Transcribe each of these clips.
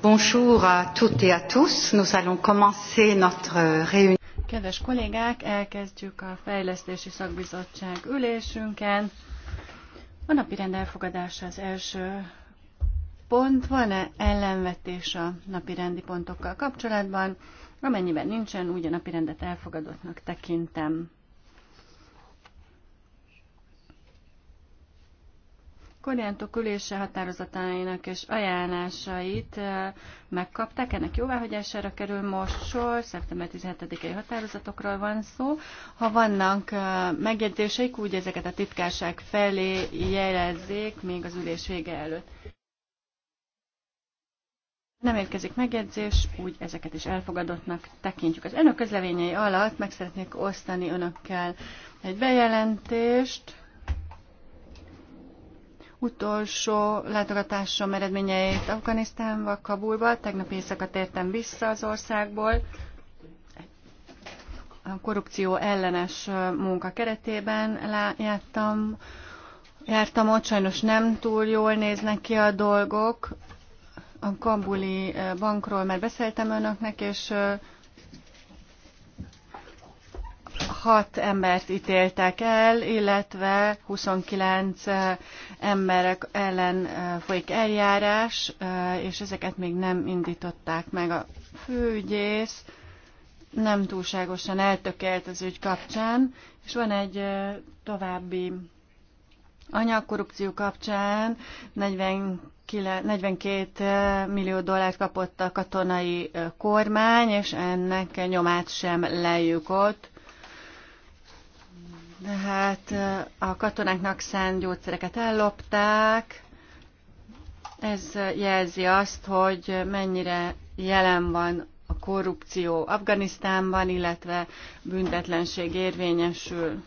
Bonjour à toutes et à tous. Nous allons commencer notre euh, réunion. Kedves kollégák, elkezdjük a Fejlesztési Szakbizottság ülésünken. A napi rend elfogadása az első pont. Van-e ellenvetés a napi rendi pontokkal kapcsolatban? Amennyiben nincsen, úgy a napi rendet elfogadottnak tekintem. koordinátok külése határozatának és ajánlásait megkapták, ennek jóváhagyására kerül most sor, szeptember 17-i határozatokról van szó. Ha vannak megjegyzéseik, úgy ezeket a titkárság felé jelezzék még az ülés vége előtt. Nem érkezik megjegyzés, úgy ezeket is elfogadottnak tekintjük. Az önök közleményei alatt meg szeretnék osztani önökkel egy bejelentést, utolsó látogatásom eredményeit Afganisztánba, Kabulba. Tegnap éjszaka tértem vissza az országból a korrupció ellenes munka keretében jártam. Jártam ott, sajnos nem túl jól néznek ki a dolgok. A kambuli bankról már beszéltem önöknek, és Hat embert ítéltek el, illetve 29 eh, emberek ellen eh, folyik eljárás, eh, és ezeket még nem indították meg. A főügyész nem túlságosan eltökelt az ügy kapcsán, és van egy további anyagkorrupció kapcsán 42 millió dollárt kapott a katonai kormány, és ennek nyomát sem lejük ott. De hát a katonáknak szent gyógyszereket ellopták. Ez jelzi azt, hogy mennyire jelen van a korrupció Afganisztánban, illetve büntetlenség érvényesül.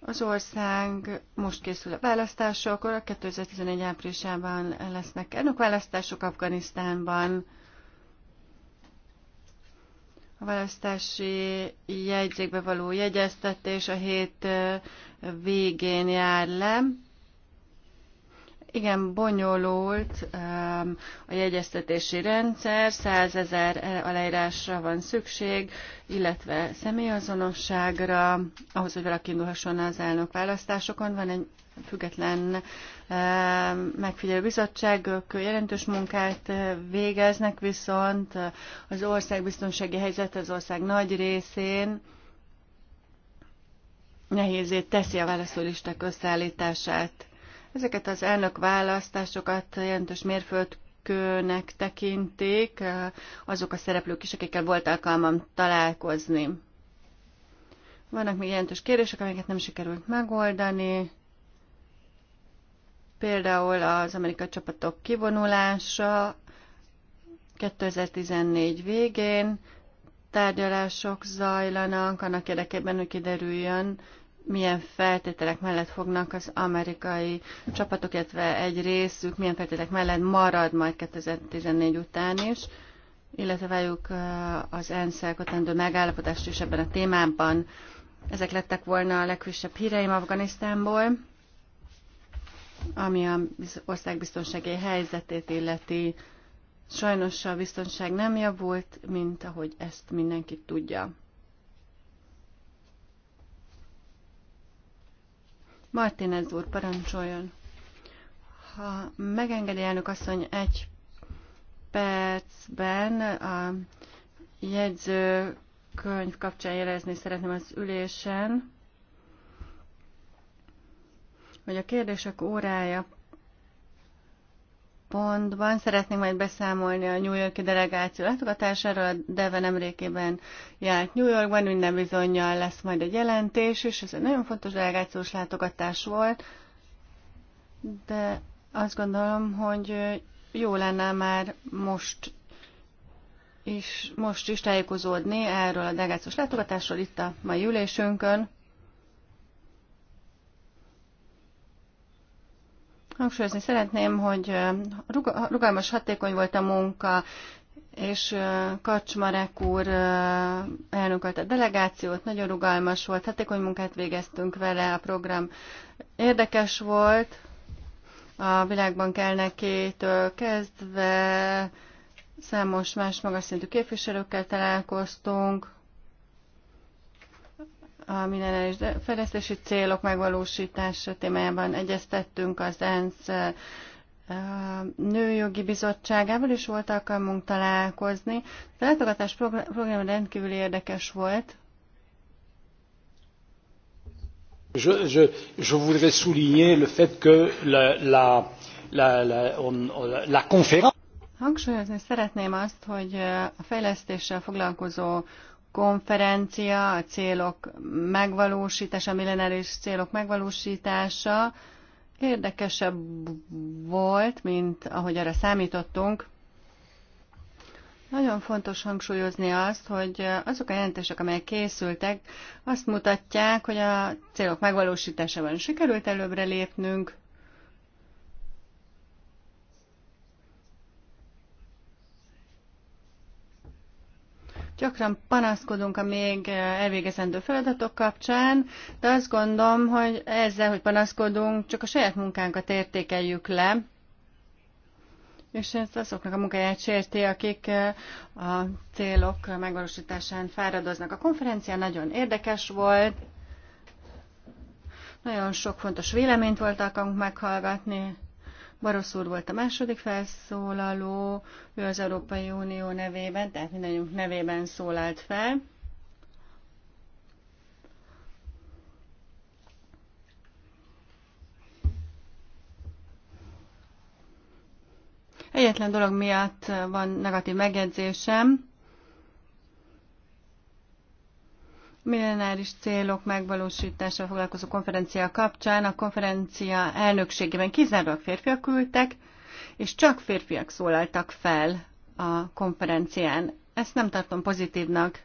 Az ország most készül a választásokra, 2011 áprilisában lesznek elnökválasztások Afganisztánban. A választási jegyzékbe való jegyeztetés a hét végén jár le igen bonyolult um, a jegyeztetési rendszer, százezer aláírásra van szükség, illetve személyazonosságra, ahhoz, hogy valaki indulhasson az elnök választásokon, van egy független um, megfigyelő bizottság, ők jelentős munkát uh, végeznek, viszont uh, az ország biztonsági helyzet az ország nagy részén nehézét teszi a válaszolisták összeállítását. Ezeket az elnök választásokat jelentős mérföldkőnek tekintik azok a szereplők is, akikkel volt alkalmam találkozni. Vannak még jelentős kérdések, amiket nem sikerült megoldani. Például az amerikai csapatok kivonulása 2014 végén tárgyalások zajlanak annak érdekében, hogy kiderüljön, milyen feltételek mellett fognak az amerikai csapatok, illetve egy részük milyen feltételek mellett marad majd 2014 után is, illetve várjuk az ENSZ elkötendő megállapodást is ebben a témában. Ezek lettek volna a legfrissebb híreim Afganisztánból, ami a ország biztonsági helyzetét illeti. Sajnos a biztonság nem javult, mint ahogy ezt mindenki tudja. Martinez úr, parancsoljon. Ha megengedi elnök asszony egy percben a jegyzőkönyv kapcsán jelezni szeretném az ülésen, hogy a kérdések órája pontban szeretnénk majd beszámolni a New Yorki delegáció látogatásáról. A Deve nemrékében járt New Yorkban, minden bizonyal lesz majd egy jelentés, és ez egy nagyon fontos delegációs látogatás volt, de azt gondolom, hogy jó lenne már most is, most is tájékozódni erről a delegációs látogatásról itt a mai ülésünkön. Hangsúlyozni szeretném, hogy rugalmas, hatékony volt a munka, és Kacsmarek úr elnökölt a delegációt, nagyon rugalmas volt, hatékony munkát végeztünk vele, a program érdekes volt, a Világbank elnökétől kezdve számos más magas szintű képviselőkkel találkoztunk, a minerális fejlesztési célok megvalósítása témájában egyeztettünk az ENSZ eh, eh, Nőjogi Bizottságával is volt alkalmunk találkozni. A látogatás program rendkívül érdekes volt. Je, je, je voudrais souligner le fait que la, la, la, la, on, la, la conférence... Hangsúlyozni szeretném azt, hogy eh, a fejlesztéssel foglalkozó konferencia, a célok megvalósítása, a millenáris célok megvalósítása érdekesebb volt, mint ahogy arra számítottunk. Nagyon fontos hangsúlyozni azt, hogy azok a jelentések, amelyek készültek, azt mutatják, hogy a célok megvalósításában sikerült előbbre lépnünk, Gyakran panaszkodunk a még eh, elvégezendő feladatok kapcsán, de azt gondolom, hogy ezzel, hogy panaszkodunk, csak a saját munkánkat értékeljük le, és ez azoknak a munkáját sérti, akik eh, a célok megvalósításán fáradoznak. A konferencia nagyon érdekes volt, nagyon sok fontos véleményt voltak meghallgatni, Barosz úr volt a második felszólaló, ő az Európai Unió nevében, tehát mindannyiunk nevében szólalt fel. Egyetlen dolog miatt van negatív megjegyzésem, millenáris célok megvalósítása foglalkozó konferencia kapcsán a konferencia elnökségében kizárólag férfiak ültek, és csak férfiak szólaltak fel a konferencián. Ezt nem tartom pozitívnak.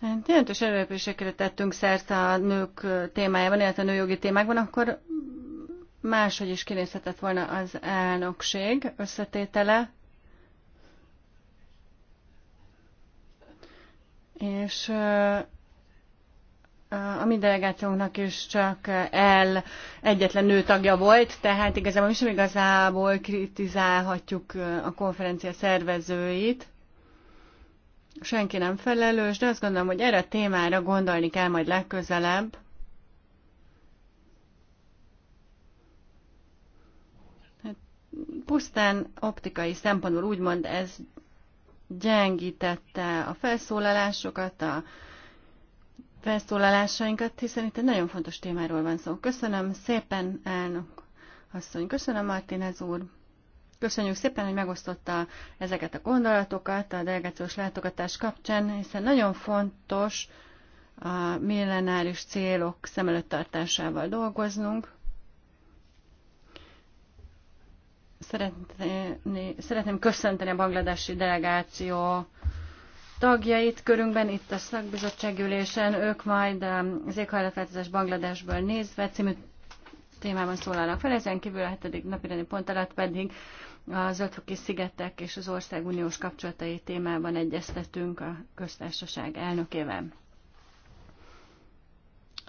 Hát jelentős előrépésekre tettünk szert a nők témájában, illetve a nőjogi témákban, akkor máshogy is kinézhetett volna az elnökség összetétele. és a mi delegációnknak is csak el egyetlen nő tagja volt, tehát igazából mi sem igazából kritizálhatjuk a konferencia szervezőit. Senki nem felelős, de azt gondolom, hogy erre a témára gondolni kell majd legközelebb. Hát, pusztán optikai szempontból úgymond ez gyengítette a felszólalásokat, a felszólalásainkat, hiszen itt egy nagyon fontos témáról van szó. Köszönöm szépen, elnök asszony, köszönöm Martinez úr. Köszönjük szépen, hogy megosztotta ezeket a gondolatokat a delegációs látogatás kapcsán, hiszen nagyon fontos a millenáris célok szem előtt tartásával dolgoznunk. Szeretné, szeretném köszönteni a bangladesi delegáció tagjait körünkben, itt a szakbizottságülésen, ők majd az éghajlatváltozás Bangladesből nézve című témában szólalnak fel, ezen kívül a hetedik napirendi pont alatt pedig a Zöldfoki szigetek és az ország uniós kapcsolatai témában egyeztetünk a köztársaság elnökével.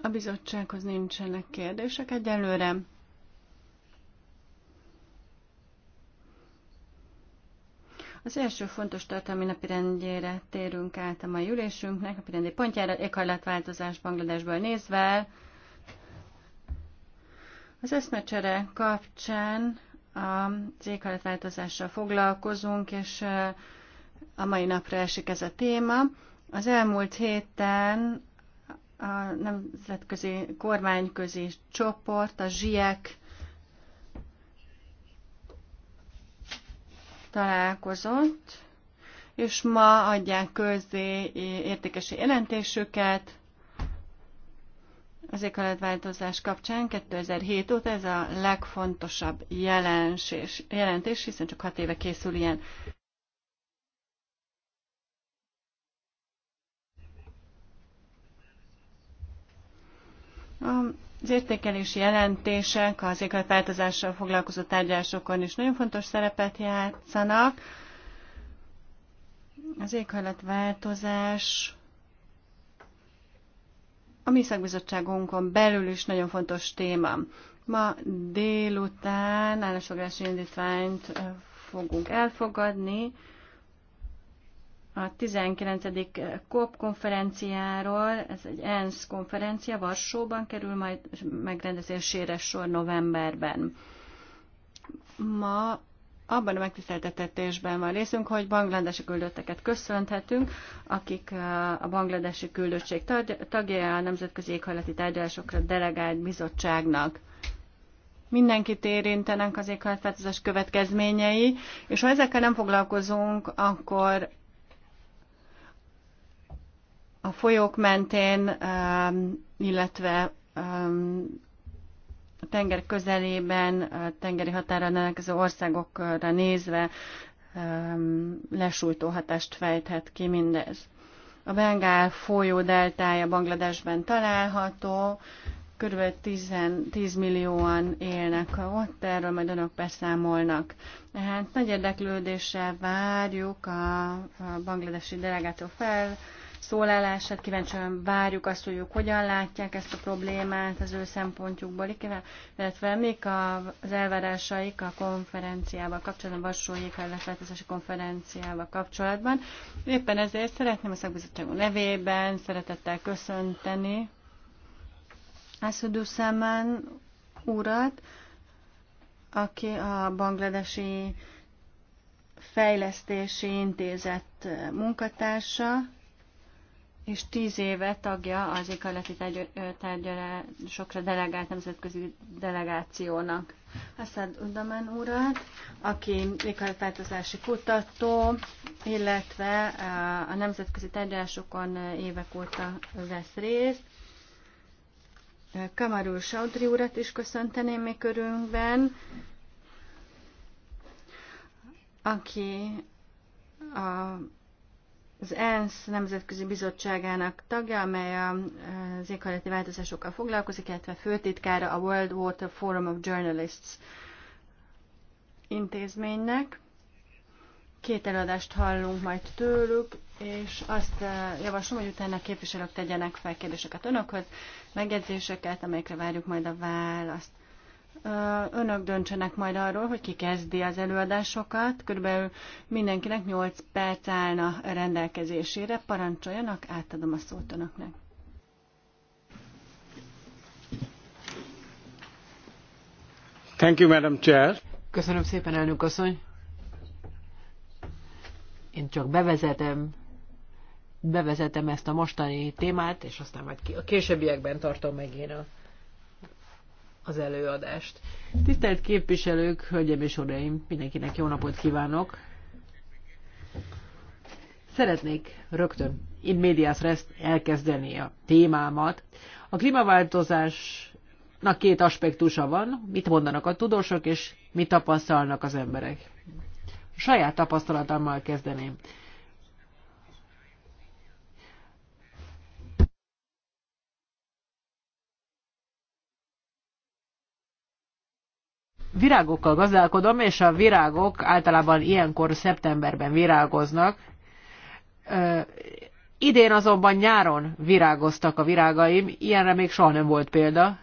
A bizottsághoz nincsenek kérdések egyelőre. Az első fontos tartalmi napirendjére térünk át a mai ülésünknek, napirendi pontjára, éghajlatváltozás Bangladesből nézve. Az eszmecsere kapcsán az éghajlatváltozással foglalkozunk, és a mai napra esik ez a téma. Az elmúlt héten a nemzetközi kormányközi csoport, a ZSIEK találkozott, és ma adják közzé értékesi jelentésüket, az éghajlatváltozás kapcsán 2007 óta ez a legfontosabb jelensés, jelentés, hiszen csak hat éve készül ilyen. A az értékelési jelentések az éghajlatváltozással foglalkozó tárgyalásokon is nagyon fontos szerepet játszanak. Az éghajlatváltozás a mi szakbizottságunkon belül is nagyon fontos téma. Ma délután állásfoglási indítványt fogunk elfogadni a 19. Eh, COP konferenciáról, ez egy ENSZ konferencia, Varsóban kerül majd megrendezésére sor novemberben. Ma abban a megtiszteltetésben van részünk, hogy bangladesi küldötteket köszönhetünk, akik eh, a bangladesi küldöttség tagja a Nemzetközi Éghajlati Tárgyalásokra Delegált Bizottságnak mindenkit érintenek az éghajlatváltozás következményei, és ha ezekkel nem foglalkozunk, akkor a folyók mentén, um, illetve um, a tenger közelében, a tengeri határa az országokra nézve um, lesújtó hatást fejthet ki mindez. A Bengál folyó deltája Bangladesben található, kb. 10, 10 millióan élnek ott, erről majd önök beszámolnak. Tehát nagy érdeklődéssel várjuk a, a bangladesi delegáció fel, szólalását. Kíváncsian várjuk azt, hogy ők hogyan látják ezt a problémát az ő szempontjukból, illetve mik az elvárásaik a konferenciával kapcsolatban, a Vassói Felletváltozási Konferenciával kapcsolatban. Éppen ezért szeretném a szakbizottságunk nevében szeretettel köszönteni Asudu Szemán urat, aki a Bangladesi Fejlesztési Intézet munkatársa, és tíz éve tagja az éghajlati tárgyalásokra delegált nemzetközi delegációnak. Assad Udaman urat, aki éghajlatváltozási kutató, illetve a nemzetközi tárgyalásokon évek óta vesz részt. Kamarul Saudri urat is köszönteném mi körünkben, aki a az ENSZ Nemzetközi Bizottságának tagja, amely az éghajlati változásokkal foglalkozik, illetve főtitkára a World Water Forum of Journalists intézménynek. Két előadást hallunk majd tőlük, és azt eh, javaslom, hogy utána képviselők tegyenek fel kérdéseket önökhöz, megjegyzéseket, amelyekre várjuk majd a választ. Önök döntsenek majd arról, hogy ki kezdi az előadásokat. Körülbelül mindenkinek 8 perc állna rendelkezésére. Parancsoljanak, átadom a szót önöknek. Thank you, Madam Chair. Köszönöm szépen, elnök asszony. Én csak bevezetem, bevezetem ezt a mostani témát, és aztán majd a későbbiekben tartom meg én a az előadást. Tisztelt képviselők, hölgyeim és uraim, mindenkinek jó napot kívánok! Szeretnék rögtön in medias rest elkezdeni a témámat. A klímaváltozásnak két aspektusa van, mit mondanak a tudósok, és mit tapasztalnak az emberek. A saját tapasztalatammal kezdeném. virágokkal gazdálkodom, és a virágok általában ilyenkor szeptemberben virágoznak. Idén azonban nyáron virágoztak a virágaim, ilyenre még soha nem volt példa.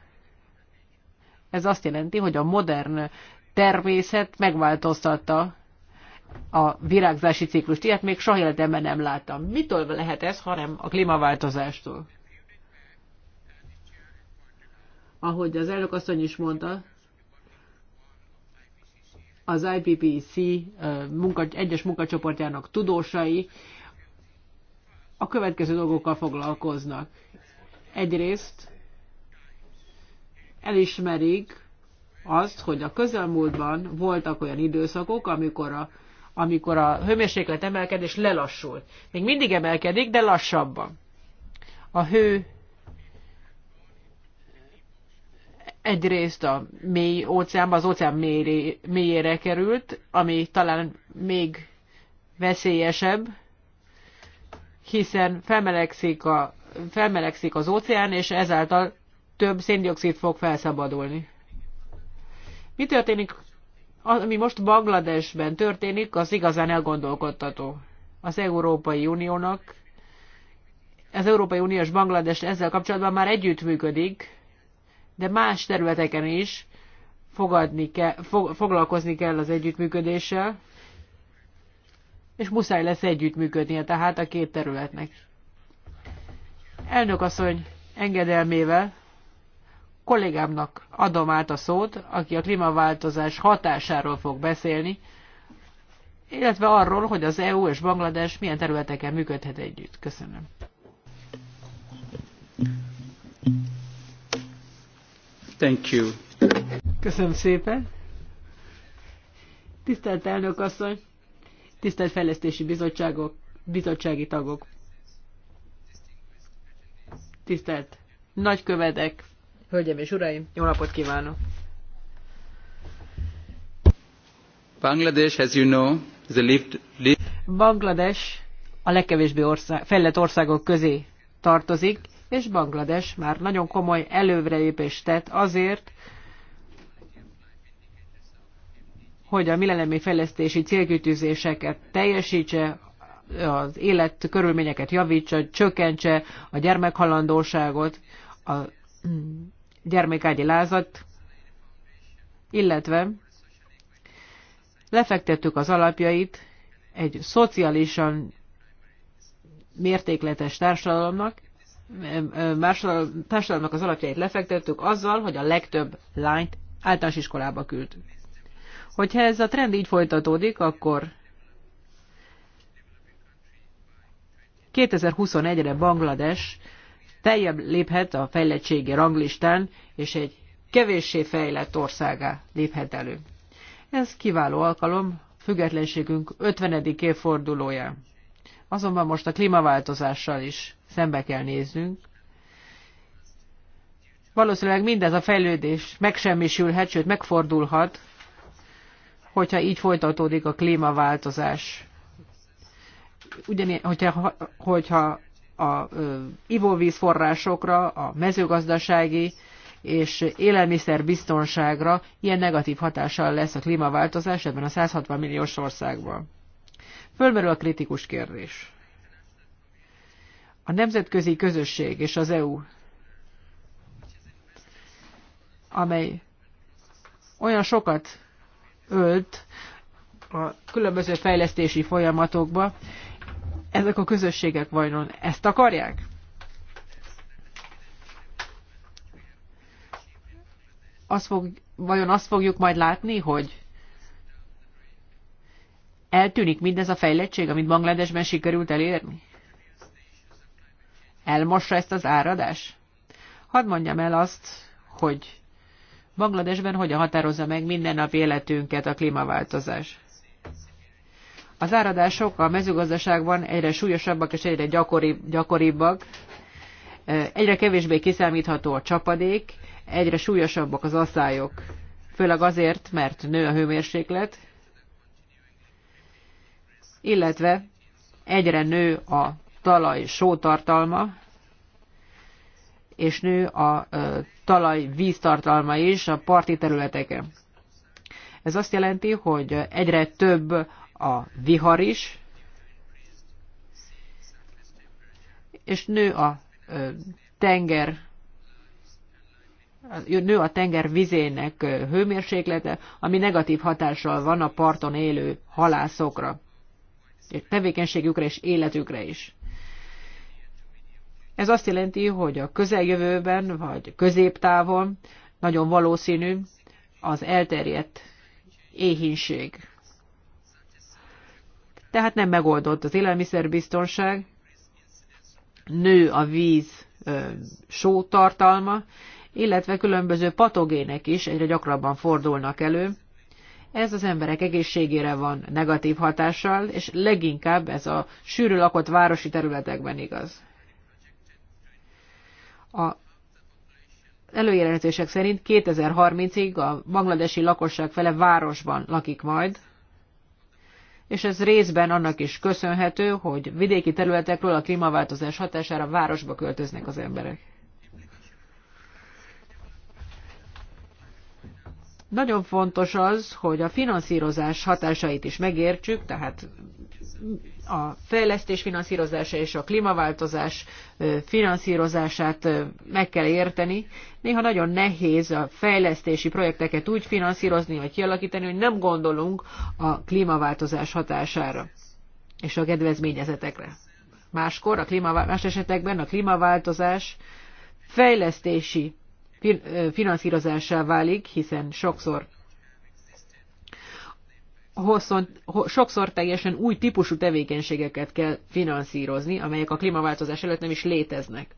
Ez azt jelenti, hogy a modern természet megváltoztatta a virágzási ciklust. Ilyet még soha életemben nem láttam. Mitől lehet ez, hanem a klímaváltozástól? Ahogy az elnök asszony is mondta, az IPPC munka, egyes munkacsoportjának tudósai a következő dolgokkal foglalkoznak. Egyrészt elismerik azt, hogy a közelmúltban voltak olyan időszakok, amikor a, amikor a hőmérséklet emelkedés lelassult. Még mindig emelkedik, de lassabban. A hő egyrészt a mély óceánba, az óceán mélyére, mélyére került, ami talán még veszélyesebb, hiszen felmelegszik, a, felmelegszik az óceán, és ezáltal több széndiokszid fog felszabadulni. Mi történik, ami most Bangladesben történik, az igazán elgondolkodtató. Az Európai Uniónak, az Európai Unió és Banglades ezzel kapcsolatban már együttműködik, de más területeken is fogadni ke, fog, foglalkozni kell az együttműködéssel, és muszáj lesz együttműködnie tehát a két területnek. Elnök asszony engedelmével kollégámnak adom át a szót, aki a klímaváltozás hatásáról fog beszélni, illetve arról, hogy az EU és Banglades milyen területeken működhet együtt. Köszönöm. Thank you. Köszönöm szépen. Tisztelt elnök asszony, tisztelt fejlesztési bizottságok, bizottsági tagok, tisztelt nagykövetek, hölgyeim és uraim, jó napot kívánok! Bangladesh, as you know, is a lived, lived... Bangladesh a legkevésbé ország, fejlett országok közé tartozik, és Banglades már nagyon komoly előrelépést tett azért, hogy a millenniumi fejlesztési célkütőzéseket teljesítse, az élet körülményeket javítsa, csökkentse a gyermekhalandóságot, a gyermekágyi lázat, illetve lefektettük az alapjait egy szociálisan mértékletes társadalomnak, társadalomnak az alapjait lefektettük azzal, hogy a legtöbb lányt általános iskolába küldtük. Hogyha ez a trend így folytatódik, akkor 2021-re Banglades teljebb léphet a fejlettségi ranglistán, és egy kevéssé fejlett országá léphet elő. Ez kiváló alkalom függetlenségünk 50. évfordulóján. Azonban most a klímaváltozással is szembe kell néznünk. Valószínűleg mindez a fejlődés megsemmisülhet, sőt megfordulhat, hogyha így folytatódik a klímaváltozás. Ugyanilyen, hogyha, hogyha a ivóvízforrásokra, a mezőgazdasági és élelmiszerbiztonságra ilyen negatív hatással lesz a klímaváltozás ebben a 160 milliós országban. Fölmerül a kritikus kérdés. A nemzetközi közösség és az EU, amely olyan sokat ölt a különböző fejlesztési folyamatokba, ezek a közösségek vajon ezt akarják? Azt fog, vajon azt fogjuk majd látni, hogy Eltűnik mindez a fejlettség, amit Bangladesben sikerült elérni? Elmossa ezt az áradás? Hadd mondjam el azt, hogy Bangladesben hogyan határozza meg minden nap életünket a klímaváltozás. Az áradások a mezőgazdaságban egyre súlyosabbak és egyre gyakori, gyakoribbak, egyre kevésbé kiszámítható a csapadék, egyre súlyosabbak az asszályok, főleg azért, mert nő a hőmérséklet, illetve egyre nő a talaj sótartalma, és nő a talaj víztartalma is a parti területeken. Ez azt jelenti, hogy egyre több a vihar is, és nő a tenger nő a tenger vizének hőmérséklete, ami negatív hatással van a parton élő halászokra tevékenységükre és életükre is. Ez azt jelenti, hogy a közeljövőben vagy középtávon nagyon valószínű az elterjedt éhínség. Tehát nem megoldott az élelmiszerbiztonság, nő a víz só tartalma, illetve különböző patogének is egyre gyakrabban fordulnak elő, ez az emberek egészségére van negatív hatással, és leginkább ez a sűrű lakott városi területekben igaz. A előjelentések szerint 2030-ig a bangladesi lakosság fele városban lakik majd, és ez részben annak is köszönhető, hogy vidéki területekről a klímaváltozás hatására városba költöznek az emberek. Nagyon fontos az, hogy a finanszírozás hatásait is megértsük, tehát a fejlesztés finanszírozása és a klímaváltozás finanszírozását meg kell érteni. Néha nagyon nehéz a fejlesztési projekteket úgy finanszírozni vagy kialakítani, hogy nem gondolunk a klímaváltozás hatására és a kedvezményezetekre. Máskor, a klímaváltozás más esetekben a klímaváltozás fejlesztési finanszírozássá válik, hiszen sokszor hosszon, sokszor teljesen új típusú tevékenységeket kell finanszírozni, amelyek a klímaváltozás előtt nem is léteznek.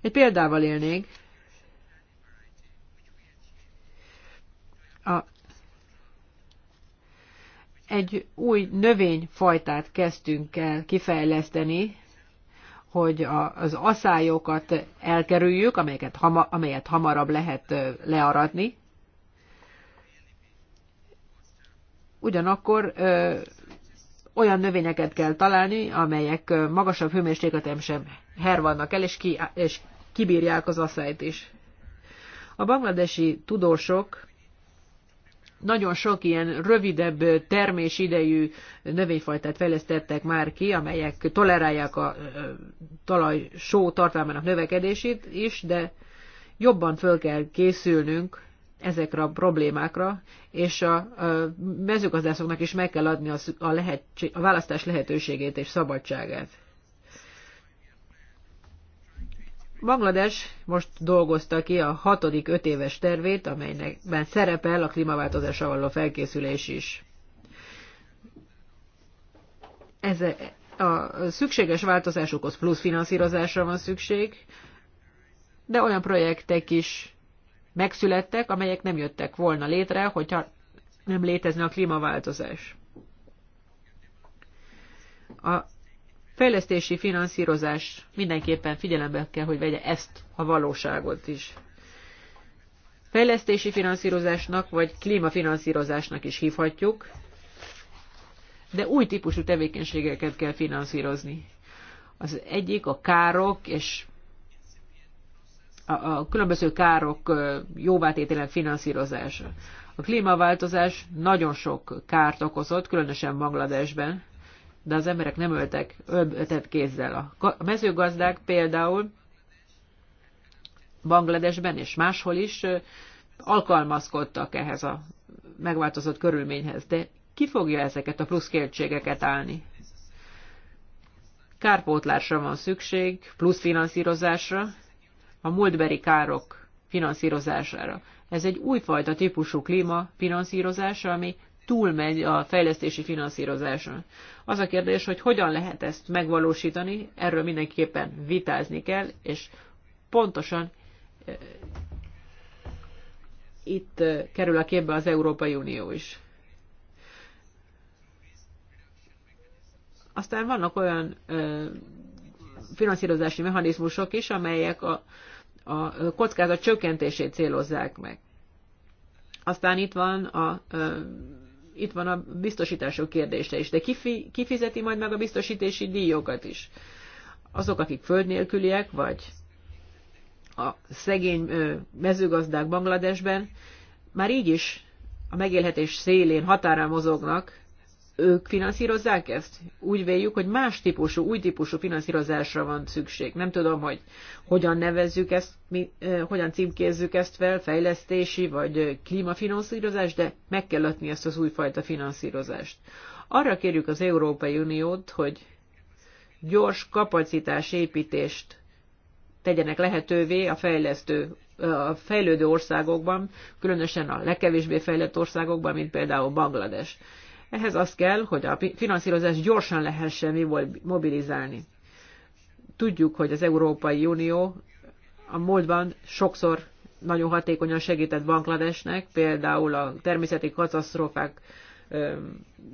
Egy példával élnék. A egy új növényfajtát kezdtünk el kifejleszteni, hogy az aszályokat elkerüljük, amelyeket hama, amelyet hamarabb lehet learadni. Ugyanakkor ö, olyan növényeket kell találni, amelyek magasabb hőmérsékleten sem hervannak el, és, ki, és kibírják az aszályt is. A bangladesi tudósok nagyon sok ilyen rövidebb idejű növényfajtát fejlesztettek már ki, amelyek tolerálják a talaj só tartalmának növekedését is, de jobban föl kell készülnünk ezekre a problémákra, és a, mezőgazdászoknak is meg kell adni a, a, lehetség, a választás lehetőségét és szabadságát. Banglades most dolgozta ki a hatodik öt éves tervét, amelyben szerepel a klímaváltozásra való felkészülés is. Ez e, a szükséges változásokhoz plusz finanszírozásra van szükség, de olyan projektek is megszülettek, amelyek nem jöttek volna létre, hogyha nem létezne a klímaváltozás. A fejlesztési finanszírozás mindenképpen figyelembe kell, hogy vegye ezt a valóságot is. Fejlesztési finanszírozásnak vagy klímafinanszírozásnak is hívhatjuk, de új típusú tevékenységeket kell finanszírozni. Az egyik a károk és a, a különböző károk jóvátételen finanszírozása. A klímaváltozás nagyon sok kárt okozott, különösen Bangladesben de az emberek nem öltek, öltett kézzel. A mezőgazdák például Bangladesben és máshol is alkalmazkodtak ehhez a megváltozott körülményhez, de ki fogja ezeket a pluszköltségeket állni? Kárpótlásra van szükség, plusz finanszírozásra, a múltbeli károk finanszírozására. Ez egy újfajta típusú klíma finanszírozása, ami túlmegy a fejlesztési finanszírozáson. Az a kérdés, hogy hogyan lehet ezt megvalósítani, erről mindenképpen vitázni kell, és pontosan e, itt e, kerül a képbe az Európai Unió is. Aztán vannak olyan e, finanszírozási mechanizmusok is, amelyek a, a kockázat csökkentését célozzák meg. Aztán itt van a itt van a biztosítások kérdése is, de kifizeti majd meg a biztosítési díjokat is? Azok, akik föld nélküliek, vagy a szegény mezőgazdák Bangladesben, már így is a megélhetés szélén, határán mozognak, ők finanszírozzák ezt? Úgy véljük, hogy más típusú, új típusú finanszírozásra van szükség. Nem tudom, hogy hogyan nevezzük ezt, mi, hogyan címkézzük ezt fel, fejlesztési vagy klímafinanszírozás, de meg kell adni ezt az újfajta finanszírozást. Arra kérjük az Európai Uniót, hogy gyors kapacitásépítést tegyenek lehetővé a fejlesztő a fejlődő országokban, különösen a legkevésbé fejlett országokban, mint például Banglades. Ehhez az kell, hogy a finanszírozás gyorsan lehessen mobilizálni. Tudjuk, hogy az Európai Unió a múltban sokszor nagyon hatékonyan segített Bangladesnek, például a természeti katasztrófák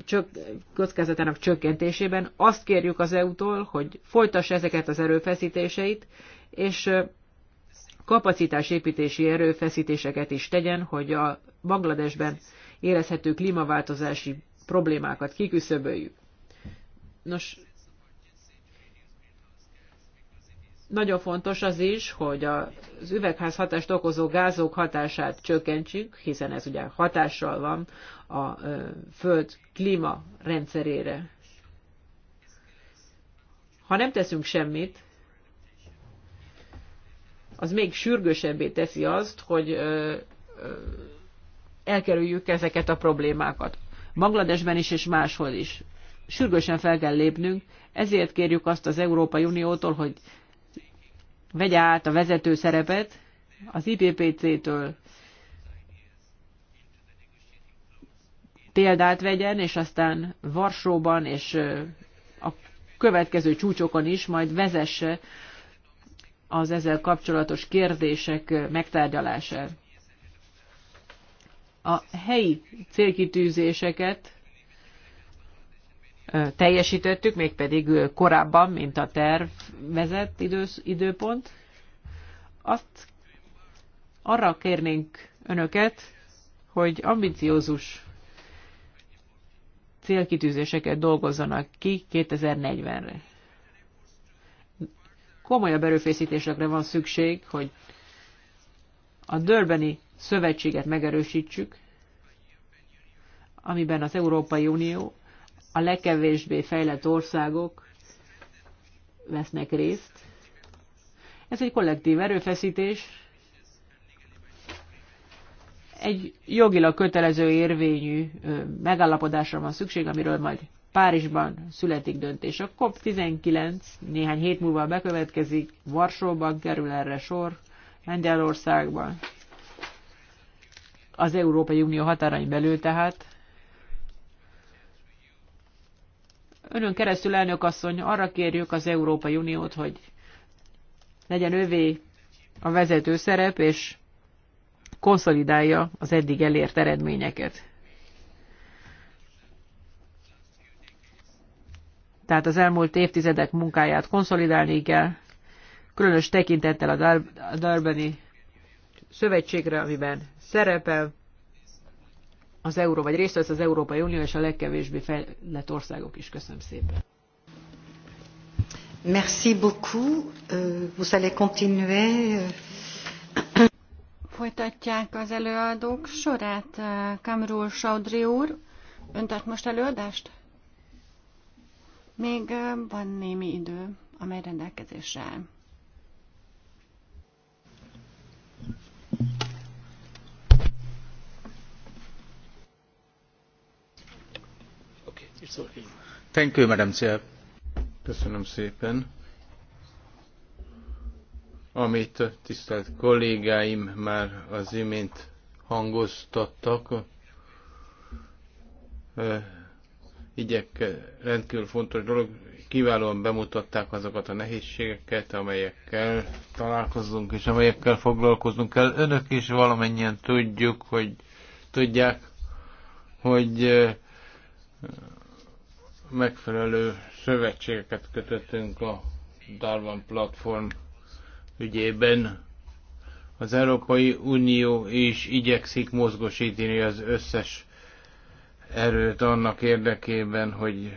csök, kockázatának csökkentésében. Azt kérjük az EU-tól, hogy folytassa ezeket az erőfeszítéseit, és kapacitásépítési erőfeszítéseket is tegyen, hogy a Bangladesben érezhető klímaváltozási problémákat kiküszöböljük. Nos, nagyon fontos az is, hogy az üvegház hatást okozó gázok hatását csökkentsük, hiszen ez ugye hatással van a Föld klíma rendszerére. Ha nem teszünk semmit, az még sürgősebbé teszi azt, hogy elkerüljük ezeket a problémákat. Bangladesben is és máshol is. Sürgősen fel kell lépnünk, ezért kérjük azt az Európai Uniótól, hogy vegye át a vezető szerepet az IPPC-től példát vegyen, és aztán Varsóban és a következő csúcsokon is majd vezesse az ezzel kapcsolatos kérdések megtárgyalását a helyi célkitűzéseket teljesítettük, mégpedig korábban, mint a tervezett idősz, időpont. Azt arra kérnénk önöket, hogy ambiciózus célkitűzéseket dolgozzanak ki 2040-re. Komolyabb erőfészítésekre van szükség, hogy a dörbeni szövetséget megerősítsük, amiben az Európai Unió, a legkevésbé fejlett országok vesznek részt. Ez egy kollektív erőfeszítés, egy jogilag kötelező érvényű megállapodásra van szükség, amiről majd Párizsban születik döntés. A COP19 néhány hét múlva bekövetkezik, Varsóban kerül erre sor, Lengyelországban az Európai Unió határain belül tehát. Önön keresztül, elnök asszony, arra kérjük az Európai Uniót, hogy legyen övé a vezető szerep, és konszolidálja az eddig elért eredményeket. Tehát az elmúlt évtizedek munkáját konszolidálni kell, különös tekintettel a Dar szövetségre, amiben szerepel az Euró, vagy részt vesz az Európai Unió és a legkevésbé fejlett országok is. Köszönöm szépen. Merci beaucoup. Euh, vous allez continuer. Folytatják az előadók sorát. Euh, Kamrul Saudri úr, ön tart most előadást? Még euh, van némi idő, amely rendelkezésre áll. Thank you, Madam Chair. Köszönöm szépen. Amit a tisztelt kollégáim már az imént hangoztattak, eh, igyek eh, rendkívül fontos dolog. Kiválóan bemutatták azokat a nehézségeket, amelyekkel találkozunk és amelyekkel foglalkoznunk kell. Önök is valamennyien tudjuk, hogy tudják, hogy eh, megfelelő szövetségeket kötöttünk a Darwin platform ügyében. Az Európai Unió is igyekszik mozgosítani az összes erőt annak érdekében, hogy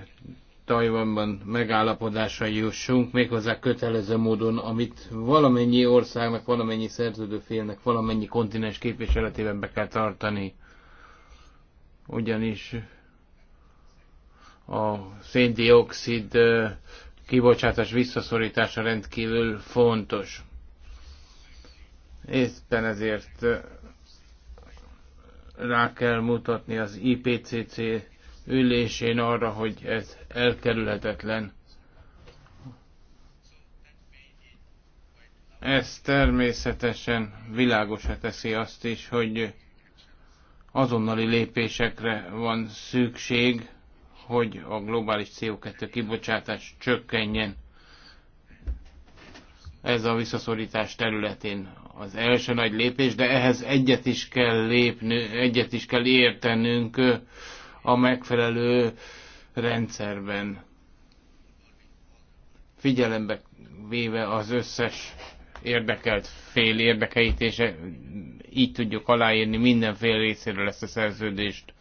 Tajvanban megállapodásra jussunk, méghozzá kötelező módon, amit valamennyi országnak, valamennyi szerződőfélnek, valamennyi kontinens képviseletében be kell tartani. Ugyanis a széndiokszid kibocsátás visszaszorítása rendkívül fontos. Éppen ezért rá kell mutatni az IPCC ülésén arra, hogy ez elkerülhetetlen. Ez természetesen világosra teszi azt is, hogy azonnali lépésekre van szükség, hogy a globális CO2 kibocsátás csökkenjen. Ez a visszaszorítás területén az első nagy lépés, de ehhez egyet is kell lépni, egyet is kell értenünk a megfelelő rendszerben. Figyelembe véve az összes érdekelt fél érdekeit, és így tudjuk aláírni minden fél részéről ezt a szerződést.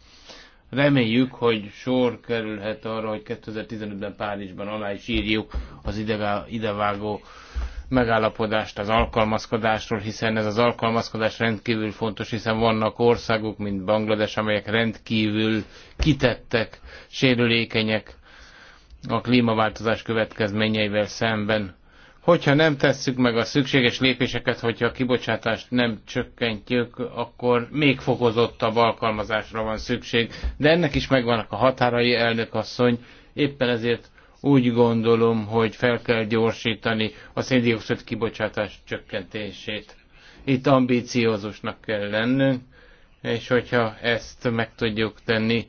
Reméljük, hogy sor kerülhet arra, hogy 2015-ben Párizsban alá is írjuk az idevágó megállapodást az alkalmazkodásról, hiszen ez az alkalmazkodás rendkívül fontos, hiszen vannak országok, mint Banglades, amelyek rendkívül kitettek, sérülékenyek a klímaváltozás következményeivel szemben Hogyha nem tesszük meg a szükséges lépéseket, hogyha a kibocsátást nem csökkentjük, akkor még fokozottabb alkalmazásra van szükség. De ennek is megvannak a határai, elnök asszony. Éppen ezért úgy gondolom, hogy fel kell gyorsítani a széndiokszid kibocsátás csökkentését. Itt ambíciózusnak kell lennünk, és hogyha ezt meg tudjuk tenni,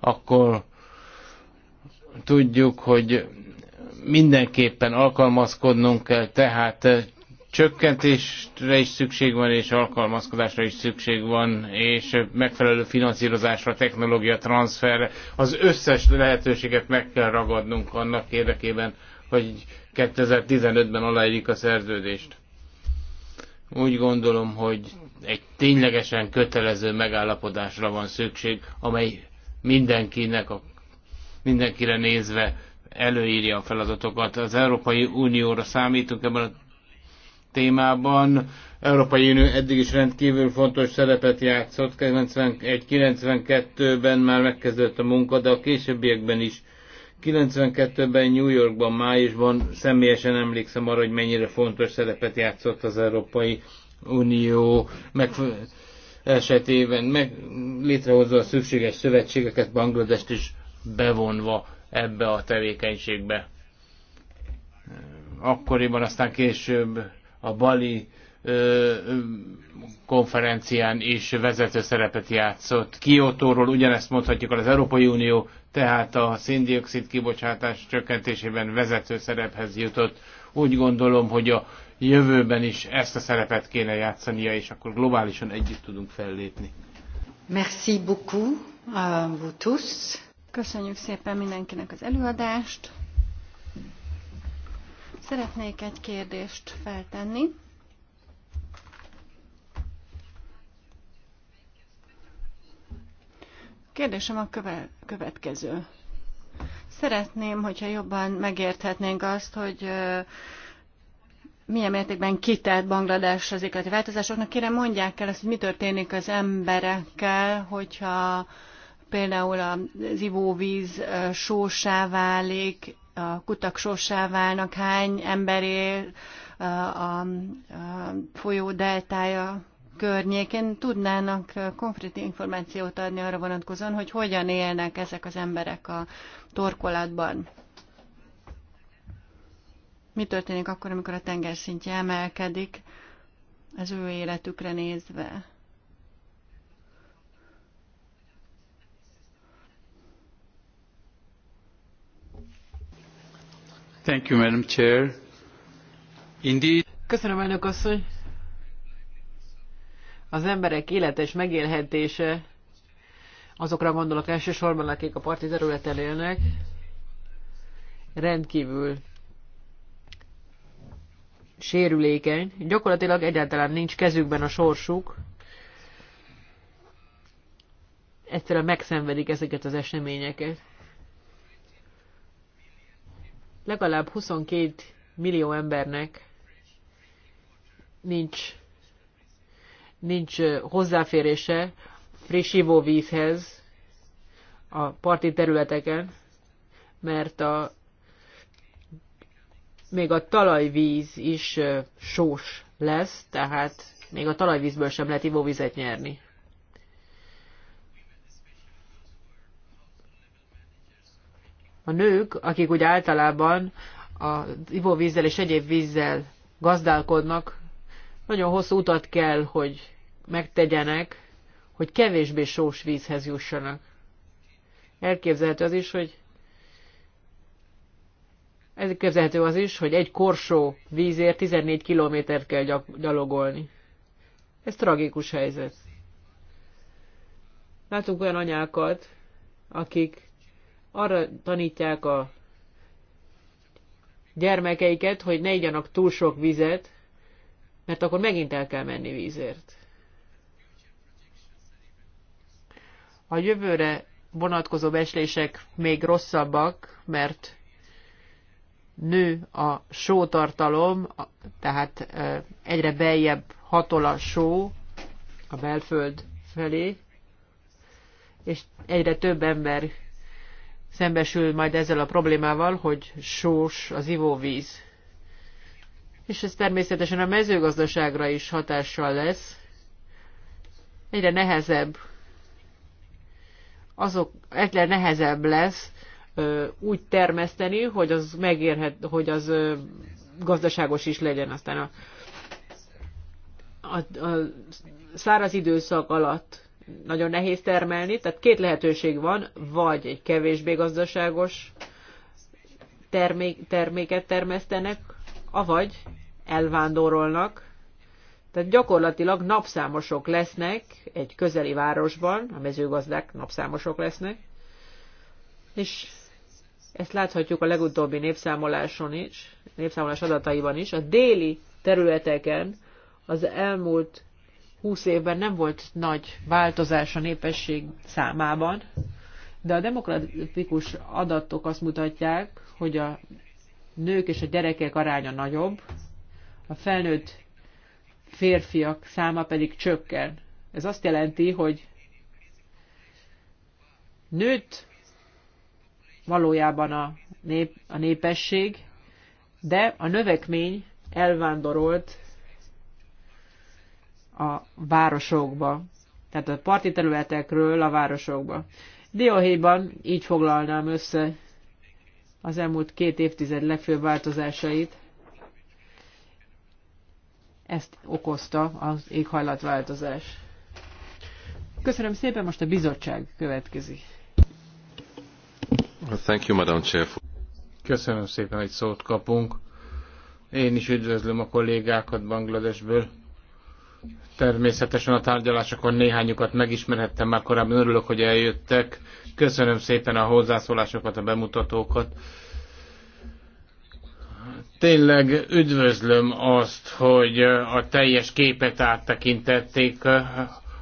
akkor tudjuk, hogy mindenképpen alkalmazkodnunk kell, tehát eh, csökkentésre is szükség van, és alkalmazkodásra is szükség van, és eh, megfelelő finanszírozásra, technológia transferre, az összes lehetőséget meg kell ragadnunk annak érdekében, hogy 2015-ben aláírjuk a szerződést. Úgy gondolom, hogy egy ténylegesen kötelező megállapodásra van szükség, amely mindenkinek, a, mindenkire nézve előírja a feladatokat. Az Európai Unióra számítunk ebben a témában. Európai Unió eddig is rendkívül fontos szerepet játszott, 91-92-ben már megkezdődött a munka, de a későbbiekben is 92-ben New Yorkban, májusban személyesen emlékszem arra, hogy mennyire fontos szerepet játszott az Európai Unió meg esetében, meg létrehozva a szükséges szövetségeket, Bangladest is bevonva ebbe a tevékenységbe. Akkoriban aztán később a Bali konferencián is vezető szerepet játszott. Kiotóról ugyanezt mondhatjuk az Európai Unió, tehát a széndiokszid kibocsátás csökkentésében vezető szerephez jutott. Úgy gondolom, hogy a jövőben is ezt a szerepet kéne játszania, és akkor globálisan együtt tudunk fellépni. Merci beaucoup uh, vous tous. Köszönjük szépen mindenkinek az előadást. Szeretnék egy kérdést feltenni. Kérdésem a következő. Szeretném, hogyha jobban megérthetnénk azt, hogy milyen mértékben kitelt Banglades az éghajlati változásoknak. Kérem, mondják el azt, hogy mi történik az emberekkel, hogyha például az ivóvíz sósá válik, a kutak sósá válnak, hány ember él a folyó deltája környékén tudnának konkrét információt adni arra vonatkozóan, hogy hogyan élnek ezek az emberek a torkolatban. Mi történik akkor, amikor a tengerszintje emelkedik az ő életükre nézve? Thank you, Madam Chair. Indeed. Köszönöm, elnök asszony. Az emberek élete és megélhetése, azokra gondolok elsősorban, akik a parti területen élnek, rendkívül sérülékeny, gyakorlatilag egyáltalán nincs kezükben a sorsuk, egyszerűen megszenvedik ezeket az eseményeket legalább 22 millió embernek nincs, nincs hozzáférése friss ivóvízhez a parti területeken, mert a, még a talajvíz is sós lesz, tehát még a talajvízből sem lehet ivóvizet nyerni. a nők, akik úgy általában az ivóvízzel és egyéb vízzel gazdálkodnak, nagyon hosszú utat kell, hogy megtegyenek, hogy kevésbé sós vízhez jussanak. Elképzelhető az is, hogy elképzelhető az is, hogy egy korsó vízért 14 kilométer kell gyalogolni. Ez tragikus helyzet. Látunk olyan anyákat, akik arra tanítják a gyermekeiket, hogy ne igyanak túl sok vizet, mert akkor megint el kell menni vízért. A jövőre vonatkozó beslések még rosszabbak, mert nő a sótartalom, tehát egyre beljebb hatol a só a belföld felé, és egyre több ember szembesül majd ezzel a problémával, hogy sós az ivóvíz. És ez természetesen a mezőgazdaságra is hatással lesz. Egyre nehezebb azok egyre nehezebb lesz ö, úgy termeszteni, hogy az megérhet, hogy az ö, gazdaságos is legyen. Aztán a, a, a száraz időszak alatt nagyon nehéz termelni, tehát két lehetőség van, vagy egy kevésbé gazdaságos termék, terméket termesztenek, avagy elvándorolnak. Tehát gyakorlatilag napszámosok lesznek egy közeli városban, a mezőgazdák napszámosok lesznek, és ezt láthatjuk a legutóbbi népszámoláson is, népszámolás adataiban is, a déli területeken az elmúlt 20 évben nem volt nagy változás a népesség számában, de a demokratikus adatok azt mutatják, hogy a nők és a gyerekek aránya nagyobb, a felnőtt férfiak száma pedig csökken. Ez azt jelenti, hogy nőtt valójában a, nép, a népesség, de a növekmény elvándorolt a városokba, tehát a parti területekről a városokba. Dióhéjban így foglalnám össze az elmúlt két évtized legfőbb változásait. Ezt okozta az éghajlatváltozás. Köszönöm szépen, most a bizottság következik. Thank you, Madam Chair. Köszönöm szépen, hogy szót kapunk. Én is üdvözlöm a kollégákat Bangladesből. Természetesen a tárgyalásokon néhányukat megismerhettem már korábban. Örülök, hogy eljöttek. Köszönöm szépen a hozzászólásokat, a bemutatókat. Tényleg üdvözlöm azt, hogy a teljes képet áttekintették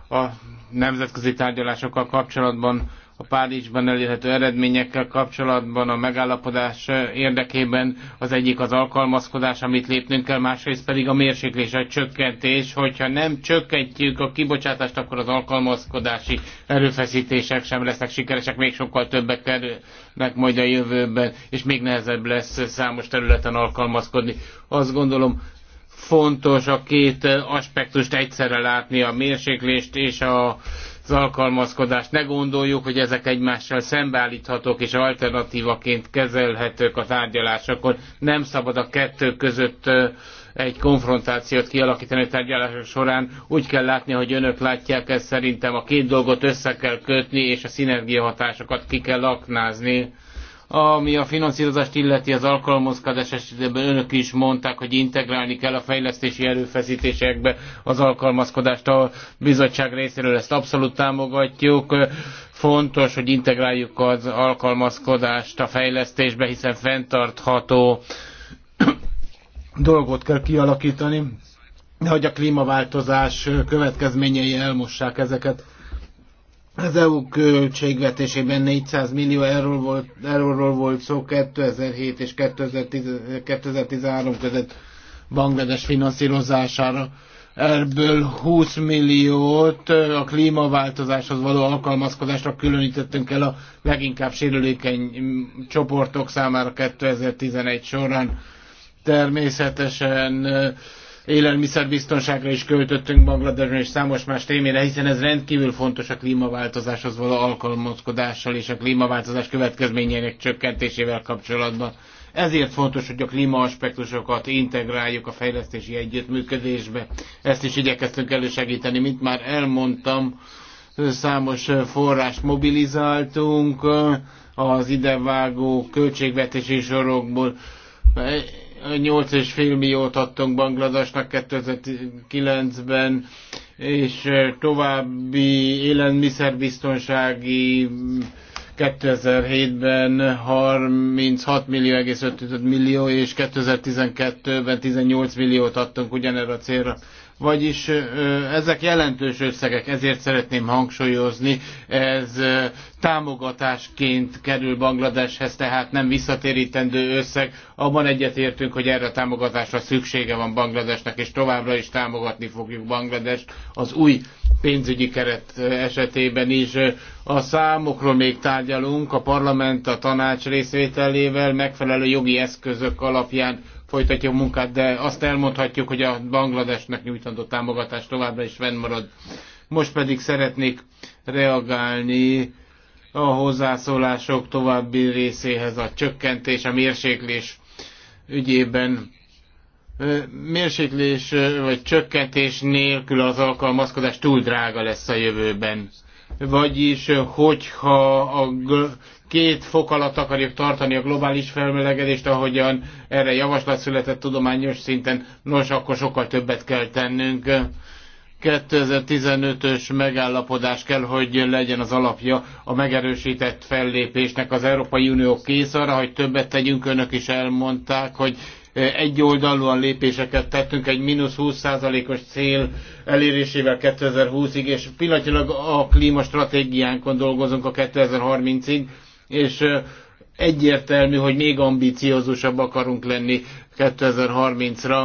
a nemzetközi tárgyalásokkal kapcsolatban a Párizsban elérhető eredményekkel kapcsolatban a megállapodás érdekében az egyik az alkalmazkodás, amit lépnünk kell, másrészt pedig a mérséklés, a csökkentés. Hogyha nem csökkentjük a kibocsátást, akkor az alkalmazkodási erőfeszítések sem lesznek sikeresek, még sokkal többek kerülnek majd a jövőben, és még nehezebb lesz számos területen alkalmazkodni. Azt gondolom, fontos a két aspektust egyszerre látni, a mérséklést és a az alkalmazkodást. Ne gondoljuk, hogy ezek egymással szembeállíthatók és alternatívaként kezelhetők a tárgyalásokon. Nem szabad a kettő között egy konfrontációt kialakítani a tárgyalások során. Úgy kell látni, hogy önök látják ezt szerintem. A két dolgot össze kell kötni, és a szinergiahatásokat ki kell aknázni ami a finanszírozást illeti az alkalmazkodás esetében, önök is mondták, hogy integrálni kell a fejlesztési erőfeszítésekbe az alkalmazkodást a bizottság részéről, ezt abszolút támogatjuk. Fontos, hogy integráljuk az alkalmazkodást a fejlesztésbe, hiszen fenntartható dolgot kell kialakítani, hogy a klímaváltozás következményei elmossák ezeket az EU költségvetésében 400 millió euróról volt, euróról volt szó 2007 és 2010, 2013 között Bangladesh finanszírozására. Ebből 20 milliót a klímaváltozáshoz való alkalmazkodásra különítettünk el a leginkább sérülékeny mm, csoportok számára 2011 során. Természetesen élelmiszerbiztonságra is költöttünk Bangladesben és számos más témére, hiszen ez rendkívül fontos a klímaváltozáshoz való alkalmazkodással és a klímaváltozás következményeinek csökkentésével kapcsolatban. Ezért fontos, hogy a klímaaspektusokat integráljuk a fejlesztési együttműködésbe. Ezt is igyekeztünk elősegíteni, mint már elmondtam, számos forrást mobilizáltunk az idevágó költségvetési sorokból 8,5 milliót adtunk Bangladesnak 2009-ben, és további élelmiszerbiztonsági 2007-ben 36 millió, egész millió, és 2012-ben 18 milliót adtunk ugyanerre a célra vagyis ezek jelentős összegek, ezért szeretném hangsúlyozni, ez támogatásként kerül Bangladeshez, tehát nem visszatérítendő összeg. Abban egyetértünk, hogy erre a támogatásra szüksége van Bangladesnek, és továbbra is támogatni fogjuk Bangladest az új pénzügyi keret esetében is. A számokról még tárgyalunk, a parlament a tanács részvételével megfelelő jogi eszközök alapján folytatja a munkát, de azt elmondhatjuk, hogy a Bangladesnek nyújtandó támogatás továbbra is fennmarad. Most pedig szeretnék reagálni a hozzászólások további részéhez a csökkentés, a mérséklés ügyében mérséklés vagy csökkentés nélkül az alkalmazkodás túl drága lesz a jövőben. Vagyis, hogyha a két fok alatt akarjuk tartani a globális felmelegedést, ahogyan erre javaslat született tudományos szinten, nos, akkor sokkal többet kell tennünk. 2015-ös megállapodás kell, hogy legyen az alapja a megerősített fellépésnek. Az Európai Unió kész arra, hogy többet tegyünk, önök is elmondták, hogy egy oldalúan lépéseket tettünk egy mínusz 20%-os cél elérésével 2020-ig, és pillanatilag a klímastratégiánkon dolgozunk a 2030-ig és egyértelmű, hogy még ambiciózusabb akarunk lenni 2030-ra.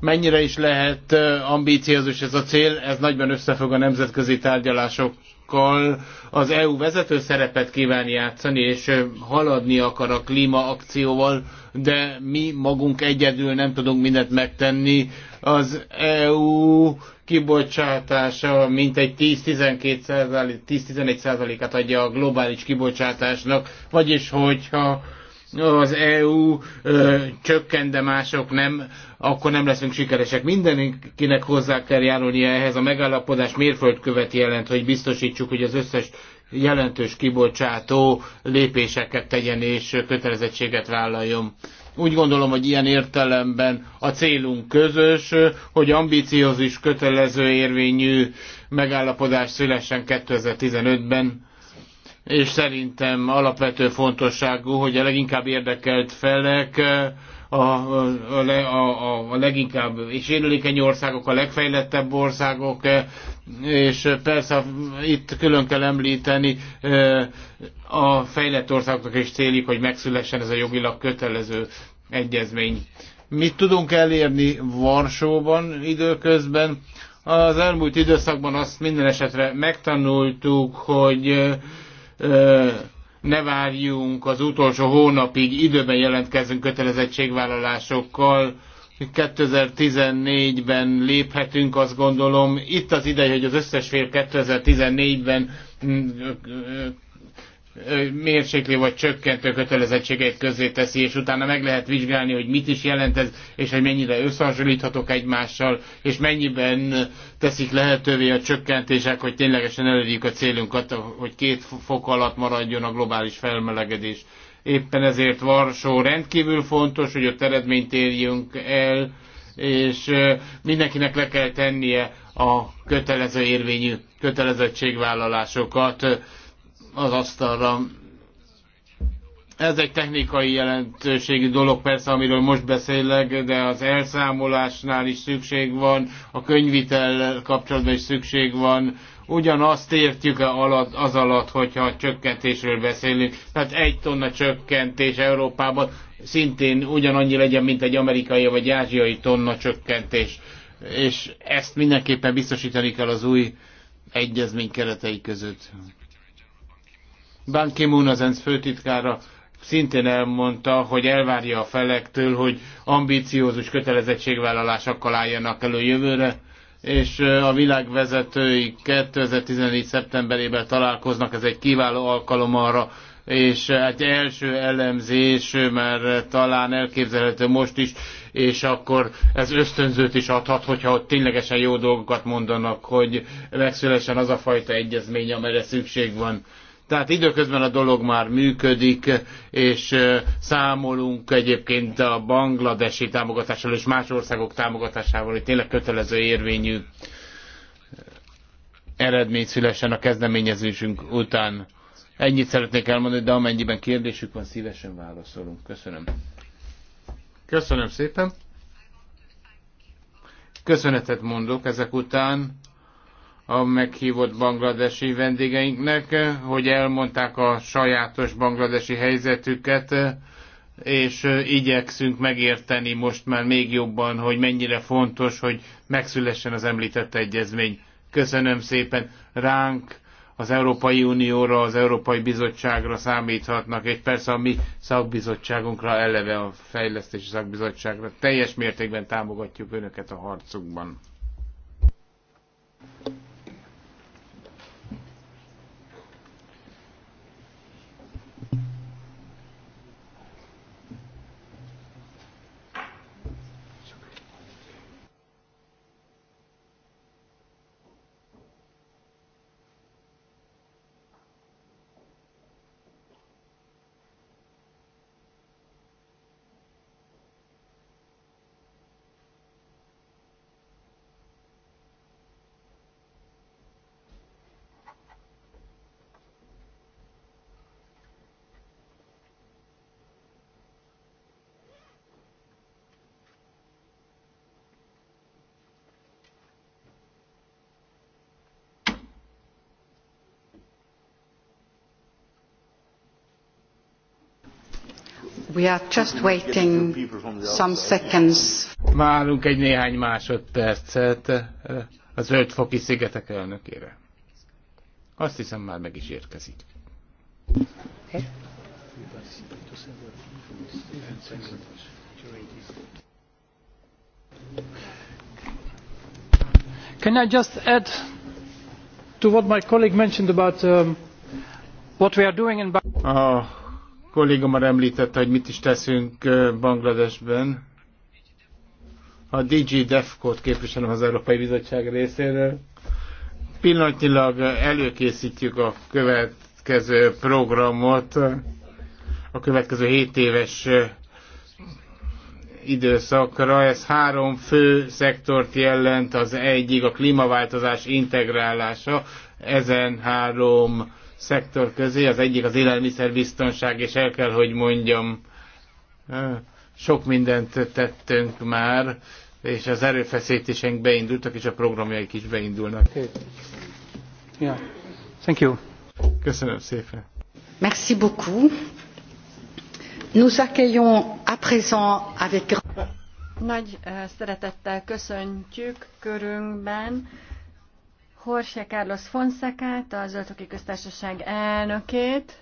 Mennyire is lehet ambíciózus ez a cél, ez nagyban összefügg a nemzetközi tárgyalásokkal. Az EU vezető szerepet kíván játszani, és haladni akar a klímaakcióval, de mi magunk egyedül nem tudunk mindent megtenni. Az EU kibocsátása mintegy 10-11%-át adja a globális kibocsátásnak, vagyis hogyha az EU ö, csökken, de mások nem, akkor nem leszünk sikeresek. Mindenkinek hozzá kell járulnia ehhez. A megállapodás mérföldkövet jelent, hogy biztosítsuk, hogy az összes jelentős kibocsátó lépéseket tegyen és kötelezettséget vállaljon. Úgy gondolom, hogy ilyen értelemben a célunk közös, hogy ambiciózus, kötelező érvényű megállapodás szülessen 2015-ben, és szerintem alapvető fontosságú, hogy a leginkább érdekelt felek a, a, a, a leginkább sérülékeny országok, a legfejlettebb országok, e, és persze itt külön kell említeni e, a fejlett országoknak is célik, hogy megszülessen ez a jogilag kötelező egyezmény. Mit tudunk elérni Varsóban időközben? Az elmúlt időszakban azt minden esetre megtanultuk, hogy e, ne várjunk az utolsó hónapig, időben jelentkezünk kötelezettségvállalásokkal, 2014-ben léphetünk, azt gondolom. Itt az ideje, hogy az összes fél 2014-ben mérsékli vagy csökkentő kötelezettségeit közé teszi, és utána meg lehet vizsgálni, hogy mit is jelent ez, és hogy mennyire összehasonlíthatok egymással, és mennyiben teszik lehetővé a csökkentések, hogy ténylegesen elérjük a célunkat, hogy két fok alatt maradjon a globális felmelegedés. Éppen ezért Varsó rendkívül fontos, hogy ott eredményt érjünk el, és mindenkinek le kell tennie a kötelező érvényű kötelezettségvállalásokat az asztalra. Ez egy technikai jelentőségi dolog persze, amiről most beszélek, de az elszámolásnál is szükség van, a könyvitel kapcsolatban is szükség van, ugyanazt értjük -e alatt, az alatt, hogyha a csökkentésről beszélünk. Tehát egy tonna csökkentés Európában szintén ugyanannyi legyen, mint egy amerikai vagy ázsiai tonna csökkentés. És ezt mindenképpen biztosítani kell az új egyezmény keretei között. Ban Ki-moon az ENSZ főtitkára szintén elmondta, hogy elvárja a felektől, hogy ambíciózus kötelezettségvállalásokkal álljanak elő jövőre, és a világvezetői 2014. szeptemberében találkoznak, ez egy kiváló alkalom arra, és egy első elemzés, mert talán elképzelhető most is, és akkor ez ösztönzőt is adhat, hogyha ott ténylegesen jó dolgokat mondanak, hogy megszülessen az a fajta egyezmény, amelyre szükség van. Tehát időközben a dolog már működik, és számolunk egyébként a bangladesi támogatással és más országok támogatásával, hogy tényleg kötelező érvényű eredmény szülessen a kezdeményezésünk után. Ennyit szeretnék elmondani, de amennyiben kérdésük van, szívesen válaszolunk. Köszönöm. Köszönöm szépen. Köszönetet mondok ezek után a meghívott bangladesi vendégeinknek, hogy elmondták a sajátos bangladesi helyzetüket, és igyekszünk megérteni most már még jobban, hogy mennyire fontos, hogy megszülessen az említett egyezmény. Köszönöm szépen ránk, az Európai Unióra, az Európai Bizottságra számíthatnak, és persze a mi szakbizottságunkra, eleve a fejlesztési szakbizottságra. Teljes mértékben támogatjuk Önöket a harcukban. We are just waiting some seconds. Várunk egy néhány másodpercet eh, az öt foki szigetek elnökére. Azt hiszem már meg is érkezik. Can I just add to what my colleague mentioned about um, what we are doing in. Oh kolléga már említette, hogy mit is teszünk Bangladesben. A DG DEFCO-t képviselem az Európai Bizottság részéről. Pillanatnyilag előkészítjük a következő programot, a következő 7 éves időszakra. Ez három fő szektort jelent, az egyik a klímaváltozás integrálása, ezen három szektor közé. Az egyik az élelmiszerbiztonság, és el kell, hogy mondjam, sok mindent tettünk már, és az erőfeszítésünk beindultak, és a programjaik is beindulnak. Yeah. Thank you. Köszönöm szépen. Merci beaucoup. Nous accueillons à présent avec... Nagy szeretettel köszöntjük körünkben Jorge Carlos Fonszekát, a Zöldtöki Köztársaság elnökét.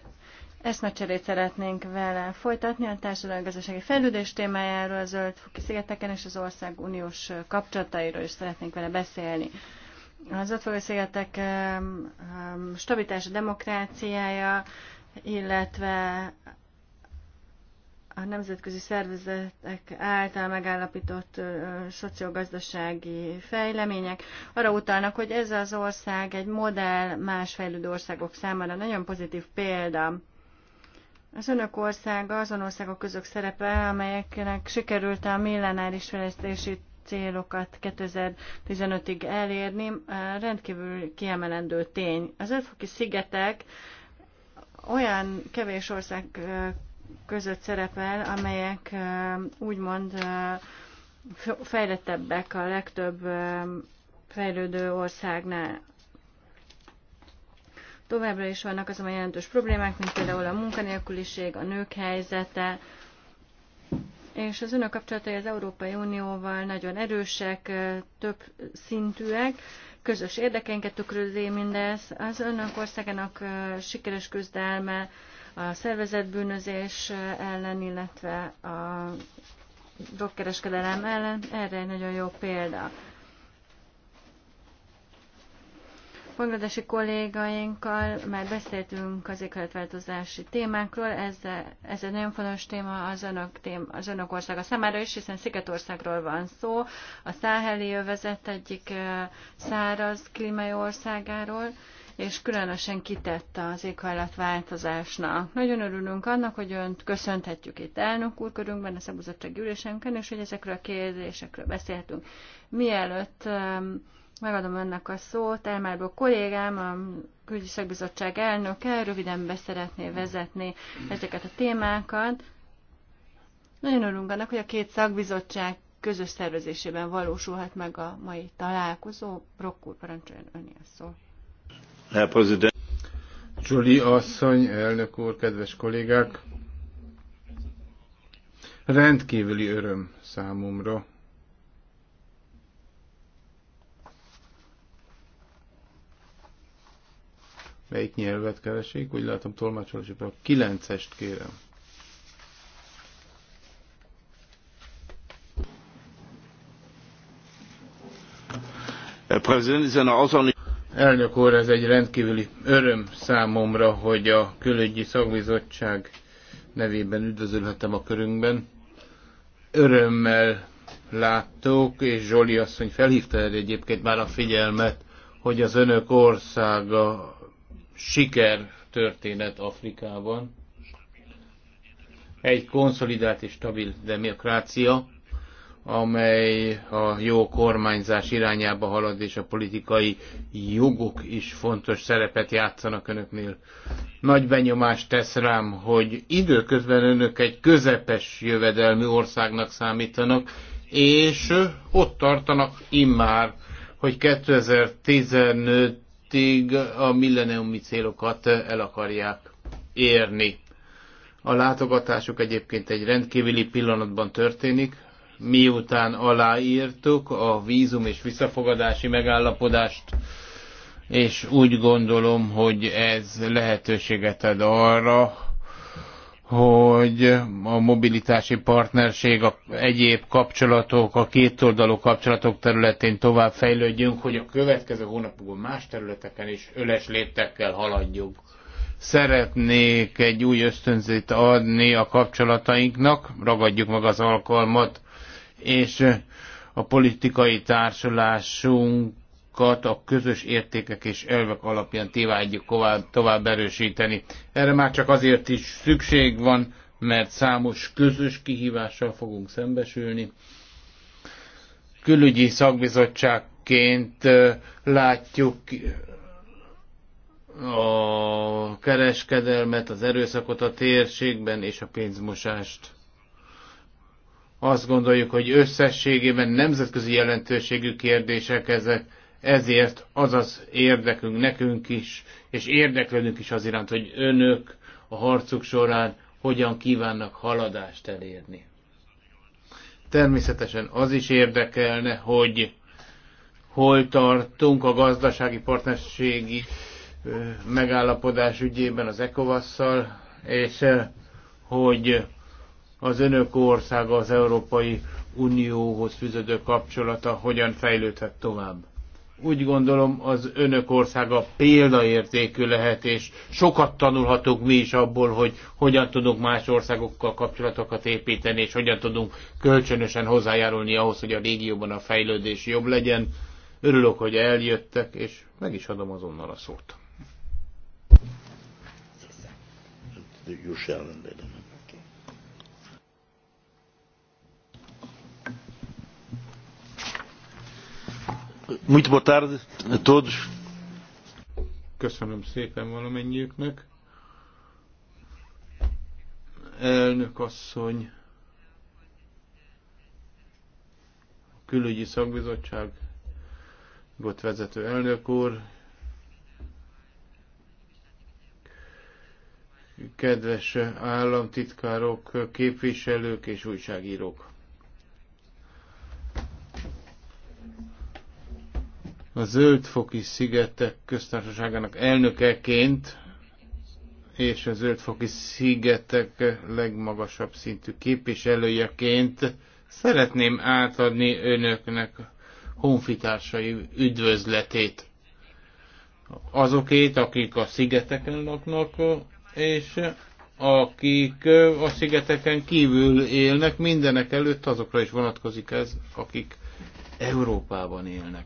Eszmecserét szeretnénk vele folytatni a társadalmi-gazdasági fejlődés témájáról, a zöld szigeteken és az ország uniós kapcsolatairól is szeretnénk vele beszélni. Az ott szigetek stabilitása, demokráciája, illetve a nemzetközi szervezetek által megállapított szociogazdasági fejlemények arra utalnak, hogy ez az ország egy modell más fejlődő országok számára nagyon pozitív példa. Az önök országa azon országok közök szerepe, amelyeknek sikerült a millenáris fejlesztési célokat 2015-ig elérni, rendkívül kiemelendő tény. Az ötfoki szigetek olyan kevés ország között szerepel, amelyek úgymond fejlettebbek a legtöbb fejlődő országnál. Továbbra is vannak a jelentős problémák, mint például a munkanélküliség, a nők helyzete, és az önök kapcsolatai az Európai Unióval nagyon erősek, több szintűek, közös érdekeinket tükrözi mindez. Az önök országának sikeres küzdelme a bűnözés ellen, illetve a drogkereskedelem ellen. Erre egy nagyon jó példa. Bangladesi kollégainkkal már beszéltünk az éghajlatváltozási témákról, ez, ez egy nagyon fontos téma az önök, téma, az önök országa számára is, hiszen Szigetországról van szó, a száheli övezet egyik eh, száraz klímai országáról, és különösen kitett az éghajlatváltozásnak. Nagyon örülünk annak, hogy önt köszönhetjük itt elnök úr körünkben, a szabuzottsági gyűlésenken, és hogy ezekről a kérdésekről beszélhetünk. Mielőtt um, megadom önnek a szót, Elmárból kollégám, a külügyi szakbizottság elnöke röviden beszeretné vezetni ezeket a témákat. Nagyon örülünk annak, hogy a két szakbizottság közös szervezésében valósulhat meg a mai találkozó. Brokkúr parancsoljon a szót. Herr Präsident. Julie asszony, elnök úr, kedves kollégák! Rendkívüli öröm számomra, Melyik nyelvet keresik? Úgy látom tolmácsolás, a kilencest kérem. Herr Präsident, ist eine Elnök úr, ez egy rendkívüli öröm számomra, hogy a külügyi szakbizottság nevében üdvözölhetem a körünkben. Örömmel láttuk, és Zsoli asszony felhívta erre egyébként már a figyelmet, hogy az önök országa siker történet Afrikában. Egy konszolidált és stabil demokrácia, amely a jó kormányzás irányába halad, és a politikai jogok is fontos szerepet játszanak önöknél. Nagy benyomást tesz rám, hogy időközben önök egy közepes jövedelmű országnak számítanak, és ott tartanak immár, hogy 2015-ig a milleniumi célokat el akarják érni. A látogatásuk egyébként egy rendkívüli pillanatban történik, miután aláírtuk a vízum és visszafogadási megállapodást, és úgy gondolom, hogy ez lehetőséget ad arra, hogy a mobilitási partnerség, a egyéb kapcsolatok, a kétoldalú kapcsolatok területén tovább fejlődjünk, hogy a következő hónapokban más területeken is öles léptekkel haladjunk. Szeretnék egy új ösztönzét adni a kapcsolatainknak, ragadjuk meg az alkalmat, és a politikai társulásunkat a közös értékek és elvek alapján tévágyjuk tovább, tovább erősíteni. Erre már csak azért is szükség van, mert számos közös kihívással fogunk szembesülni. Külügyi szakbizottságként látjuk a kereskedelmet, az erőszakot a térségben és a pénzmosást. Azt gondoljuk, hogy összességében nemzetközi jelentőségű kérdések ezek, ezért az az érdekünk nekünk is, és érdeklődünk is az iránt, hogy önök a harcuk során hogyan kívánnak haladást elérni. Természetesen az is érdekelne, hogy hol tartunk a gazdasági partnerségi megállapodás ügyében az ECOVAS-szal, és hogy az önök országa az Európai Unióhoz fűződő kapcsolata hogyan fejlődhet tovább? Úgy gondolom, az önök országa példaértékű lehet, és sokat tanulhatunk mi is abból, hogy hogyan tudunk más országokkal kapcsolatokat építeni, és hogyan tudunk kölcsönösen hozzájárulni ahhoz, hogy a régióban a fejlődés jobb legyen. Örülök, hogy eljöttek, és meg is adom azonnal a szót. Köszönöm. Muito boa tarde a todos. Köszönöm szépen valamennyiüknek. Elnök asszony, a külügyi szakbizottság, ott vezető elnök úr, kedves államtitkárok, képviselők és újságírók. a Zöldfoki szigetek köztársaságának elnökeként és a Zöldfoki szigetek legmagasabb szintű képviselőjeként szeretném átadni önöknek honfitársai üdvözletét. Azokét, akik a szigeteken laknak, és akik a szigeteken kívül élnek, mindenek előtt azokra is vonatkozik ez, akik Európában élnek.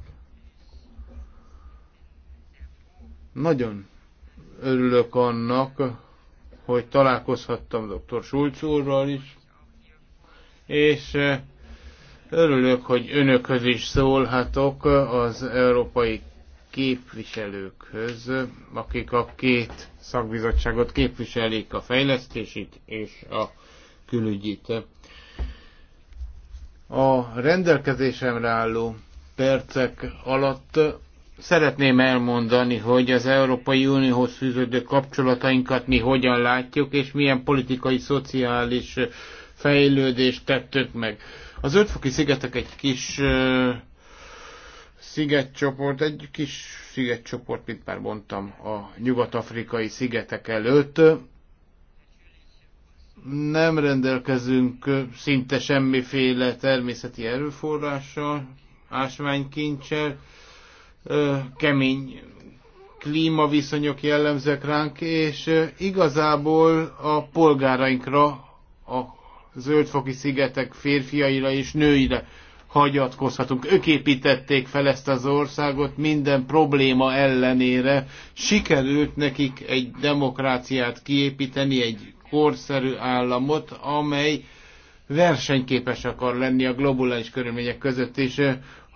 Nagyon örülök annak, hogy találkozhattam dr. Schulz úrral is, és örülök, hogy önökhöz is szólhatok az európai képviselőkhöz, akik a két szakbizottságot képviselik, a fejlesztését és a külügyit. A rendelkezésemre álló percek alatt Szeretném elmondani, hogy az Európai Unióhoz fűződő kapcsolatainkat mi hogyan látjuk, és milyen politikai, szociális fejlődést tettük meg. Az ötfoki szigetek egy kis uh, szigetcsoport, egy kis szigetcsoport, mint már mondtam, a nyugat-afrikai szigetek előtt. Nem rendelkezünk szinte semmiféle természeti erőforrással, ásványkincsel, kemény klímaviszonyok jellemzek ránk, és igazából a polgárainkra, a zöldfoki szigetek férfiaira és nőire hagyatkozhatunk. Ők építették fel ezt az országot minden probléma ellenére. Sikerült nekik egy demokráciát kiépíteni, egy korszerű államot, amely versenyképes akar lenni a globális körülmények között, és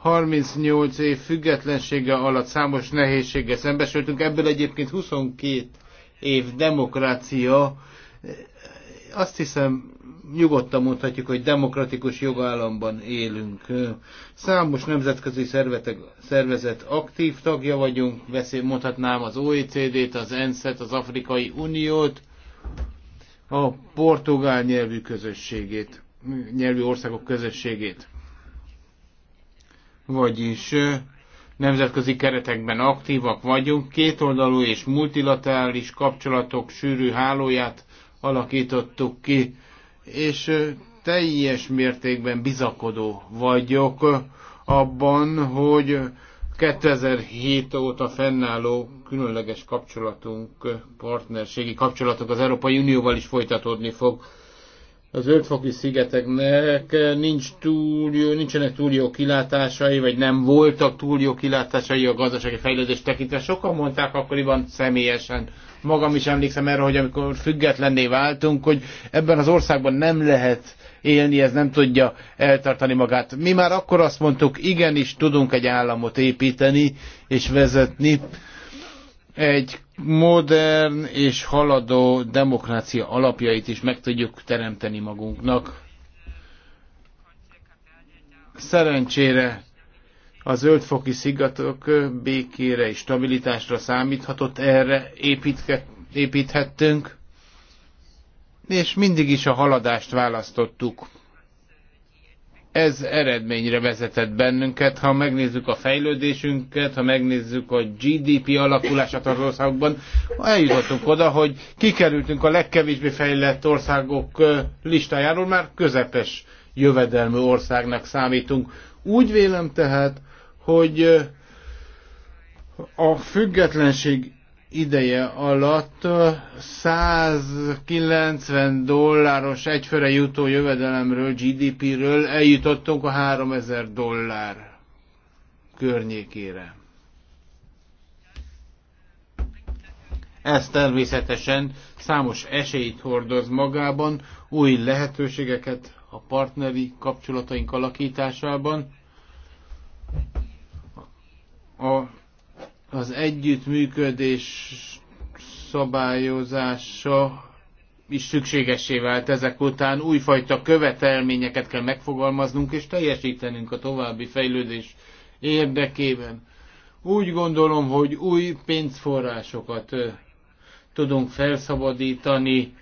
38 év függetlensége alatt számos nehézséggel szembesültünk, ebből egyébként 22 év demokrácia. Azt hiszem, nyugodtan mondhatjuk, hogy demokratikus jogállamban élünk. Számos nemzetközi szervetek, szervezet aktív tagja vagyunk, beszél, mondhatnám az OECD-t, az ENSZ-et, az Afrikai Uniót, a portugál nyelvű közösségét, nyelvű országok közösségét vagyis nemzetközi keretekben aktívak vagyunk, kétoldalú és multilaterális kapcsolatok sűrű hálóját alakítottuk ki, és teljes mértékben bizakodó vagyok abban, hogy 2007 óta fennálló különleges kapcsolatunk, partnerségi kapcsolatok az Európai Unióval is folytatódni fog az ötfoki szigeteknek nincs túl jó, nincsenek túl jó kilátásai, vagy nem voltak túl jó kilátásai a gazdasági fejlődés tekintve. Sokan mondták akkoriban személyesen, magam is emlékszem erre, hogy amikor függetlenné váltunk, hogy ebben az országban nem lehet élni, ez nem tudja eltartani magát. Mi már akkor azt mondtuk, igenis tudunk egy államot építeni és vezetni, egy modern és haladó demokrácia alapjait is meg tudjuk teremteni magunknak. Szerencsére a zöldfoki szigatok békére és stabilitásra számíthatott, erre építke, építhettünk, és mindig is a haladást választottuk ez eredményre vezetett bennünket, ha megnézzük a fejlődésünket, ha megnézzük a GDP alakulását az országokban, eljutottunk oda, hogy kikerültünk a legkevésbé fejlett országok listájáról, már közepes jövedelmű országnak számítunk. Úgy vélem tehát, hogy a függetlenség ideje alatt 190 dolláros egyfőre jutó jövedelemről, GDP-ről eljutottunk a 3000 dollár környékére. Ez természetesen számos esélyt hordoz magában, új lehetőségeket a partneri kapcsolataink alakításában. A az együttműködés szabályozása is szükségesé vált ezek után. Újfajta követelményeket kell megfogalmaznunk és teljesítenünk a további fejlődés érdekében. Úgy gondolom, hogy új pénzforrásokat tudunk felszabadítani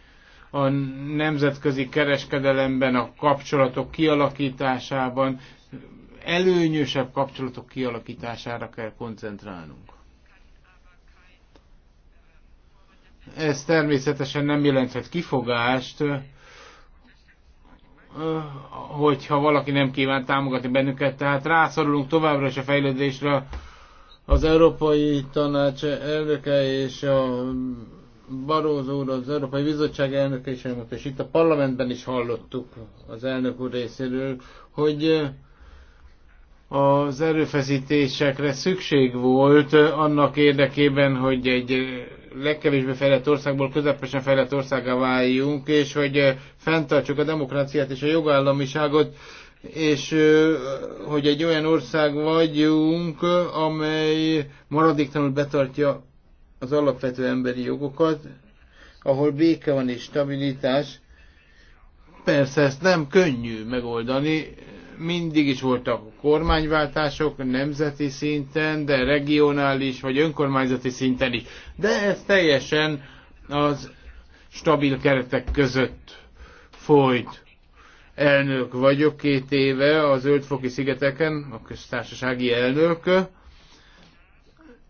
a nemzetközi kereskedelemben, a kapcsolatok kialakításában, előnyösebb kapcsolatok kialakítására kell koncentrálnunk. Ez természetesen nem jelenthet kifogást, hogyha valaki nem kíván támogatni bennünket, tehát rászorulunk továbbra is a fejlődésre. Az Európai Tanács elnöke és a Barózó úr, az Európai Bizottság elnöke is és itt a parlamentben is hallottuk az elnök úr részéről, hogy az erőfeszítésekre szükség volt annak érdekében, hogy egy legkevésbé fejlett országból közepesen fejlett országá váljunk, és hogy fenntartsuk a demokráciát és a jogállamiságot, és hogy egy olyan ország vagyunk, amely maradéktanul betartja az alapvető emberi jogokat, ahol béke van és stabilitás. Persze ezt nem könnyű megoldani, mindig is voltak kormányváltások nemzeti szinten, de regionális vagy önkormányzati szinten is. De ez teljesen az stabil keretek között folyt. Elnök vagyok két éve a Zöldfoki szigeteken, a köztársasági elnök.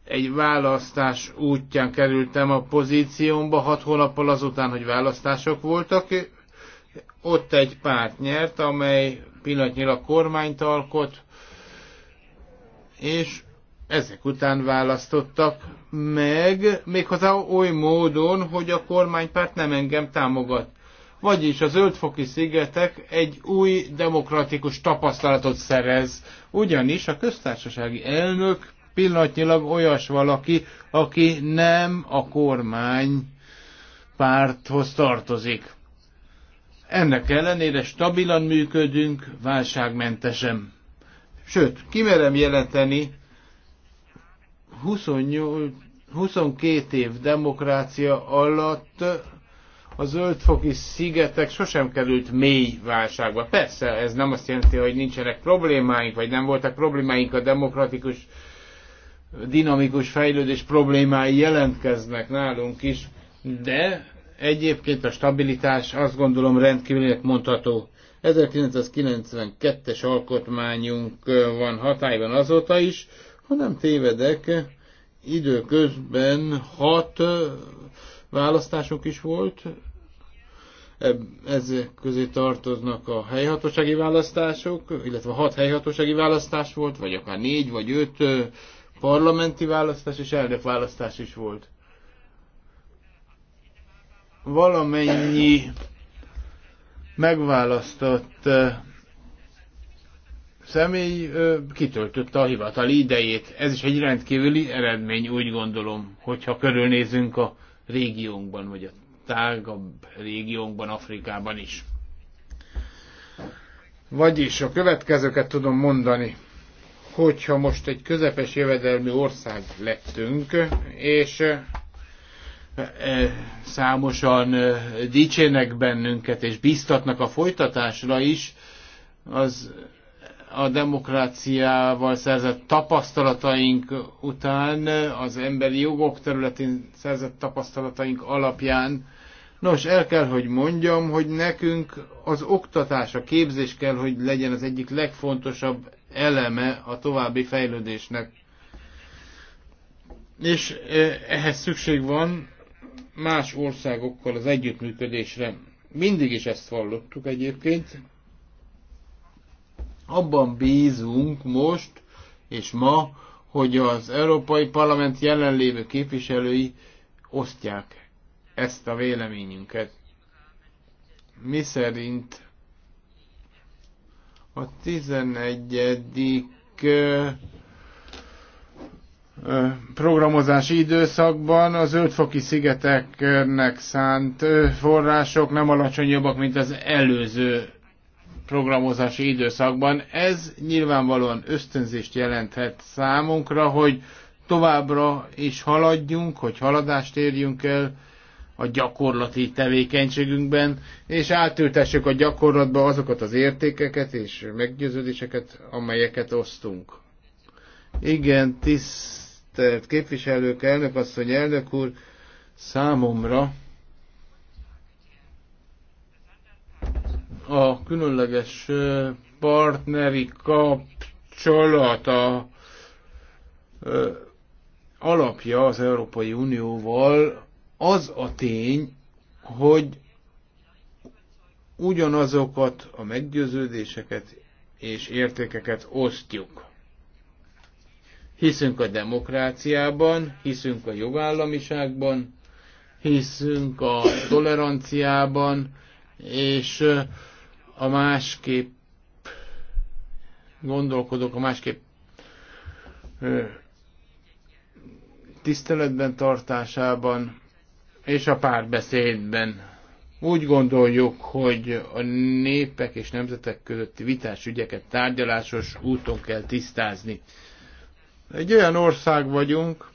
Egy választás útján kerültem a pozíciómba, hat hónappal azután, hogy választások voltak, ott egy párt nyert, amely pillanatnyilag kormányt alkot, és ezek után választottak meg, méghozzá oly módon, hogy a kormánypárt nem engem támogat. Vagyis a zöldfoki szigetek egy új demokratikus tapasztalatot szerez, ugyanis a köztársasági elnök pillanatnyilag olyas valaki, aki nem a kormány párthoz tartozik. Ennek ellenére stabilan működünk, válságmentesen. Sőt, kimerem jelenteni, 28, 22 év demokrácia alatt a zöldfoki szigetek sosem került mély válságba. Persze, ez nem azt jelenti, hogy nincsenek problémáink, vagy nem voltak problémáink a demokratikus, dinamikus fejlődés problémái jelentkeznek nálunk is, de Egyébként a stabilitás azt gondolom rendkívülinek mondható. 1992-es alkotmányunk van hatályban azóta is, ha nem tévedek, időközben hat választások is volt, ezek közé tartoznak a helyhatósági választások, illetve hat helyhatósági választás volt, vagy akár négy vagy öt parlamenti választás és elnök választás is volt valamennyi megválasztott személy kitöltötte a hivatali idejét. Ez is egy rendkívüli eredmény, úgy gondolom, hogyha körülnézünk a régiónkban, vagy a tágabb régiónkban, Afrikában is. Vagyis a következőket tudom mondani. Hogyha most egy közepes jövedelmi ország lettünk, és E, e, számosan e, dicsének bennünket, és biztatnak a folytatásra is. Az a demokráciával szerzett tapasztalataink után, az emberi jogok területén szerzett tapasztalataink alapján. Nos, el kell, hogy mondjam, hogy nekünk az oktatás, a képzés kell, hogy legyen az egyik legfontosabb eleme a további fejlődésnek. És ehhez szükség van más országokkal az együttműködésre. Mindig is ezt vallottuk egyébként. Abban bízunk most és ma, hogy az Európai Parlament jelenlévő képviselői osztják ezt a véleményünket. Mi szerint a 11 programozási időszakban a zöldfoki szigeteknek szánt források nem alacsonyabbak, mint az előző programozási időszakban. Ez nyilvánvalóan ösztönzést jelenthet számunkra, hogy továbbra is haladjunk, hogy haladást érjünk el a gyakorlati tevékenységünkben, és átültessük a gyakorlatba azokat az értékeket és meggyőződéseket, amelyeket osztunk. Igen, tisz tisztelt képviselők, elnök asszony, elnök úr, számomra a különleges partneri kapcsolat a alapja az Európai Unióval az a tény, hogy ugyanazokat a meggyőződéseket és értékeket osztjuk. Hiszünk a demokráciában, hiszünk a jogállamiságban, hiszünk a toleranciában, és a másképp gondolkodók, a másképp tiszteletben tartásában és a párbeszédben. Úgy gondoljuk, hogy a népek és nemzetek közötti vitás ügyeket tárgyalásos úton kell tisztázni. Egy olyan ország vagyunk,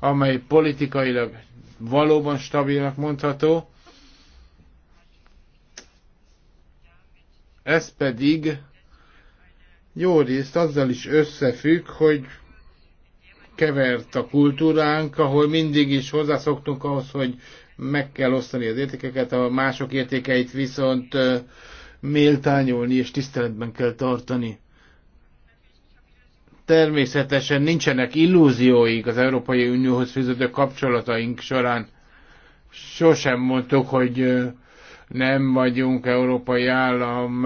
amely politikailag valóban stabilnak mondható, ez pedig jó részt azzal is összefügg, hogy kevert a kultúránk, ahol mindig is hozzászoktunk ahhoz, hogy meg kell osztani az értékeket, a mások értékeit viszont méltányolni és tiszteletben kell tartani. Természetesen nincsenek illúzióink az Európai Unióhoz fűződő kapcsolataink során. Sosem mondtuk, hogy nem vagyunk európai állam,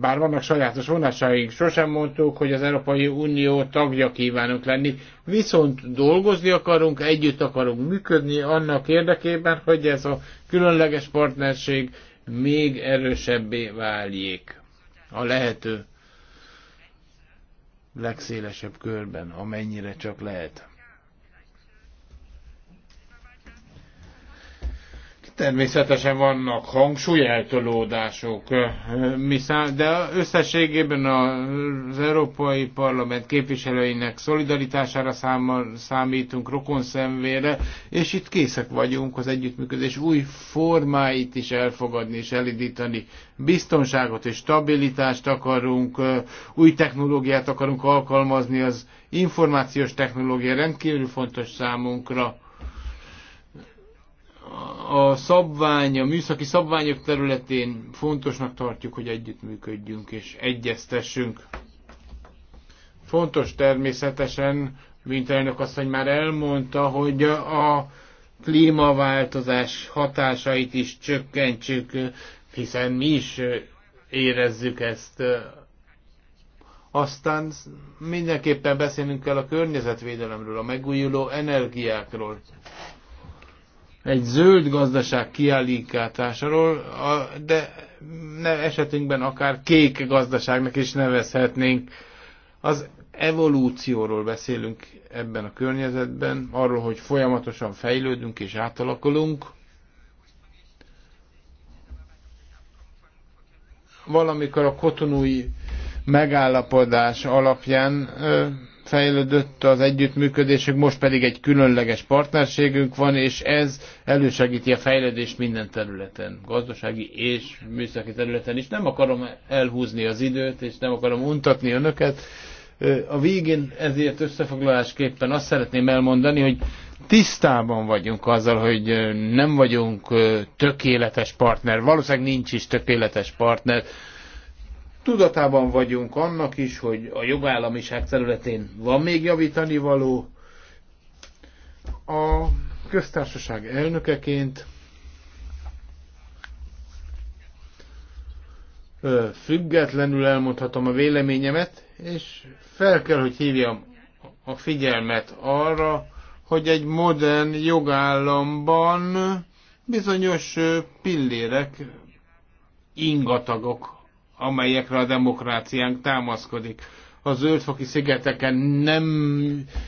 bár vannak sajátos vonásaink. Sosem mondtuk, hogy az Európai Unió tagja kívánunk lenni, viszont dolgozni akarunk, együtt akarunk működni annak érdekében, hogy ez a különleges partnerség még erősebbé váljék. A lehető legszélesebb körben, amennyire csak lehet. Természetesen vannak hangsúlyeltolódások, eh, de összességében az Európai Parlament képviselőinek szolidaritására számítunk, rokon szemvére, és itt készek vagyunk az együttműködés új formáit is elfogadni és elindítani. Biztonságot és stabilitást akarunk, eh, új technológiát akarunk alkalmazni, az információs technológia rendkívül fontos számunkra a szabvány, a műszaki szabványok területén fontosnak tartjuk, hogy együttműködjünk és egyeztessünk. Fontos természetesen, mint elnök asszony már elmondta, hogy a klímaváltozás hatásait is csökkentsük, hiszen mi is érezzük ezt. Aztán mindenképpen beszélnünk kell a környezetvédelemről, a megújuló energiákról egy zöld gazdaság kiállításáról, de esetünkben akár kék gazdaságnak is nevezhetnénk. Az evolúcióról beszélünk ebben a környezetben, arról, hogy folyamatosan fejlődünk és átalakulunk. Valamikor a kotonúi megállapodás alapján fejlődött az együttműködésünk, most pedig egy különleges partnerségünk van, és ez elősegíti a fejlődést minden területen, gazdasági és műszaki területen is. Nem akarom elhúzni az időt, és nem akarom untatni önöket. A végén ezért összefoglalásképpen azt szeretném elmondani, hogy tisztában vagyunk azzal, hogy nem vagyunk tökéletes partner, valószínűleg nincs is tökéletes partner, Tudatában vagyunk annak is, hogy a jogállamiság területén van még javítani való. A köztársaság elnökeként függetlenül elmondhatom a véleményemet, és fel kell, hogy hívjam a figyelmet arra, hogy egy modern jogállamban bizonyos pillérek, ingatagok amelyekre a demokráciánk támaszkodik. A zöldfoki szigeteken nem,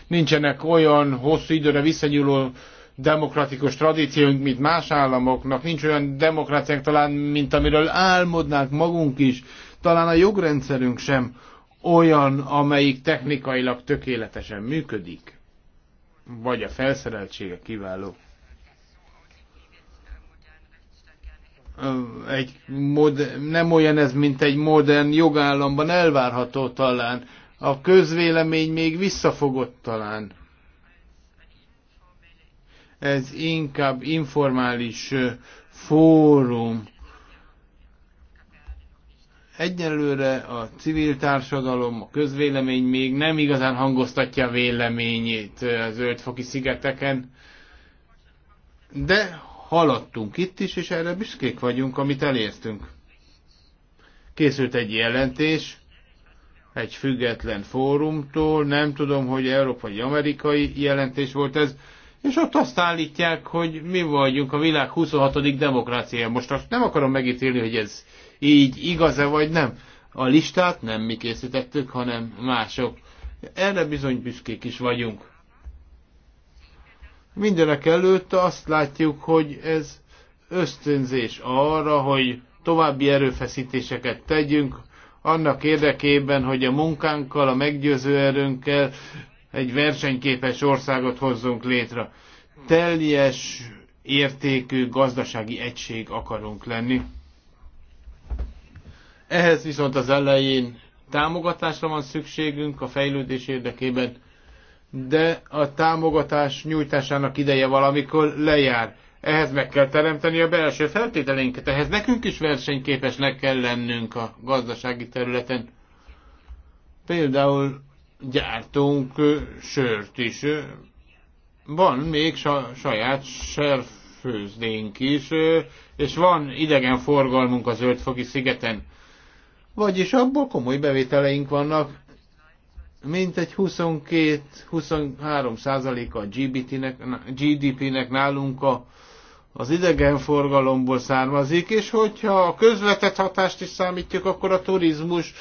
nincsenek olyan hosszú időre visszanyúló demokratikus tradíciónk, mint más államoknak, nincs olyan demokráciánk talán, mint amiről álmodnánk magunk is, talán a jogrendszerünk sem olyan, amelyik technikailag tökéletesen működik, vagy a felszereltsége kiváló. egy mod, nem olyan ez, mint egy modern jogállamban elvárható talán. A közvélemény még visszafogott talán. Ez inkább informális fórum. Egyelőre a civil társadalom, a közvélemény még nem igazán hangoztatja véleményét az zöldfoki szigeteken. De haladtunk itt is, és erre büszkék vagyunk, amit elértünk. Készült egy jelentés, egy független fórumtól, nem tudom, hogy európai amerikai jelentés volt ez, és ott azt állítják, hogy mi vagyunk a világ 26. demokráciája. Most azt nem akarom megítélni, hogy ez így igaz-e vagy nem. A listát nem mi készítettük, hanem mások. Erre bizony büszkék is vagyunk. Mindenek előtt azt látjuk, hogy ez ösztönzés arra, hogy további erőfeszítéseket tegyünk, annak érdekében, hogy a munkánkkal, a meggyőző erőnkkel egy versenyképes országot hozzunk létre. Teljes értékű gazdasági egység akarunk lenni. Ehhez viszont az elején támogatásra van szükségünk a fejlődés érdekében, de a támogatás nyújtásának ideje valamikor lejár. Ehhez meg kell teremteni a belső feltételeinket, ehhez nekünk is versenyképesnek kell lennünk a gazdasági területen. Például gyártunk sört is. Van még saját serfőzdénk is, és van idegen forgalmunk a Zöldfogi szigeten. Vagyis abból komoly bevételeink vannak, mintegy 22-23 százaléka a GDP-nek, GDP-nek nálunk a, az idegenforgalomból származik, és hogyha a közvetett hatást is számítjuk, akkor a turizmus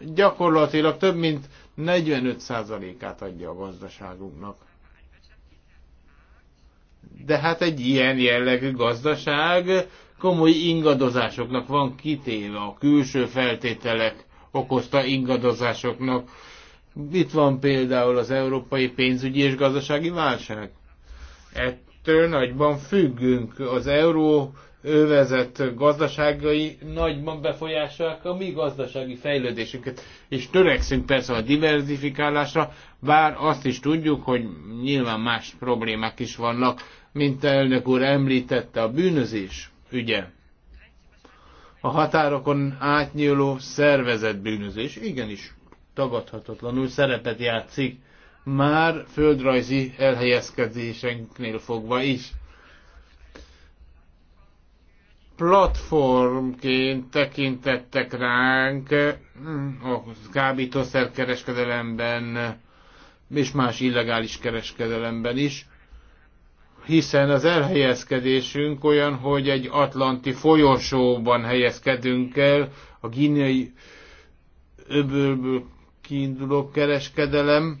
gyakorlatilag több mint 45 százalékát adja a gazdaságunknak. De hát egy ilyen jellegű gazdaság komoly ingadozásoknak van kitéve, a külső feltételek okozta ingadozásoknak. Itt van például az európai pénzügyi és gazdasági válság. Ettől nagyban függünk. Az euró övezet gazdaságai nagyban befolyásolják a mi gazdasági fejlődésünket. És törekszünk persze a diversifikálásra, bár azt is tudjuk, hogy nyilván más problémák is vannak, mint elnök úr említette a bűnözés ügye. A határokon átnyúló szervezett bűnözés, igenis tagadhatatlanul szerepet játszik, már földrajzi elhelyezkedésenknél fogva is. Platformként tekintettek ránk mm, a kábítószer kereskedelemben, és más illegális kereskedelemben is, hiszen az elhelyezkedésünk olyan, hogy egy atlanti folyosóban helyezkedünk el, a guineai öbölből kiinduló kereskedelem.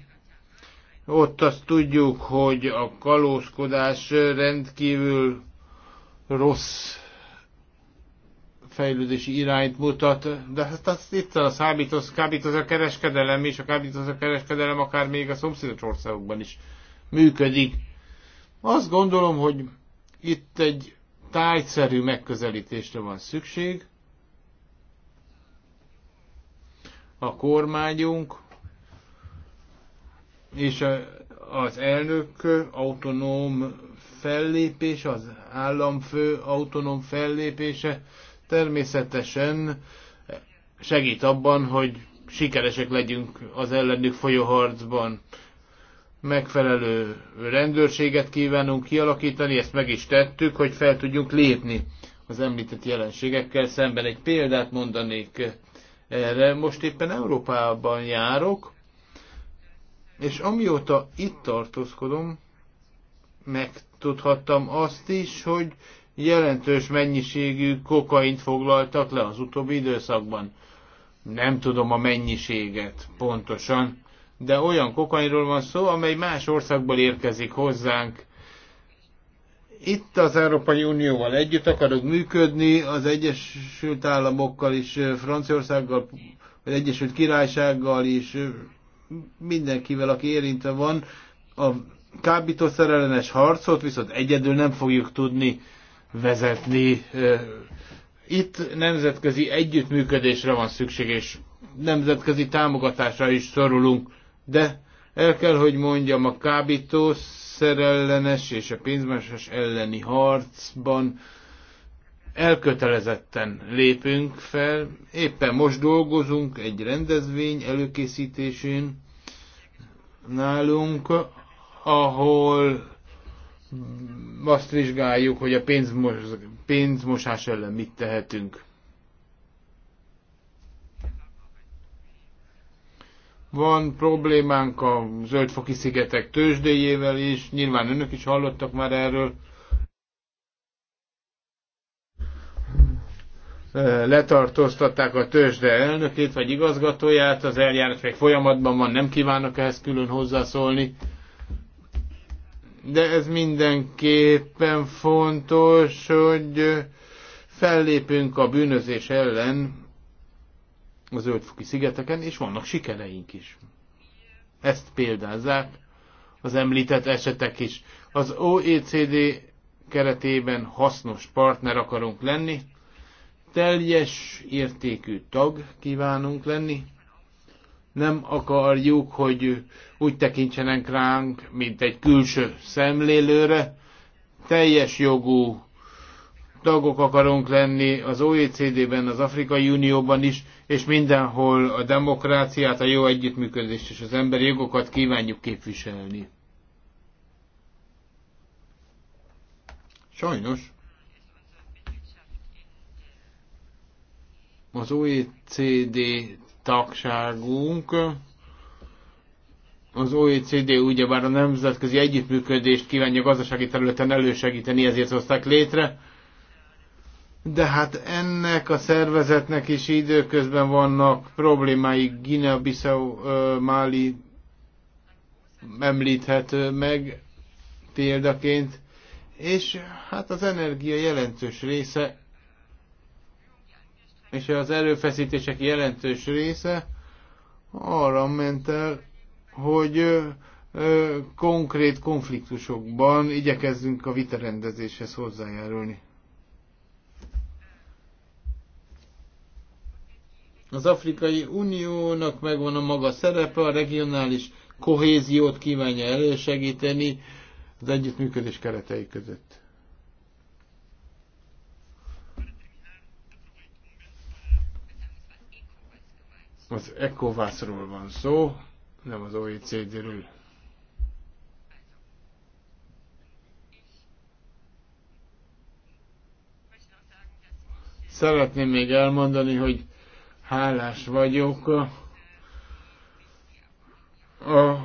Ott azt tudjuk, hogy a kalózkodás rendkívül rossz fejlődési irányt mutat, de hát az, itt a szábítoz, kábítoz a kereskedelem, és a kábítoz a kereskedelem akár még a szomszédos országokban is működik. Azt gondolom, hogy itt egy tájszerű megközelítésre van szükség, a kormányunk és az elnök autonóm fellépés, az államfő autonóm fellépése természetesen segít abban, hogy sikeresek legyünk az ellenük folyóharcban. Megfelelő rendőrséget kívánunk kialakítani, ezt meg is tettük, hogy fel tudjunk lépni az említett jelenségekkel szemben. Egy példát mondanék, erre. Most éppen Európában járok, és amióta itt tartózkodom, megtudhattam azt is, hogy jelentős mennyiségű kokaint foglaltak le az utóbbi időszakban. Nem tudom a mennyiséget pontosan, de olyan kokainról van szó, amely más országból érkezik hozzánk, itt az Európai Unióval együtt akarok működni, az Egyesült Államokkal is, Franciaországgal, vagy Egyesült Királysággal is, mindenkivel, aki érintve van. A kábítószer harcot viszont egyedül nem fogjuk tudni vezetni. Itt nemzetközi együttműködésre van szükség, és nemzetközi támogatásra is szorulunk, de el kell, hogy mondjam, a kábítós élelmiszerellenes és a pénzmeses elleni harcban elkötelezetten lépünk fel. Éppen most dolgozunk egy rendezvény előkészítésén nálunk, ahol azt vizsgáljuk, hogy a pénzmos, pénzmosás ellen mit tehetünk. Van problémánk a zöldfoki szigetek tőzsdéjével is, nyilván önök is hallottak már erről. letartóztatták a tőzsde elnökét vagy igazgatóját, az eljárás még folyamatban van, nem kívánok ehhez külön hozzászólni. De ez mindenképpen fontos, hogy fellépünk a bűnözés ellen, az Öldfoki szigeteken, és vannak sikereink is. Ezt példázzák az említett esetek is. Az OECD keretében hasznos partner akarunk lenni, teljes értékű tag kívánunk lenni, nem akarjuk, hogy úgy tekintsenek ránk, mint egy külső szemlélőre, teljes jogú tagok akarunk lenni az OECD-ben, az Afrikai Unióban is, és mindenhol a demokráciát, a jó együttműködést és az emberi jogokat kívánjuk képviselni. Sajnos. Az OECD tagságunk az OECD ugyebár a nemzetközi együttműködést kívánja gazdasági területen elősegíteni, ezért hozták létre de hát ennek a szervezetnek is időközben vannak problémái. Guinea-Bissau, Mali említhető meg példaként, és hát az energia jelentős része, és az erőfeszítések jelentős része arra ment el, hogy ö, ö, konkrét konfliktusokban igyekezzünk a vitarendezéshez hozzájárulni. Az Afrikai Uniónak megvan a maga szerepe, a regionális kohéziót kívánja elősegíteni az együttműködés keretei között. Az ecovas ról van szó, nem az OECD-ről. Szeretném még elmondani, hogy hálás vagyok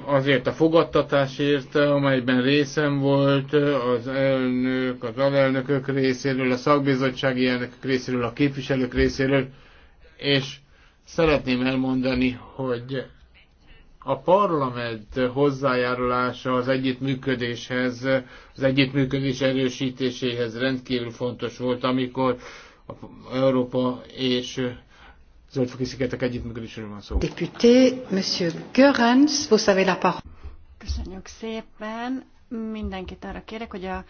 azért a fogadtatásért, amelyben részem volt az elnök, az alelnökök részéről, a szakbizottsági elnökök részéről, a képviselők részéről, és szeretném elmondani, hogy a parlament hozzájárulása az együttműködéshez, az együttműködés erősítéséhez rendkívül fontos volt, amikor Európa és szigetek van szó. Député, Monsieur Görens, vous avez la parole. Köszönjük szépen. Mindenkit arra kérek, hogy a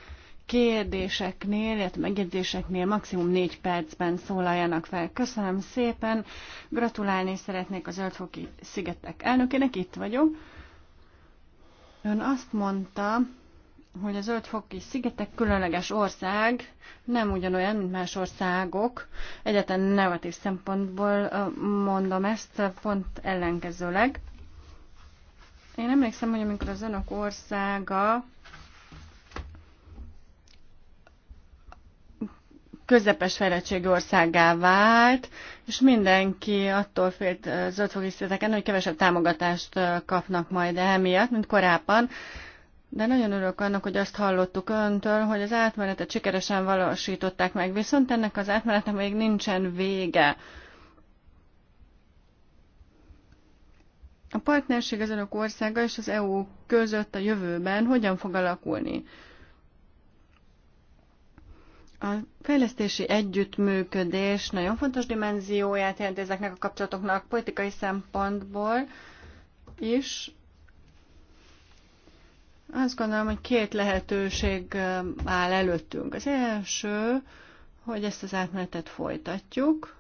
kérdéseknél, illetve megjegyzéseknél maximum négy percben szólaljanak fel. Köszönöm szépen, gratulálni szeretnék az zöldfoki szigetek elnökének, itt vagyok. Ön azt mondta, hogy az ötfoki szigetek különleges ország, nem ugyanolyan, mint más országok. Egyetlen negatív szempontból mondom ezt, pont ellenkezőleg. Én emlékszem, hogy amikor az önök országa közepes fejlettségű országá vált, és mindenki attól félt zöldfogi szigeteken, hogy kevesebb támogatást kapnak majd emiatt, mint korábban. De nagyon örülök annak, hogy azt hallottuk öntől, hogy az átmenetet sikeresen valósították meg, viszont ennek az átmenetnek még nincsen vége. A partnerség az önök országa és az EU között a jövőben hogyan fog alakulni? A fejlesztési együttműködés nagyon fontos dimenzióját jelent ezeknek a kapcsolatoknak politikai szempontból is, azt gondolom, hogy két lehetőség áll előttünk. Az első, hogy ezt az átmenetet folytatjuk,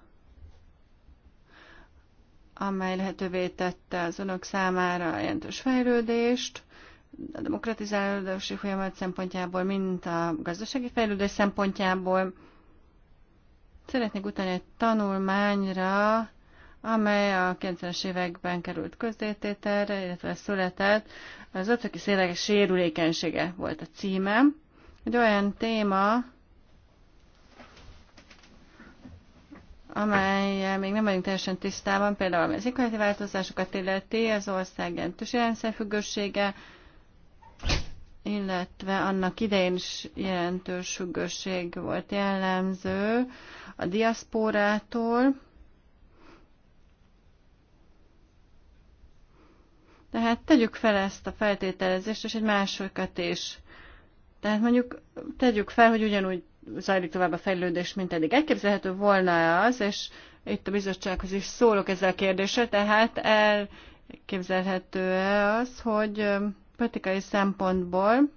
amely lehetővé tette az önök számára a jelentős fejlődést, a demokratizálódási folyamat szempontjából, mint a gazdasági fejlődés szempontjából. Szeretnék utalni egy tanulmányra, amely a 90-es években került közzétételre, illetve született az ötöki szélek sérülékenysége volt a címe. Egy olyan téma, amely még nem vagyunk teljesen tisztában, például az éghajlati változásokat illeti, az ország jelentős jelenszerfüggősége, illetve annak idején is jelentős függőség volt jellemző a diaszpórától, Tehát tegyük fel ezt a feltételezést, és egy másikat is. Tehát mondjuk tegyük fel, hogy ugyanúgy zajlik tovább a fejlődés, mint eddig. Elképzelhető volna az, és itt a bizottsághoz is szólok ezzel a kérdéssel, tehát elképzelhető -e az, hogy politikai szempontból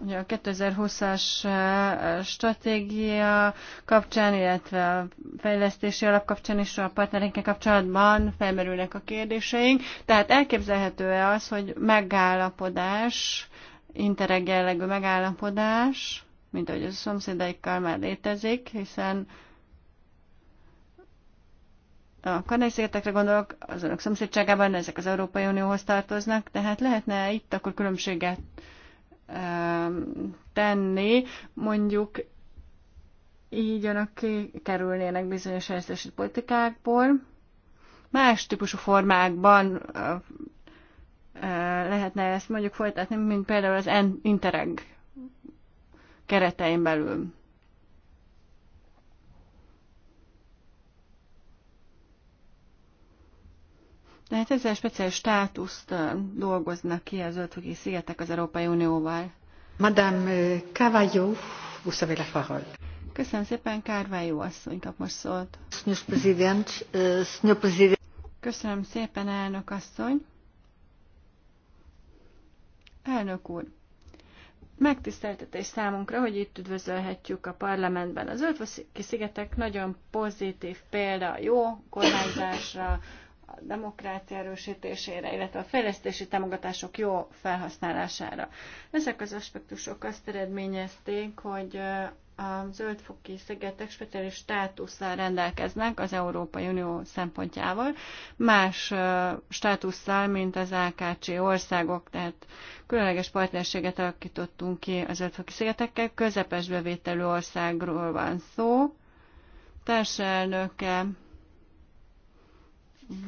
Ugye a 2020-as eh, stratégia kapcsán, illetve a fejlesztési alap kapcsán és a partnerinkkel kapcsolatban felmerülnek a kérdéseink. Tehát elképzelhető-e az, hogy megállapodás, intereg jellegű megállapodás, mint ahogy a szomszédaikkal már létezik, hiszen a Kanai-szigetekre gondolok, az önök szomszédságában ezek az Európai Unióhoz tartoznak, tehát lehetne itt akkor különbséget tenni, mondjuk így önök kerülnének bizonyos erőszakosít politikákból. Más típusú formákban eh, eh, lehetne ezt mondjuk folytatni, mint például az Interreg keretein belül. Tehát ezzel speciális státuszt dolgoznak ki az ötfogi szigetek az Európai Unióval. Madame Cavallo, vous avez la parole. Köszönöm szépen, Kárvájó asszony kap most szólt. Köszönöm szépen, elnök asszony. Elnök úr, megtiszteltetés számunkra, hogy itt üdvözölhetjük a parlamentben. Az Ötvöki szigetek nagyon pozitív példa a jó kormányzásra, demokrácia erősítésére, illetve a fejlesztési támogatások jó felhasználására. Ezek az aspektusok azt eredményezték, hogy a zöldfoki szigetek speciális státusszal rendelkeznek az Európai Unió szempontjával, más státusszal, mint az AKC országok, tehát különleges partnerséget alakítottunk ki az zöldfoki szigetekkel, közepes bevételű országról van szó, társelnöke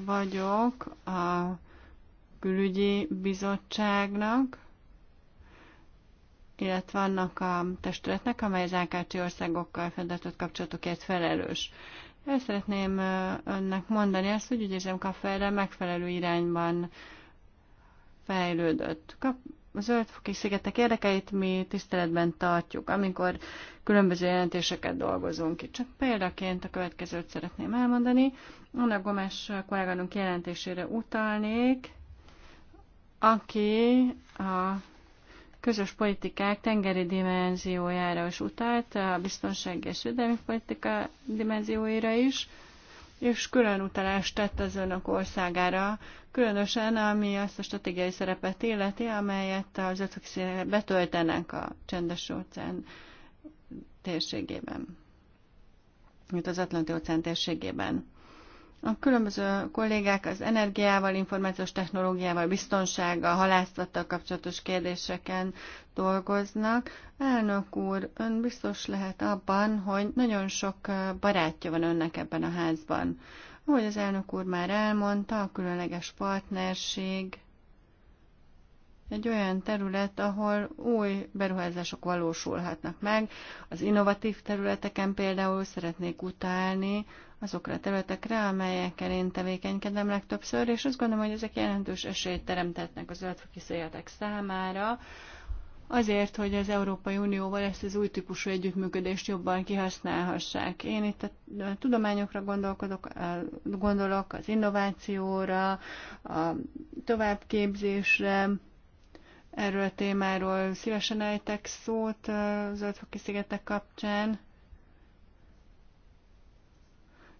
vagyok a külügyi bizottságnak, illetve annak a testületnek, amely az AKC országokkal fenntartott kapcsolatokért felelős. El szeretném önnek mondani azt, hogy ügyézem kafejre megfelelő irányban fejlődött. Kap- a zöldfoki szigetek érdekeit mi tiszteletben tartjuk, amikor különböző jelentéseket dolgozunk ki. Csak példaként a következőt szeretném elmondani. Anna Gomes kolléganunk jelentésére utalnék, aki a közös politikák tengeri dimenziójára is utalt, a biztonsági és védelmi politika dimenzióira is és külön utalást tett az önök országára, különösen ami azt a stratégiai szerepet illeti, amelyet az ötök betöltenek a csendes óceán térségében, mint az Atlanti óceán térségében. A különböző kollégák az energiával, információs technológiával, biztonsággal, halászattal kapcsolatos kérdéseken dolgoznak. Elnök úr, ön biztos lehet abban, hogy nagyon sok barátja van önnek ebben a házban. Ahogy az elnök úr már elmondta, a különleges partnerség egy olyan terület, ahol új beruházások valósulhatnak meg. Az innovatív területeken például szeretnék utálni azokra a területekre, amelyekkel én tevékenykedem legtöbbször, és azt gondolom, hogy ezek jelentős esélyt teremtetnek az zöldfoki széltek számára, azért, hogy az Európai Unióval ezt az új típusú együttműködést jobban kihasználhassák. Én itt a tudományokra gondolkodok, gondolok, az innovációra, a továbbképzésre, erről a témáról szívesen ejtek szót az Zöldfoki szigetek kapcsán.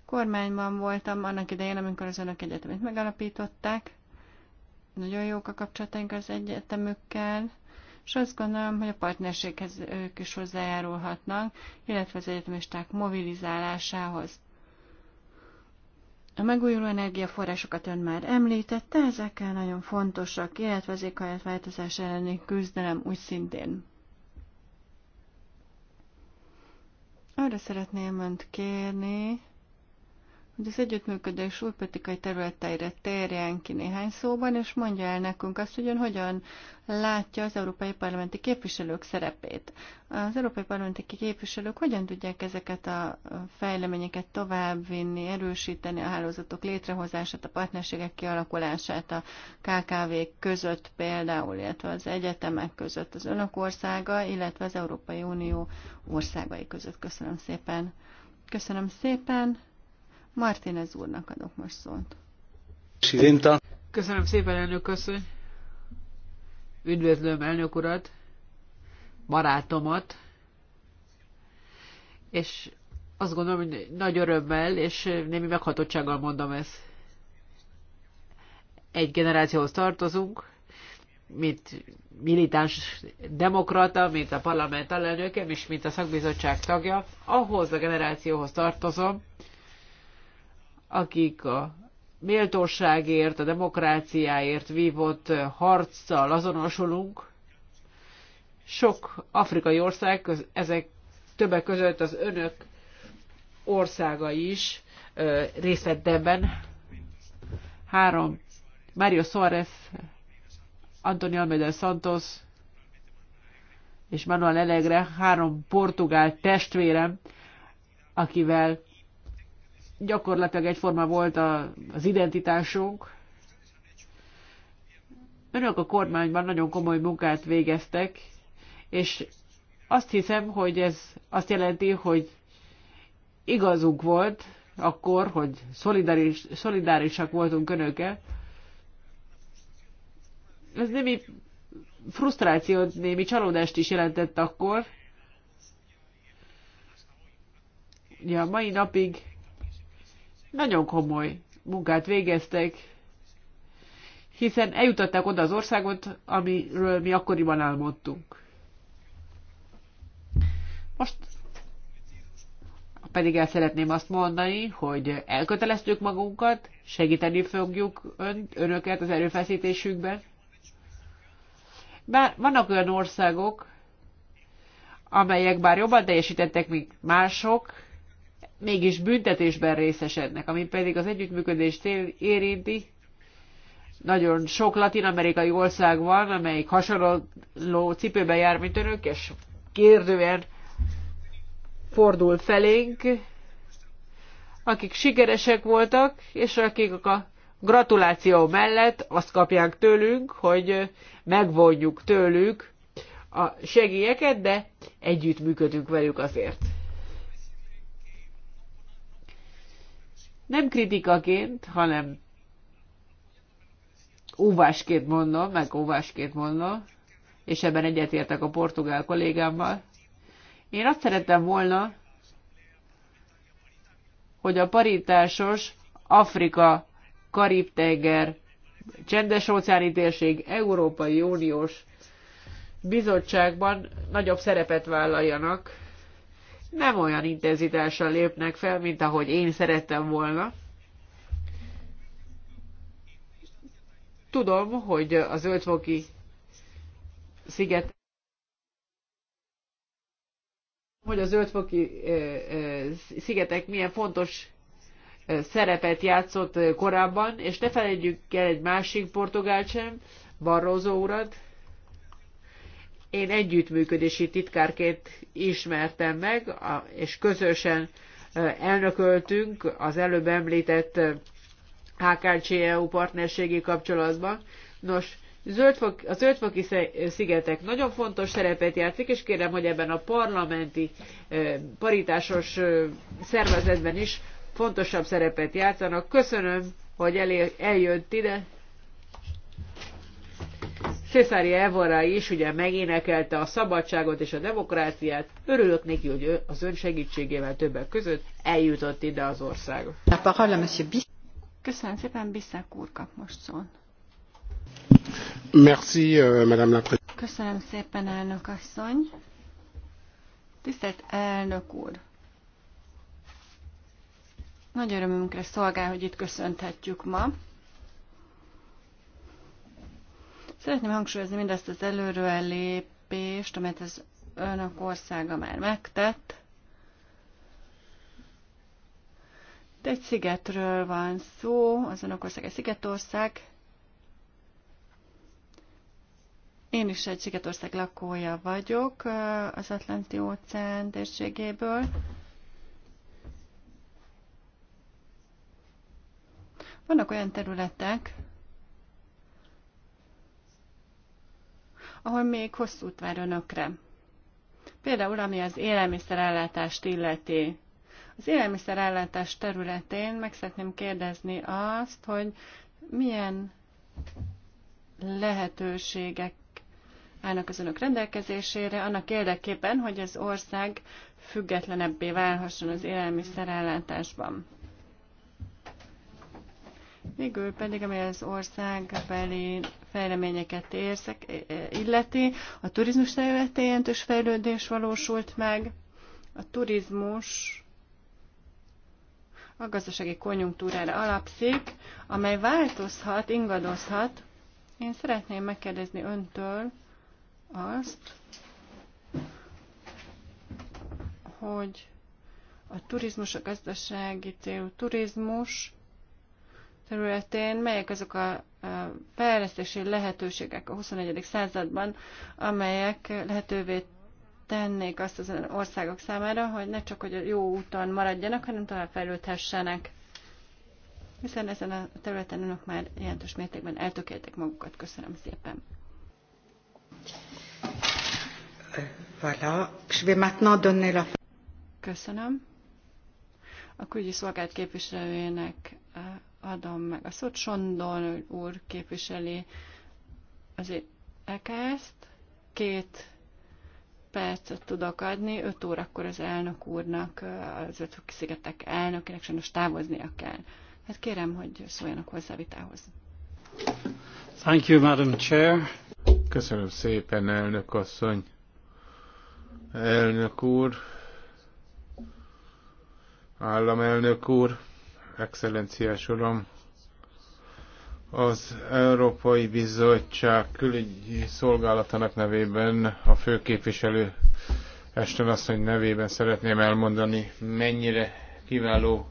Kormányban voltam annak idején, amikor az önök egyetemét megalapították. Nagyon jók a kapcsolataink az egyetemükkel, és azt gondolom, hogy a partnerséghez ők is hozzájárulhatnak, illetve az egyetemisták mobilizálásához. A megújuló energiaforrásokat ön már említette, ezekkel nagyon fontosak, illetve az éghajlatváltozás elleni küzdelem úgy szintén. Arra szeretném önt kérni, hogy az együttműködés új területeire térjen ki néhány szóban, és mondja el nekünk azt, hogy ön hogyan látja az európai parlamenti képviselők szerepét. Az európai parlamenti képviselők hogyan tudják ezeket a fejleményeket továbbvinni, erősíteni a hálózatok létrehozását, a partnerségek kialakulását a kkv között például, illetve az egyetemek között, az önök országa, illetve az Európai Unió országai között. Köszönöm szépen. Köszönöm szépen. Martinez úrnak adok most szót. Köszönöm szépen, elnök asszony. Üdvözlöm elnök urat, barátomat, és azt gondolom, hogy nagy örömmel és némi meghatottsággal mondom ezt. Egy generációhoz tartozunk, mint militáns demokrata, mint a parlament alelnökem, és mint a szakbizottság tagja, ahhoz a generációhoz tartozom, akik a méltóságért, a demokráciáért vívott harccal azonosulunk. Sok afrikai ország, köz, ezek többek között az önök országa is részt vett ebben. Három, Mario Suarez, Antonio Almeida Santos és Manuel Elegre, három portugál testvérem, akivel gyakorlatilag egyforma volt a, az identitásunk. Önök a kormányban nagyon komoly munkát végeztek, és azt hiszem, hogy ez azt jelenti, hogy igazunk volt akkor, hogy szolidáris, szolidárisak voltunk önökkel. Ez némi frusztrációt, némi csalódást is jelentett akkor. Ja, mai napig nagyon komoly munkát végeztek, hiszen eljutották oda az országot, amiről mi akkoriban álmodtunk. Most pedig el szeretném azt mondani, hogy elköteleztük magunkat, segíteni fogjuk ön, önöket az erőfeszítésükben. Bár vannak olyan országok, amelyek bár jobban teljesítettek, mint mások, mégis büntetésben részesednek, ami pedig az együttműködés cél érinti. Nagyon sok latin-amerikai ország van, amelyik hasonló cipőben jár, mint önök, és kérdően fordul felénk, akik sikeresek voltak, és akik a gratuláció mellett azt kapják tőlünk, hogy megvonjuk tőlük a segélyeket, de együttműködünk velük azért. Nem kritikaként, hanem óvásként mondom, meg óvásként mondom, és ebben egyetértek a portugál kollégámmal. Én azt szerettem volna, hogy a paritásos Afrika, Karib-tenger, Csendes-óceáni térség, Európai Uniós bizottságban nagyobb szerepet vállaljanak nem olyan intenzitással lépnek fel, mint ahogy én szerettem volna. Tudom, hogy a zöldfoki sziget hogy a zöldfoki szigetek milyen fontos szerepet játszott korábban, és ne felejtjük el egy másik portugál sem, Barroso urat, én együttműködési titkárként ismertem meg, és közösen elnököltünk az előbb említett HKCEU partnerségi kapcsolatban. Nos, Zöldfok, a zöldfoki szigetek nagyon fontos szerepet játszik, és kérem, hogy ebben a parlamenti paritásos szervezetben is fontosabb szerepet játszanak. Köszönöm, hogy eljött ide, Cészári Evora is ugye megénekelte a szabadságot és a demokráciát. Örülök neki, hogy az ön segítségével többek között eljutott ide az ország. Köszönöm szépen, Bisszák úr kap most szól. Merci, euh, Madame la Köszönöm szépen, elnök asszony. Tisztelt elnök úr! Nagy örömünkre szolgál, hogy itt köszönthetjük ma. Szeretném hangsúlyozni mindezt az előről lépést, amelyet az önök országa már megtett. De egy szigetről van szó, az önök ország egy szigetország. Én is egy szigetország lakója vagyok eh, az Atlanti óceán térségéből. Vannak olyan területek, ahol még hosszú út vár önökre. Például, ami az élelmiszerellátást illeti. Az élelmiszerellátás területén meg szeretném kérdezni azt, hogy milyen lehetőségek állnak az önök rendelkezésére, annak érdekében, hogy az ország függetlenebbé válhasson az élelmiszerellátásban. Végül pedig, ami az ország országbeli fejleményeket érzek, illeti, a turizmus területén jelentős fejlődés valósult meg. A turizmus a gazdasági konjunktúrára alapszik, amely változhat, ingadozhat. Én szeretném megkérdezni öntől azt, hogy a turizmus, a gazdasági célú turizmus területén melyek azok a fejlesztési lehetőségek a 21. században, amelyek lehetővé tennék azt az országok számára, hogy ne csak hogy a jó úton maradjanak, hanem tovább fejlődhessenek. Hiszen ezen a területen önök már jelentős mértékben eltökéltek magukat. Köszönöm szépen. Köszönöm. A külügyi szolgált képviselőjének adom meg a szót. Sondon úr képviseli az EKS-t. Két percet tudok adni, 5 órakor az elnök úrnak, az ötök szigetek elnökének sajnos távoznia kell. Hát kérem, hogy szóljanak hozzá vitához. Thank you, Madam Chair. Köszönöm szépen, elnök asszony. Elnök úr, államelnök úr, excellenciás uram, az Európai Bizottság külügyi szolgálatának nevében, a főképviselő Esten asszony nevében szeretném elmondani, mennyire kiváló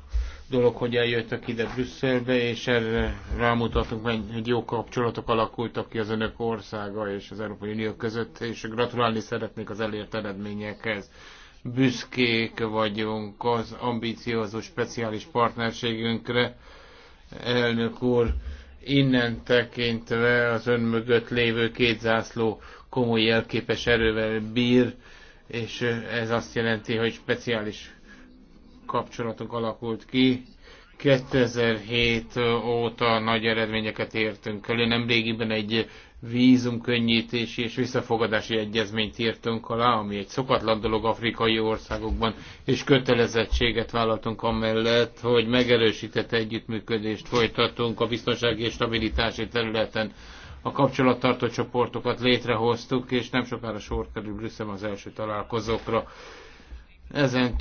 dolog, hogy eljöttek ide Brüsszelbe, és erre rámutatunk, hogy jó kapcsolatok alakultak ki az önök országa és az Európai Unió között, és gratulálni szeretnék az elért eredményekhez büszkék vagyunk az ambíciózus speciális partnerségünkre. Elnök úr, innen tekintve az ön mögött lévő két zászló komoly jelképes erővel bír, és ez azt jelenti, hogy speciális kapcsolatunk alakult ki. 2007 óta nagy eredményeket értünk elő. Nem régiben egy vízumkönnyítési és visszafogadási egyezményt írtunk alá, ami egy szokatlan dolog afrikai országokban, és kötelezettséget vállaltunk amellett, hogy megerősített együttműködést folytatunk a biztonsági és stabilitási területen. A kapcsolattartó csoportokat létrehoztuk, és nem sokára sor kerül Brüsszel az első találkozókra. Ezen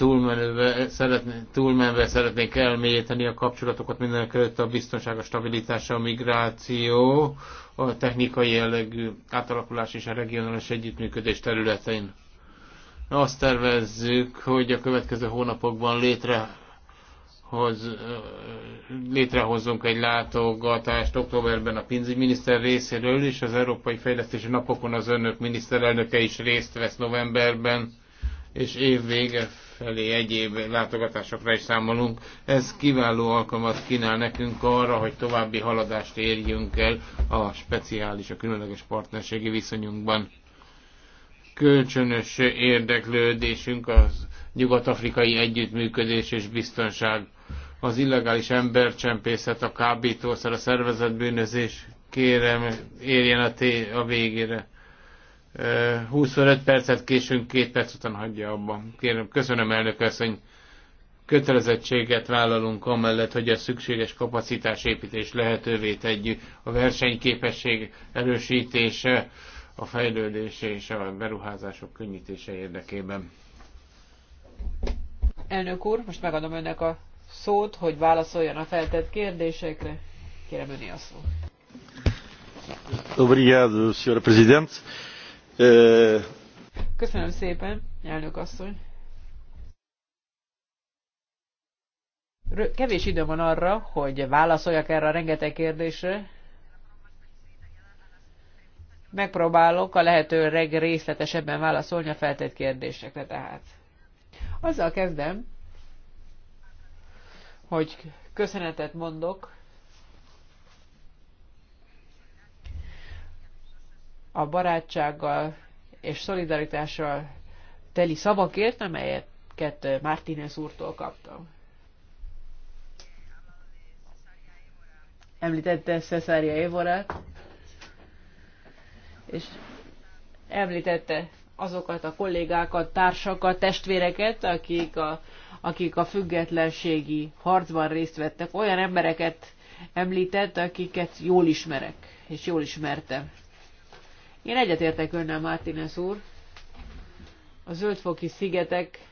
szeretné, túlmenve szeretnék elmélyíteni a kapcsolatokat mindenek előtt a biztonság, a stabilitás, a migráció, a technikai jellegű átalakulás és a regionális együttműködés területein. Azt tervezzük, hogy a következő hónapokban létre hoz, létrehozzunk egy látogatást októberben a pénzügyminiszter részéről is, az Európai Fejlesztési Napokon az önök miniszterelnöke is részt vesz novemberben és év vége felé egyéb látogatásokra is számolunk. Ez kiváló alkalmat kínál nekünk arra, hogy további haladást érjünk el a speciális, a különleges partnerségi viszonyunkban. Kölcsönös érdeklődésünk az nyugat-afrikai együttműködés és biztonság, az illegális embercsempészet, a kábítószer, a szervezetbűnözés kérem, érjen a, té- a végére 25 percet késünk, két perc után hagyja abba. Kérem, köszönöm elnök asszony, kötelezettséget vállalunk amellett, hogy a szükséges kapacitásépítés lehetővé tegyük, a versenyképesség erősítése, a fejlődése és a beruházások könnyítése érdekében. Elnök úr, most megadom önnek a szót, hogy válaszoljon a feltett kérdésekre. Kérem öné a szót. Obrigado, Senhor Presidente. Köszönöm szépen, elnök asszony. Kevés idő van arra, hogy válaszoljak erre a rengeteg kérdésre. Megpróbálok a lehető legrészletesebben válaszolni a feltett kérdésekre tehát. Azzal kezdem, hogy köszönetet mondok a barátsággal és szolidaritással teli szavakért, amelyeket Martínez úrtól kaptam. Említette Cesária Évorát, és említette azokat a kollégákat, társakat, testvéreket, akik a, akik a függetlenségi harcban részt vettek, olyan embereket említett, akiket jól ismerek, és jól ismertem. Én egyetértek önnel, Martínez úr. A zöldfoki szigeteknek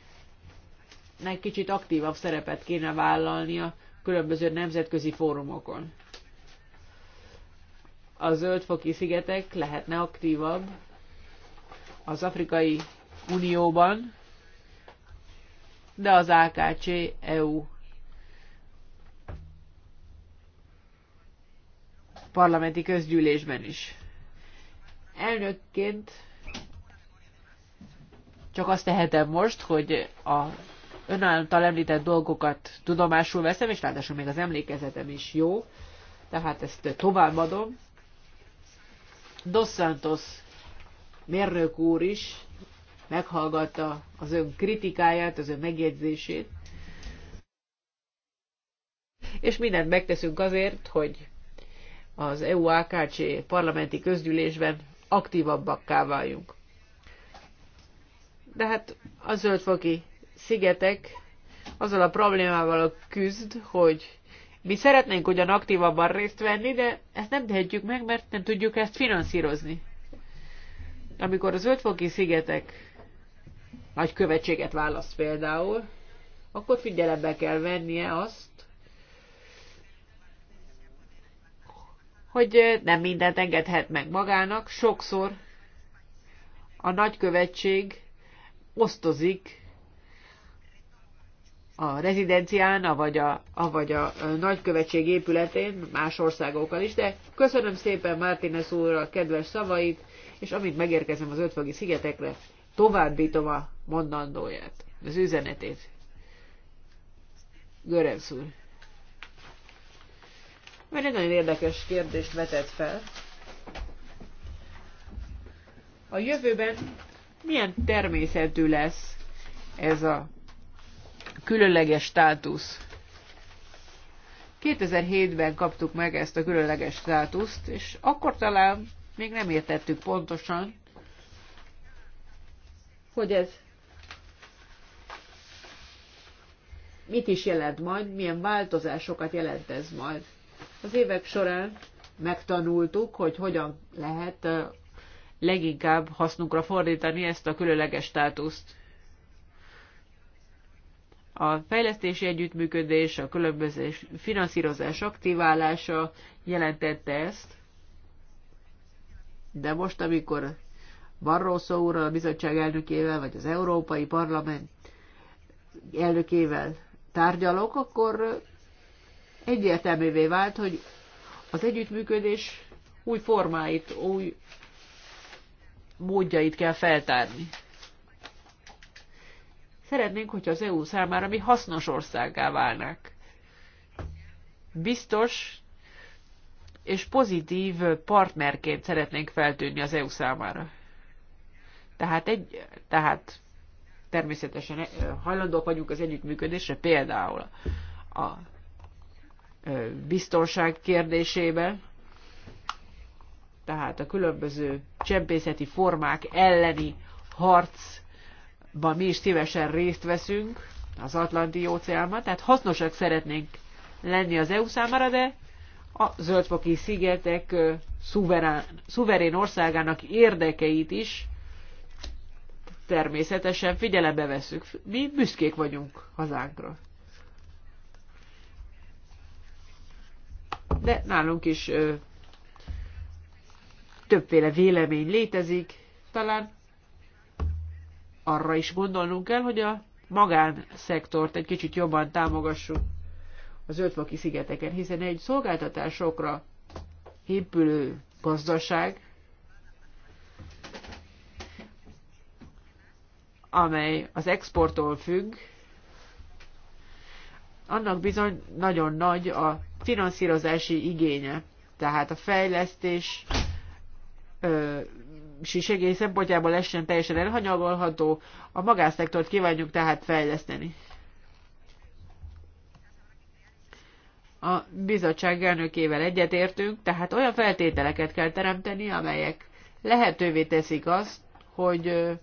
kicsit aktívabb szerepet kéne vállalni a különböző nemzetközi fórumokon. A zöldfoki szigetek lehetne aktívabb az Afrikai Unióban, de az AKC EU parlamenti közgyűlésben is. Elnökként csak azt tehetem most, hogy a önáltal említett dolgokat tudomásul veszem, és ráadásul még az emlékezetem is jó, tehát ezt továbbadom. Dos Santos mérnök úr is meghallgatta az ön kritikáját, az ön megjegyzését, és mindent megteszünk azért, hogy az EU-AKC parlamenti közgyűlésben aktívabbakká váljunk. De hát a zöldfoki szigetek azzal a problémával küzd, hogy mi szeretnénk ugyan aktívabban részt venni, de ezt nem tehetjük meg, mert nem tudjuk ezt finanszírozni. Amikor az ötfoki szigetek nagy követséget választ például, akkor figyelembe kell vennie azt, hogy nem mindent engedhet meg magának, sokszor a nagykövetség osztozik a rezidencián, avagy a, avagy a nagykövetség épületén más országokkal is, de köszönöm szépen Mártinez úr a kedves szavait, és amint megérkezem az ötfogi szigetekre, továbbítom a mondandóját, az üzenetét. Görenc úr mert egy nagyon érdekes kérdést vetett fel. A jövőben milyen természetű lesz ez a különleges státusz? 2007-ben kaptuk meg ezt a különleges státuszt, és akkor talán még nem értettük pontosan, hogy ez mit is jelent majd, milyen változásokat jelent ez majd. Az évek során megtanultuk, hogy hogyan lehet leginkább hasznunkra fordítani ezt a különleges státuszt. A fejlesztési együttműködés, a különböző finanszírozás aktiválása jelentette ezt, de most, amikor Barroso úr a bizottság elnökével, vagy az Európai Parlament elnökével tárgyalok, akkor egyértelművé vált, hogy az együttműködés új formáit, új módjait kell feltárni. Szeretnénk, hogy az EU számára mi hasznos országá válnak, Biztos és pozitív partnerként szeretnénk feltűnni az EU számára. Tehát, egy, tehát természetesen eh, hajlandók vagyunk az együttműködésre, például a biztonság kérdésébe, tehát a különböző csempészeti formák elleni harcban mi is szívesen részt veszünk az Atlanti óceánban, tehát hasznosak szeretnénk lenni az EU számára, de a zöldfoki szigetek szuverán, szuverén országának érdekeit is természetesen figyelembe veszük. Mi büszkék vagyunk hazánkra. de nálunk is ö, többféle vélemény létezik. Talán arra is gondolnunk kell, hogy a magánszektort egy kicsit jobban támogassuk az ötfoki szigeteken, hiszen egy szolgáltatásokra épülő gazdaság, amely az exporttól függ, annak bizony nagyon nagy a finanszírozási igénye. Tehát a fejlesztés segély szempontjából lesen teljesen elhanyagolható, a magánszektort kívánjuk tehát fejleszteni. A bizottság elnökével egyetértünk, tehát olyan feltételeket kell teremteni, amelyek lehetővé teszik azt, hogy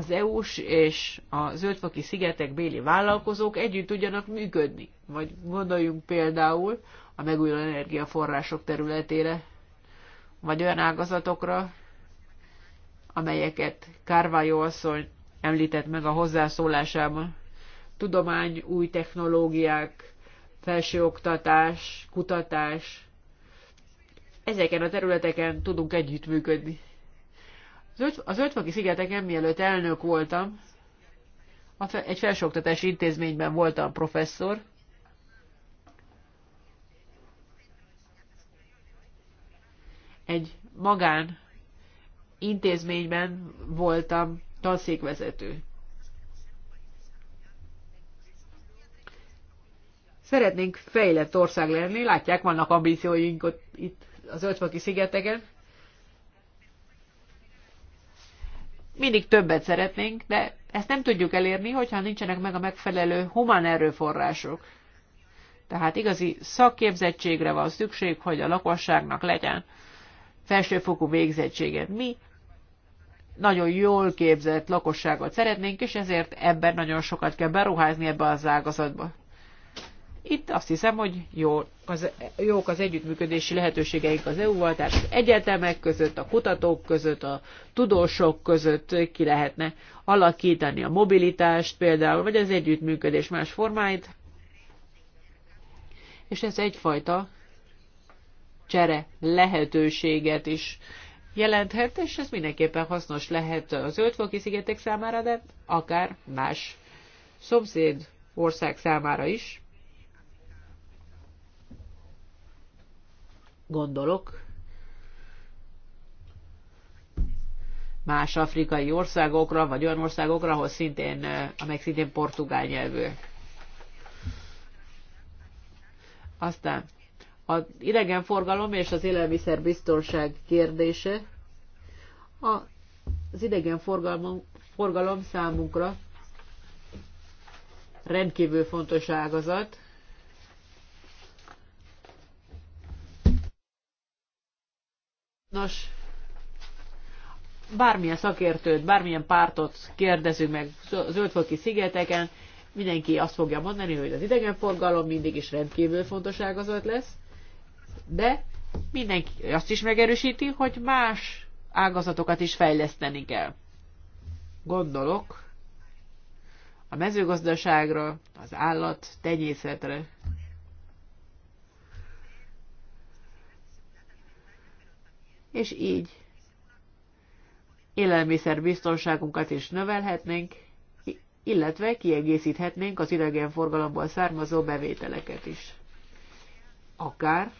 az EU-s és a zöldfoki szigetek béli vállalkozók együtt tudjanak működni. Vagy gondoljunk például a megújuló energiaforrások területére, vagy olyan ágazatokra, amelyeket Kárvályó asszony említett meg a hozzászólásában. Tudomány, új technológiák, felsőoktatás, kutatás. Ezeken a területeken tudunk együttműködni. Az Ötvaki szigeteken, mielőtt elnök voltam, egy felsőoktatási intézményben voltam professzor, egy magán intézményben voltam tanszékvezető. Szeretnénk fejlett ország lenni, látják, vannak ambícióink ott, itt az ötvaki szigeteken. mindig többet szeretnénk, de ezt nem tudjuk elérni, hogyha nincsenek meg a megfelelő humán erőforrások. Tehát igazi szakképzettségre van szükség, hogy a lakosságnak legyen felsőfokú végzettsége. Mi nagyon jól képzett lakosságot szeretnénk, és ezért ebben nagyon sokat kell beruházni ebbe az ágazatba. Itt azt hiszem, hogy jó, az, jók az együttműködési lehetőségeink az EU-val, tehát az egyetemek között, a kutatók között, a tudósok között ki lehetne alakítani a mobilitást például, vagy az együttműködés más formáit. És ez egyfajta csere lehetőséget is jelenthet, és ez mindenképpen hasznos lehet a zöldfoki szigetek számára, de akár más szomszéd ország számára is, gondolok, más afrikai országokra, vagy olyan országokra, ahol szintén, eh, amelyek szintén portugál nyelvűek. Aztán az idegenforgalom és az élelmiszerbiztonság kérdése. Az idegenforgalom forgalom számunkra rendkívül fontos ágazat, Nos, bármilyen szakértőt, bármilyen pártot kérdezünk meg zöldfoki szigeteken, mindenki azt fogja mondani, hogy az idegenforgalom mindig is rendkívül fontos ágazat lesz, de mindenki azt is megerősíti, hogy más ágazatokat is fejleszteni kell. Gondolok a mezőgazdaságra, az állat tenyészetre, és így élelmiszerbiztonságunkat is növelhetnénk, illetve kiegészíthetnénk az idegenforgalomból származó bevételeket is. Akár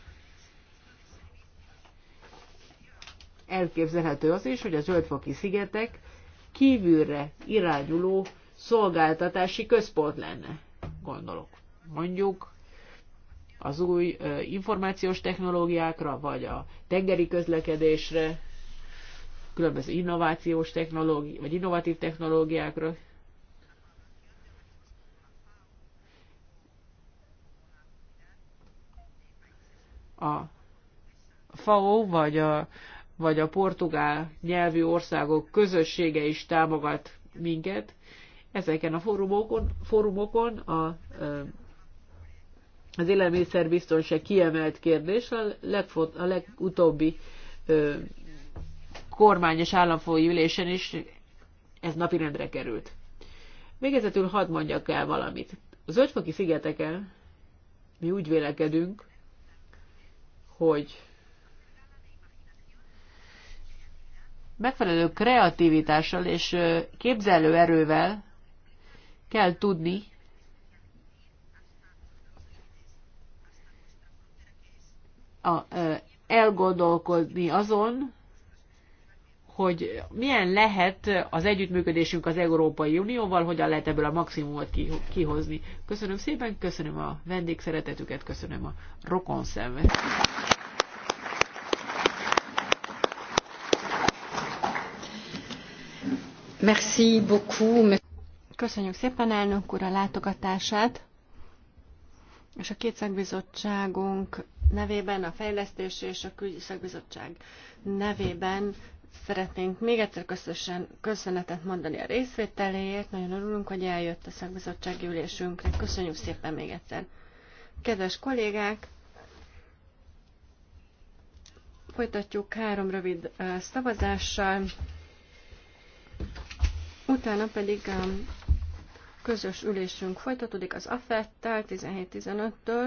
elképzelhető az is, hogy a zöldfoki szigetek kívülre irányuló szolgáltatási központ lenne, gondolok. Mondjuk az új információs technológiákra, vagy a tengeri közlekedésre, különböző innovációs technológi, vagy innovatív technológiákra. A FAO vagy a, vagy a portugál nyelvű országok közössége is támogat minket. Ezeken a fórumokon, fórumokon a az élelmiszerbiztonság kiemelt kérdés, a, legfot, a legutóbbi ö, kormányos államfói ülésen is ez napirendre került. Végezetül hadd mondjak el valamit. Az ötfoki szigeteken mi úgy vélekedünk, hogy megfelelő kreativitással és képzelő erővel kell tudni a, elgondolkodni azon, hogy milyen lehet az együttműködésünk az Európai Unióval, hogyan lehet ebből a maximumot kihozni. Köszönöm szépen, köszönöm a vendégszeretetüket, köszönöm a rokon szemet. Merci beaucoup. Köszönjük szépen elnök úr a látogatását, és a két nevében, a fejlesztés és a Külügyi Szakbizottság nevében szeretnénk még egyszer közösen köszönetet mondani a részvételéért. Nagyon örülünk, hogy eljött a szakbizottsági ülésünkre. Köszönjük szépen még egyszer. Kedves kollégák, folytatjuk három rövid szavazással, utána pedig a közös ülésünk folytatódik az AFET-tel 17-15-től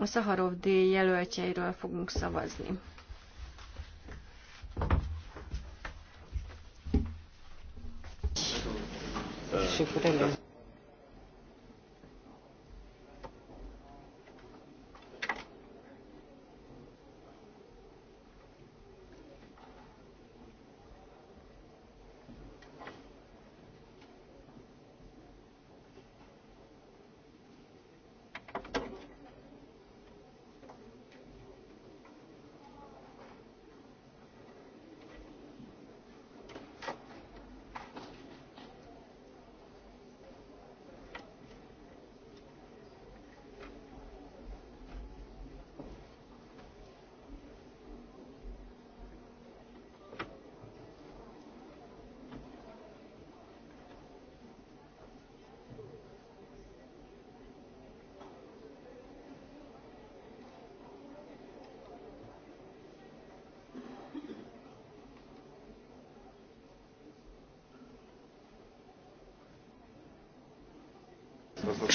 a Szaharov D jelöltjeiről fogunk szavazni. Köszönöm.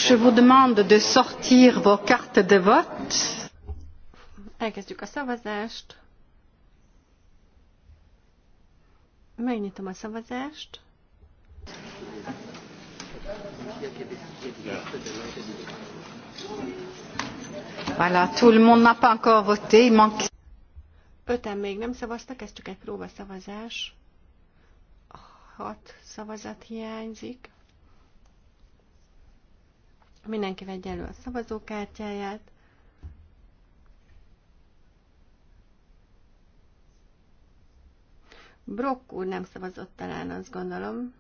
Je vous demande de sortir vos cartes de vote. Elkezdjük a szavazást. Megnyitom a szavazást. Voilà, tout le monde n'a pas encore voté, il manque... Öten még nem szavaztak, ez csak egy próbaszavazás. Hat szavazat hiányzik. Mindenki vegye elő a szavazókártyáját. Brock úr nem szavazott talán, azt gondolom.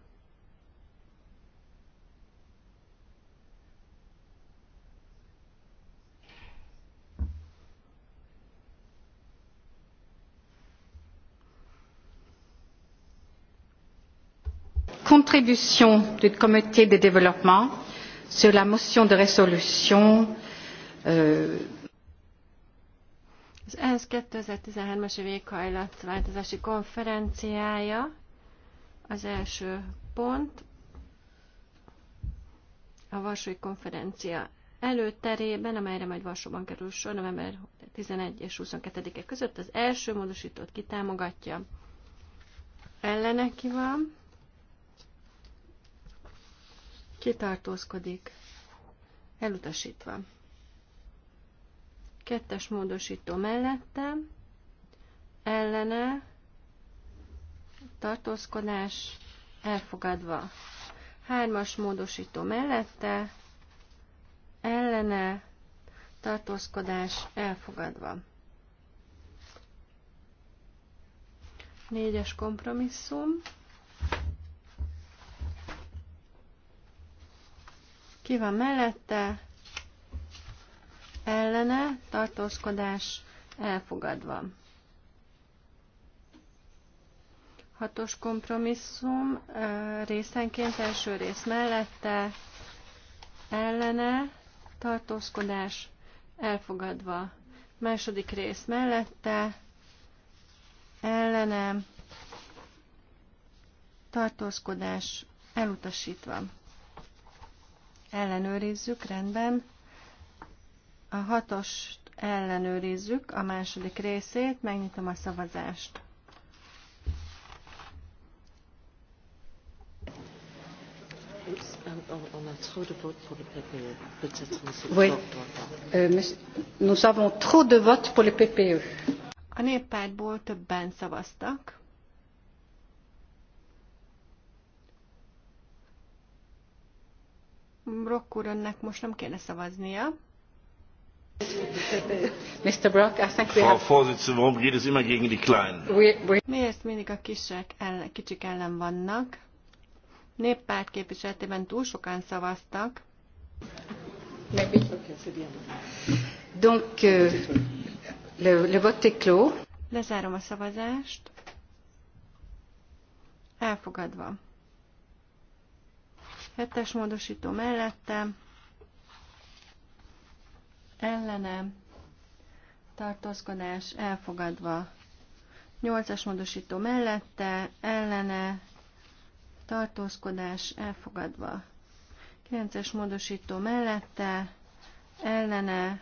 Contribution du comité de développement sur la motion de résolution euh, az ENSZ 2013-as éghajlatváltozási konferenciája az első pont a Varsói konferencia előterében, amelyre majd Varsóban kerül sor november 11 és 22-e között. Az első módosítót kitámogatja. Ellene ki van kitartózkodik, elutasítva. Kettes módosító mellette, ellene, tartózkodás, elfogadva. Hármas módosító mellette, ellene, tartózkodás, elfogadva. Négyes kompromisszum. Ki van mellette? Ellene, tartózkodás elfogadva. Hatos kompromisszum részenként első rész mellette, ellene, tartózkodás elfogadva. Második rész mellette, ellene, tartózkodás elutasítva ellenőrizzük, rendben. A hatost ellenőrizzük, a második részét, megnyitom a szavazást. A néppártból többen szavaztak. Brock úr, most nem kéne szavaznia. Mr. Brock, I think we have... Frau Vorsitzende, warum geht es immer gegen die Kleinen? We, we... Miért mindig a kisek ellen, kicsik ellen vannak? Néppárt képviseletében túl sokan szavaztak. Maybe. Donc, euh, le, le vote est clos. Lezárom a szavazást. Elfogadva. Hetes módosító mellette ellene tartózkodás elfogadva. Nyolcas módosító mellette ellene tartózkodás elfogadva. Kilences módosító mellette ellene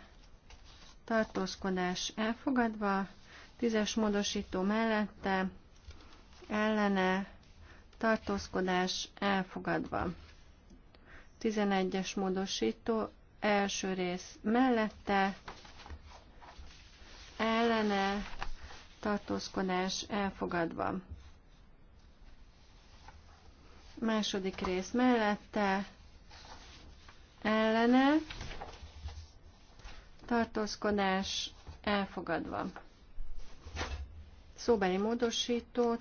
tartózkodás elfogadva. Tízes módosító mellette ellene tartózkodás elfogadva. 11-es módosító első rész mellette ellene tartózkodás elfogadva. Második rész mellette ellene tartózkodás elfogadva. Szóbeli módosító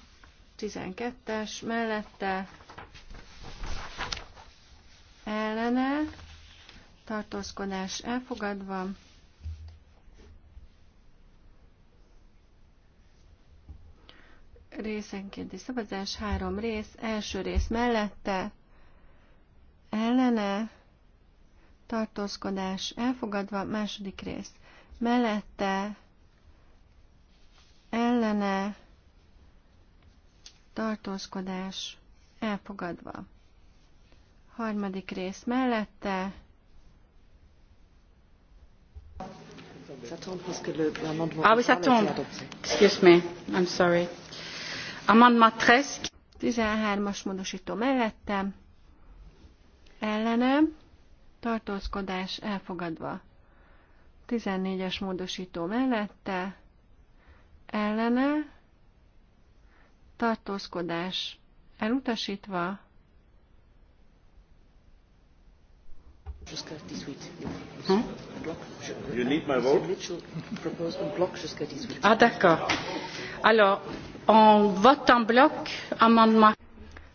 12-es mellette ellene, tartózkodás elfogadva. Részenkénti szavazás, három rész, első rész mellette, ellene, tartózkodás elfogadva, második rész, mellette, ellene, tartózkodás elfogadva. Harmadik rész mellette. Ah oui, ça tombe. Excuse me, I'm sorry. Amendement 13. 13-as módosító mellette. Ellenem. Tartózkodás elfogadva. 14-es módosító mellette. Ellene. Tartózkodás elutasítva. jusqu'à 18. Hein? You need my vote? propose bloc jusqu'à 18. Ah d'accord. Alors, on vote en bloc amendement.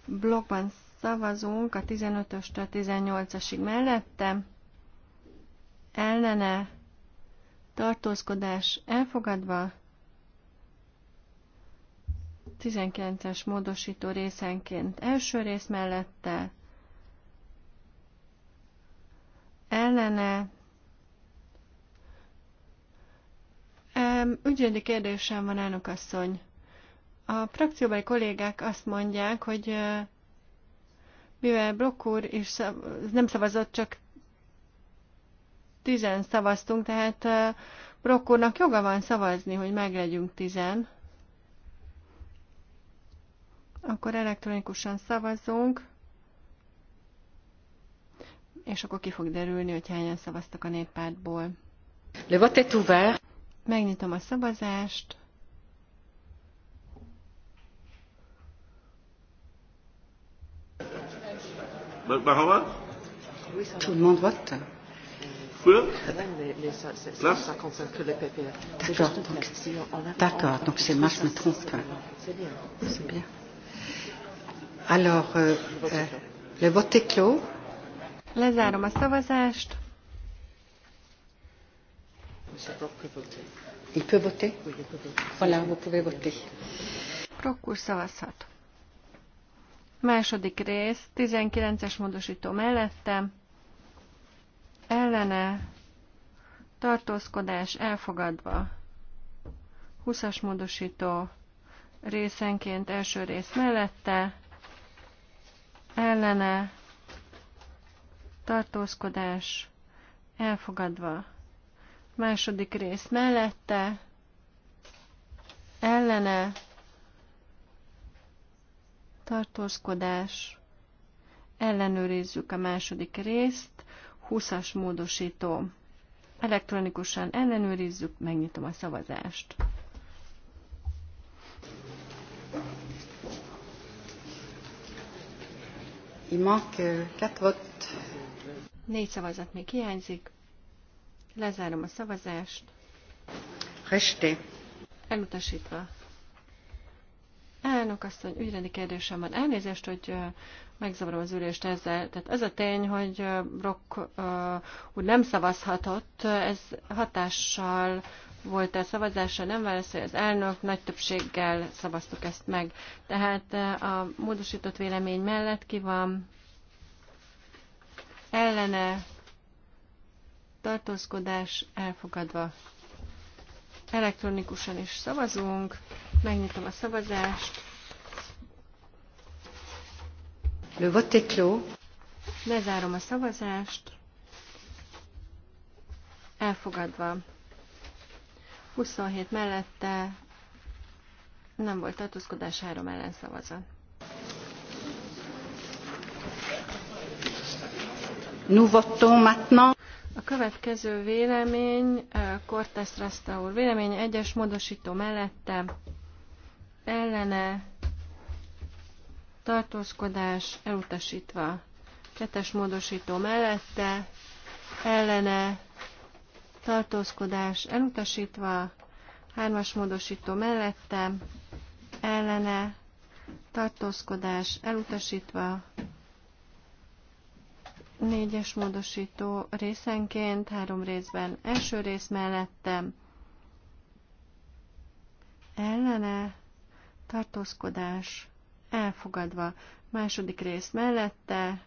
Blokkban szavazunk a 15-östől a 18-asig mellette. Ellene tartózkodás elfogadva. 19-es módosító részenként első rész mellette ellene. Ügyvédi kérdésem van, elnök asszony. A frakcióbeli kollégák azt mondják, hogy mivel Blokk úr is szav nem szavazott, csak tizen szavaztunk, tehát Blokk úrnak joga van szavazni, hogy meglegyünk tizen. Akkor elektronikusan szavazunk és akkor ki fog derülni, hogy hányan szavaztak a néppártból. Le vote est ouvert. Megnyitom a szavazást. Bahama Tout le monde vote. D'accord, donc c'est moi, je me trompe. C'est bien. Alors, euh, euh, le vote est clos. Lezárom a szavazást. Prokkur szavazhat. Második rész, 19-es módosító mellette, ellene, tartózkodás elfogadva, 20-as módosító részenként első rész mellette, ellene, tartózkodás, elfogadva. Második rész mellette, ellene, tartózkodás, ellenőrizzük a második részt, 20-as módosító. Elektronikusan ellenőrizzük, megnyitom a szavazást. Il manque 4 votes. Négy szavazat még hiányzik. Lezárom a szavazást. Resté. Elutasítva. Elnök asszony, ügyrendi kérdésem van. Elnézést, hogy megzavarom az ülést ezzel. Tehát az a tény, hogy Brock úgy nem szavazhatott, ez hatással volt a szavazásra, nem válaszolja az elnök, nagy többséggel szavaztuk ezt meg. Tehát a módosított vélemény mellett ki van ellene tartózkodás elfogadva. Elektronikusan is szavazunk. Megnyitom a szavazást. Le vote est clos. Lezárom a szavazást. Elfogadva. 27 mellette nem volt tartózkodás, 3 ellenszavazat. Nous votons maintenant. A következő vélemény, eh, Cortes Rasta úr vélemény, egyes módosító mellette, ellene, tartózkodás elutasítva, kettes módosító mellette, ellene, tartózkodás elutasítva, hármas módosító mellette, ellene, tartózkodás elutasítva, Négyes módosító részenként, három részben első rész mellettem. Ellene tartózkodás elfogadva. Második rész mellette,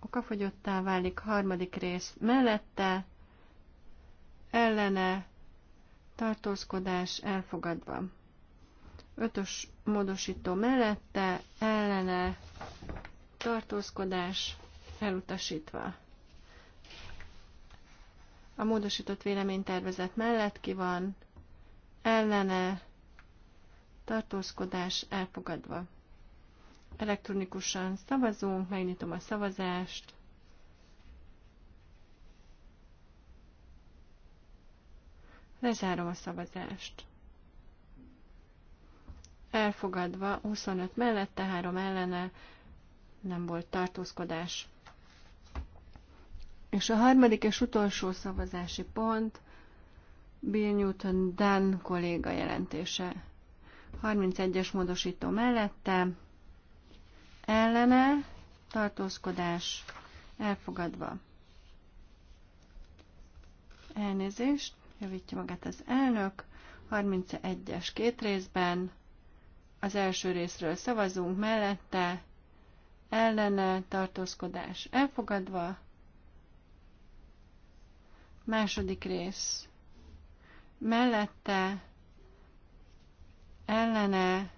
okafogyottá válik. Harmadik rész mellette, ellene tartózkodás elfogadva. Ötös módosító mellette, ellene tartózkodás felutasítva. A módosított véleménytervezet mellett ki van, ellene, tartózkodás elfogadva. Elektronikusan szavazunk, megnyitom a szavazást. Lezárom a szavazást. Elfogadva 25 mellette, 3 ellene nem volt tartózkodás. És a harmadik és utolsó szavazási pont Bill Newton Dan kolléga jelentése. 31-es módosító mellette ellene tartózkodás elfogadva. Elnézést, javítja magát az elnök. 31-es két részben. Az első részről szavazunk mellette, ellene tartózkodás elfogadva, Második rész. Mellette, ellene,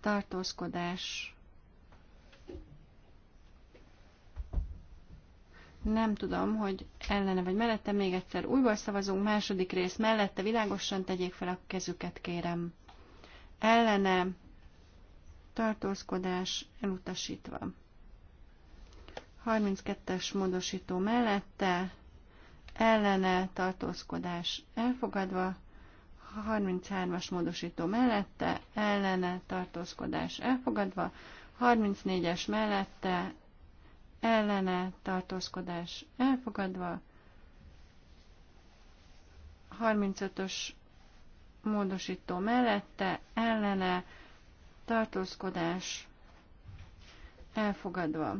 tartózkodás. Nem tudom, hogy ellene vagy mellette. Még egyszer újból szavazunk. Második rész mellette. Világosan tegyék fel a kezüket, kérem. Ellene, tartózkodás elutasítva. 32-es módosító mellette ellene tartózkodás elfogadva, 33-as módosító mellette ellene tartózkodás elfogadva, 34-es mellette ellene tartózkodás elfogadva, 35-ös módosító mellette ellene tartózkodás elfogadva.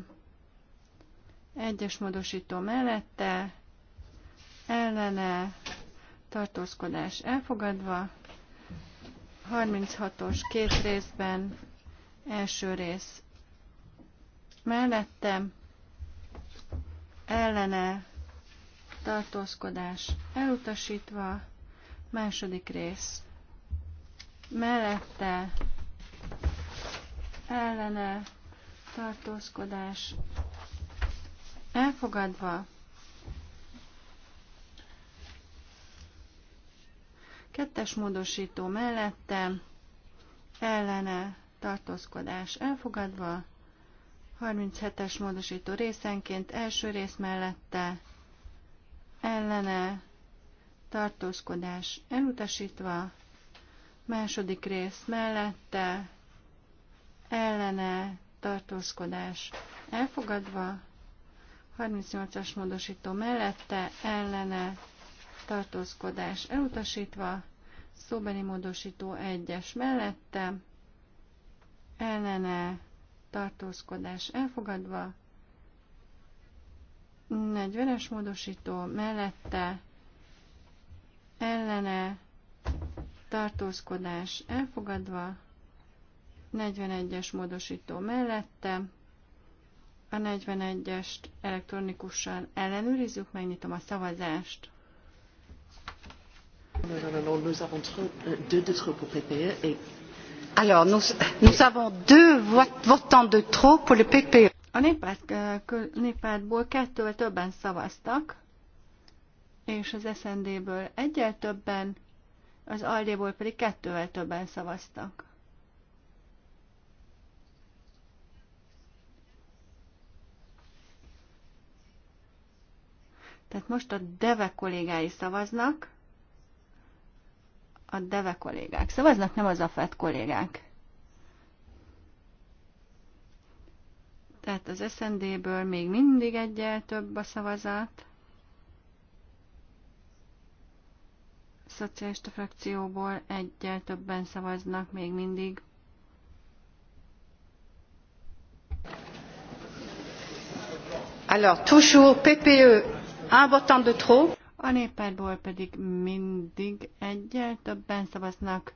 Egyes módosító mellette, ellene, tartózkodás elfogadva. 36-os két részben, első rész mellette, ellene, tartózkodás elutasítva. Második rész mellette, ellene, tartózkodás elfogadva. kettes módosító mellette ellene tartózkodás elfogadva. 37-es módosító részenként első rész mellette ellene tartózkodás elutasítva, második rész mellette ellene tartózkodás elfogadva, 38-as módosító mellette ellene tartózkodás elutasítva, szóbeli módosító 1-es mellette ellene tartózkodás elfogadva, 40-es módosító mellette ellene tartózkodás elfogadva, 41-es módosító mellette a 41-est elektronikusan ellenőrizzük, megnyitom a szavazást. Euh, e Alors, nous, nous avons deux votants de trop pour le PPE. A néppárt, euh, néppártból kettővel többen szavaztak, és az SND-ből egyel többen, az Aldéból pedig kettővel többen szavaztak. Tehát most a DEVE kollégái szavaznak, a DEVE kollégák szavaznak, nem az AFET kollégák. Tehát az SND-ből még mindig egyel több a szavazat. A szocialista frakcióból egyel többen szavaznak még mindig. Alors, toujours PPE Un de tró. A néppárból pedig mindig egyel többen szavaznak.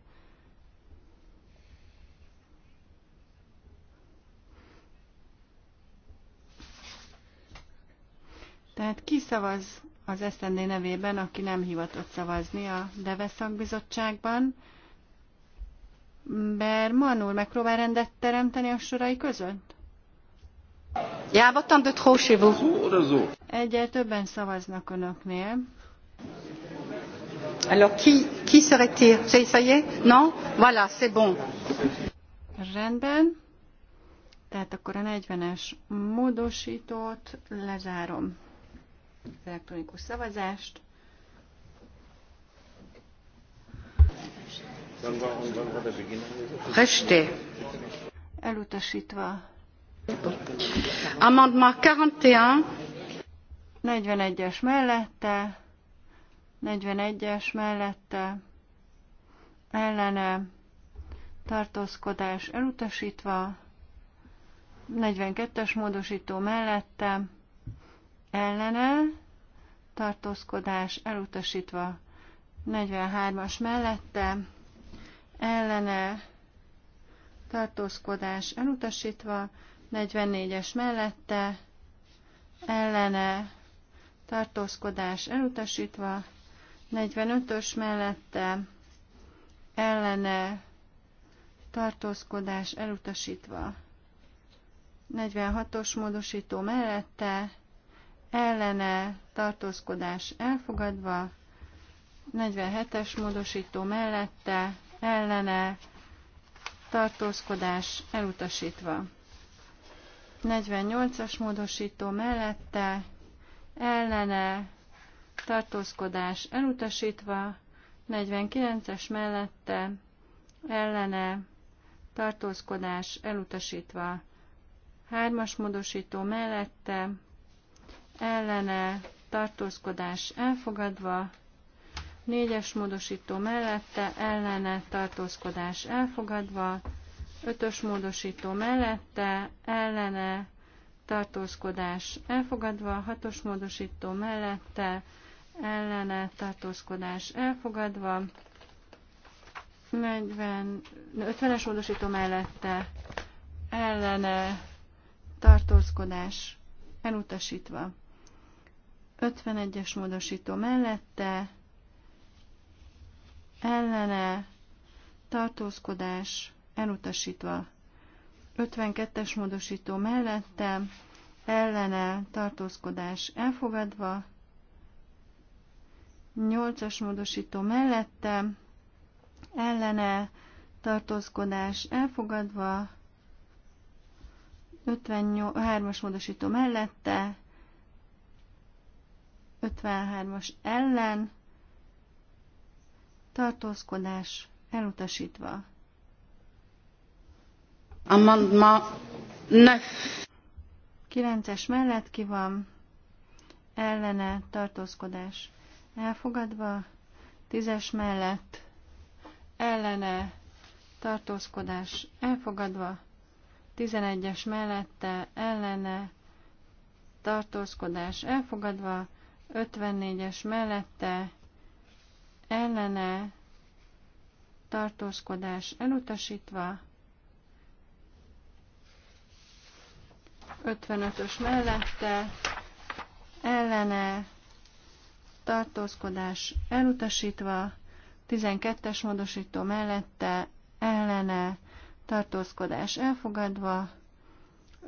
Tehát ki szavaz az SZND nevében, aki nem hivatott szavazni a DEVE szakbizottságban? Berman úr megpróbál rendet teremteni a sorai között? Ja, de trop chez vous. Egyel többen szavaznak önöknél. Alors qui, qui se retire C'est ça y est Non Voilà, c'est bon. Rendben. Tehát akkor a 40-es módosítót lezárom. Az elektronikus szavazást. Rejeté. Elutasítva Amendement 41. 41-es mellette, 41-es mellette, ellene, tartózkodás elutasítva, 42-es módosító mellette, ellene, tartózkodás elutasítva, 43-as mellette, ellene, tartózkodás elutasítva, 44-es mellette, ellene, tartózkodás elutasítva, 45-ös mellette, ellene, tartózkodás elutasítva, 46-os módosító mellette, ellene, tartózkodás elfogadva, 47-es módosító mellette, ellene, tartózkodás elutasítva. 48-as módosító mellette ellene tartózkodás elutasítva, 49-es mellette ellene tartózkodás elutasítva, 3-as módosító mellette ellene tartózkodás elfogadva, 4-es módosító mellette ellene tartózkodás elfogadva, Ötös módosító mellette, ellene, tartózkodás elfogadva, hatos módosító mellette, ellene, tartózkodás elfogadva, 40, 50-es módosító mellette, ellene, tartózkodás elutasítva. 51-es módosító mellette, ellene, tartózkodás elutasítva. 52-es módosító mellette, ellene tartózkodás elfogadva, 8-as módosító mellette, ellene tartózkodás elfogadva, 53-as módosító mellette, 53-as ellen, tartózkodás elutasítva. Amendment 9-es mellett ki van? Ellene tartózkodás elfogadva. 10-es mellett ellene tartózkodás elfogadva. 11-es mellette ellene tartózkodás elfogadva. 54-es mellette ellene tartózkodás elutasítva. 55-ös mellette, ellene, tartózkodás elutasítva, 12-es módosító mellette, ellene, tartózkodás elfogadva,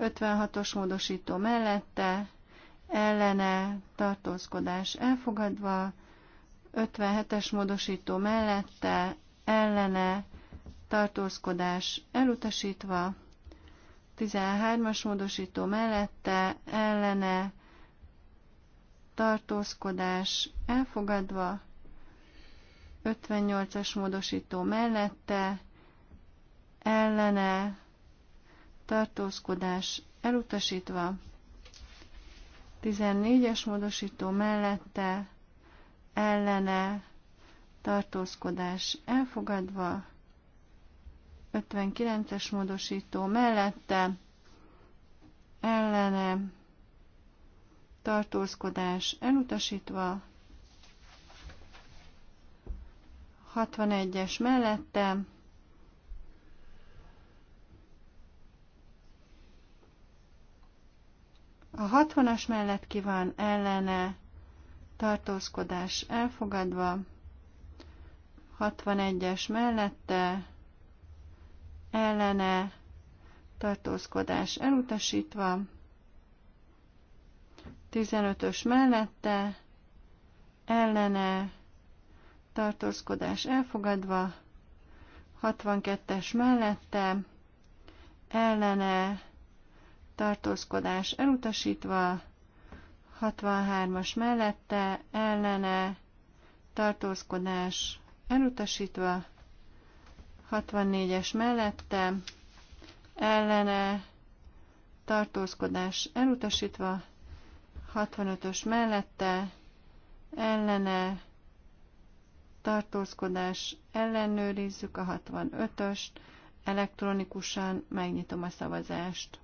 56-os módosító mellette, ellene, tartózkodás elfogadva, 57-es módosító mellette, ellene, tartózkodás elutasítva, 13-as módosító mellette ellene tartózkodás elfogadva, 58-as módosító mellette ellene tartózkodás elutasítva, 14-es módosító mellette ellene tartózkodás elfogadva, 59-es módosító mellette ellene tartózkodás elutasítva, 61-es mellette, a 60-as mellett kíván ellene tartózkodás elfogadva, 61-es mellette ellene tartózkodás elutasítva, 15-ös mellette ellene tartózkodás elfogadva, 62-es mellette ellene tartózkodás elutasítva, 63-as mellette ellene tartózkodás elutasítva, 64-es mellette, ellene, tartózkodás elutasítva, 65-ös mellette, ellene, tartózkodás ellenőrizzük a 65-öst, elektronikusan megnyitom a szavazást.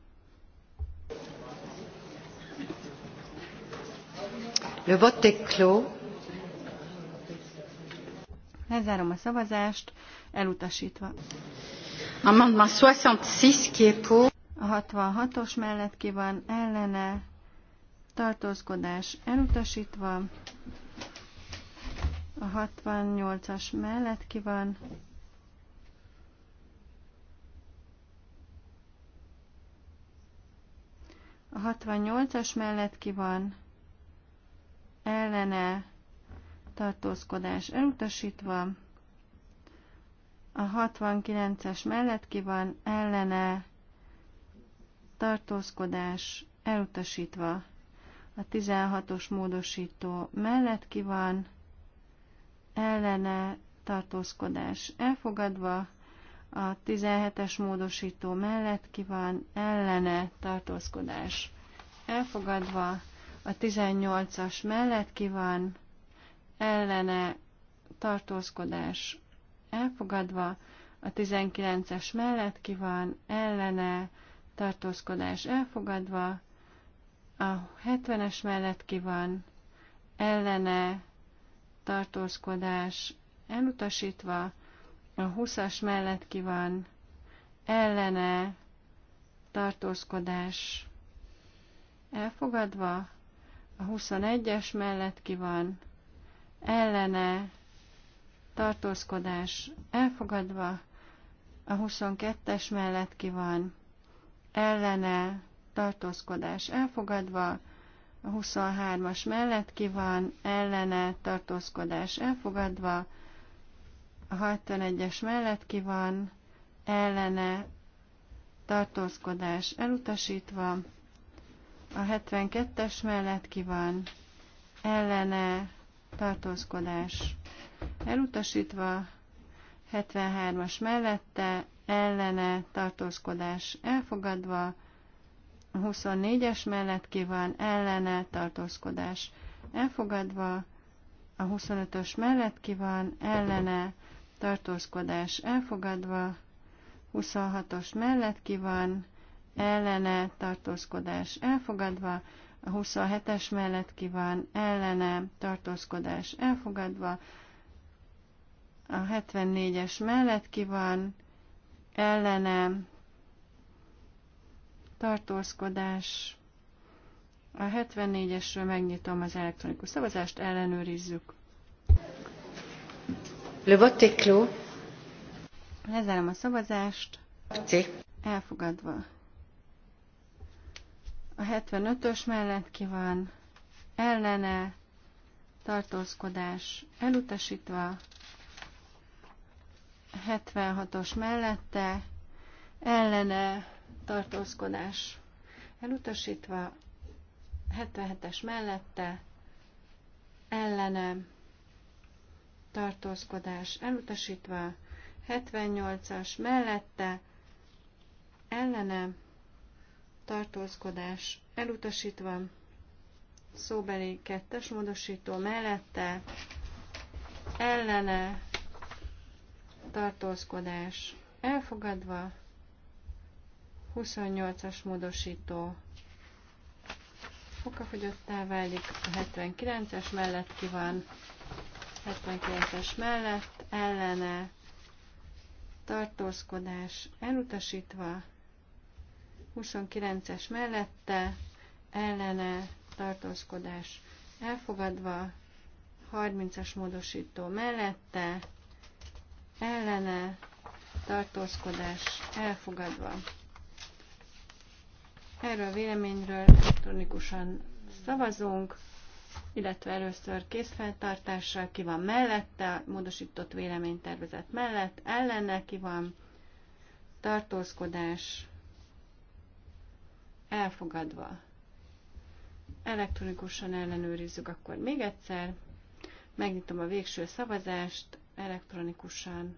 Le vote est clos. Lezárom a szavazást elutasítva. 66 A 66-os mellett ki van ellene, tartózkodás elutasítva. A 68-as mellett ki van A 68-as mellett ki van ellene tartózkodás elutasítva. A 69-es mellett ki van ellene tartózkodás elutasítva. A 16-os módosító mellett ki van ellene tartózkodás elfogadva a 17-es módosító mellett ki van ellene tartózkodás. Elfogadva a 18-as mellett ki van ellene tartózkodás elfogadva, a 19-es mellett ki van, ellene, tartózkodás elfogadva, a 70-es mellett ki van, ellene, tartózkodás elutasítva, a 20-as mellett ki van, ellene, tartózkodás elfogadva, a 21-es mellett ki van, ellene, tartózkodás elfogadva, a 22-es mellett ki van, ellene tartózkodás elfogadva, a 23-as mellett ki van, ellene tartózkodás elfogadva, a 61-es mellett ki van, ellene tartózkodás elutasítva, a 72-es mellett ki van, ellene tartózkodás elutasítva, 73-as mellette, ellene tartózkodás elfogadva, 24-es mellett ki van ellene tartózkodás elfogadva, a 25-ös mellett ki van ellene tartózkodás elfogadva, 26-os mellett ki van ellene tartózkodás elfogadva, a 27-es mellett ki van ellene tartózkodás elfogadva, a 74-es mellett ki van, ellene, tartózkodás. A 74-esről megnyitom az elektronikus szavazást, ellenőrizzük. Le vote est clos. Lezárom a szavazást. C. Elfogadva. A 75-ös mellett ki van ellene, tartózkodás elutasítva, 76-os mellette ellene tartózkodás elutasítva, 77-es mellette ellene tartózkodás elutasítva, 78-as mellette ellene tartózkodás elutasítva, szóbeli kettes módosító mellette ellene tartózkodás elfogadva, 28-as módosító fokafogyottá válik, a 79-es mellett ki van, 79-es mellett ellene tartózkodás elutasítva, 29-es mellette ellene tartózkodás elfogadva, 30-as módosító mellette ellene tartózkodás elfogadva. Erről a véleményről elektronikusan szavazunk, illetve először készfeltartással ki van mellette, módosított véleménytervezet mellett, ellene ki van tartózkodás elfogadva. Elektronikusan ellenőrizzük akkor még egyszer. Megnyitom a végső szavazást, elektronikusan.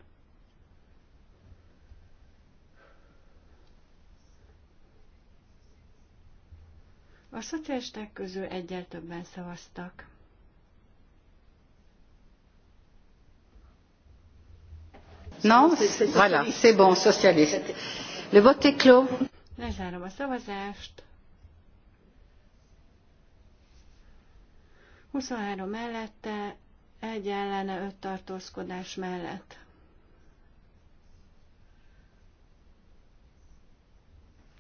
A szocialisták közül egyel többen szavaztak. Non, voilà, c'est bon, socialiste. Le vote est clos. Lezárom a szavazást. 23 mellette, egy ellene öt tartózkodás mellett.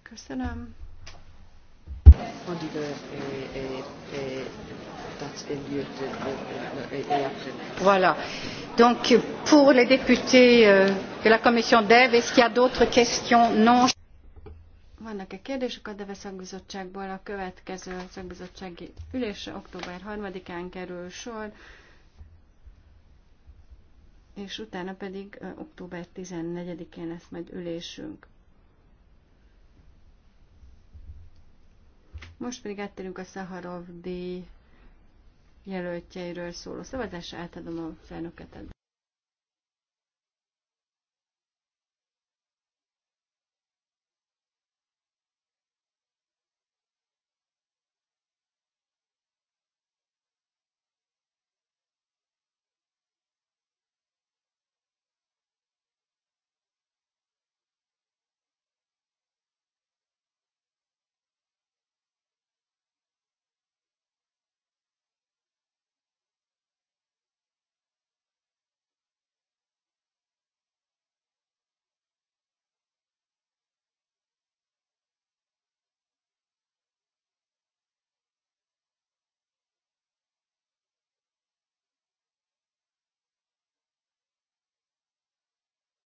Köszönöm. Voilà. Donc pour les députés euh, de la commission DEV, est-ce qu'il y a d'autres questions Non. Vannak-e kérdések a DEVE szakbizottságból? A következő szakbizottsági ülésre október 3-án kerül sor és utána pedig október 14-én lesz majd ülésünk. Most pedig áttérünk a Szaharov díj jelöltjeiről szóló szavazásra, átadom a felnöketet.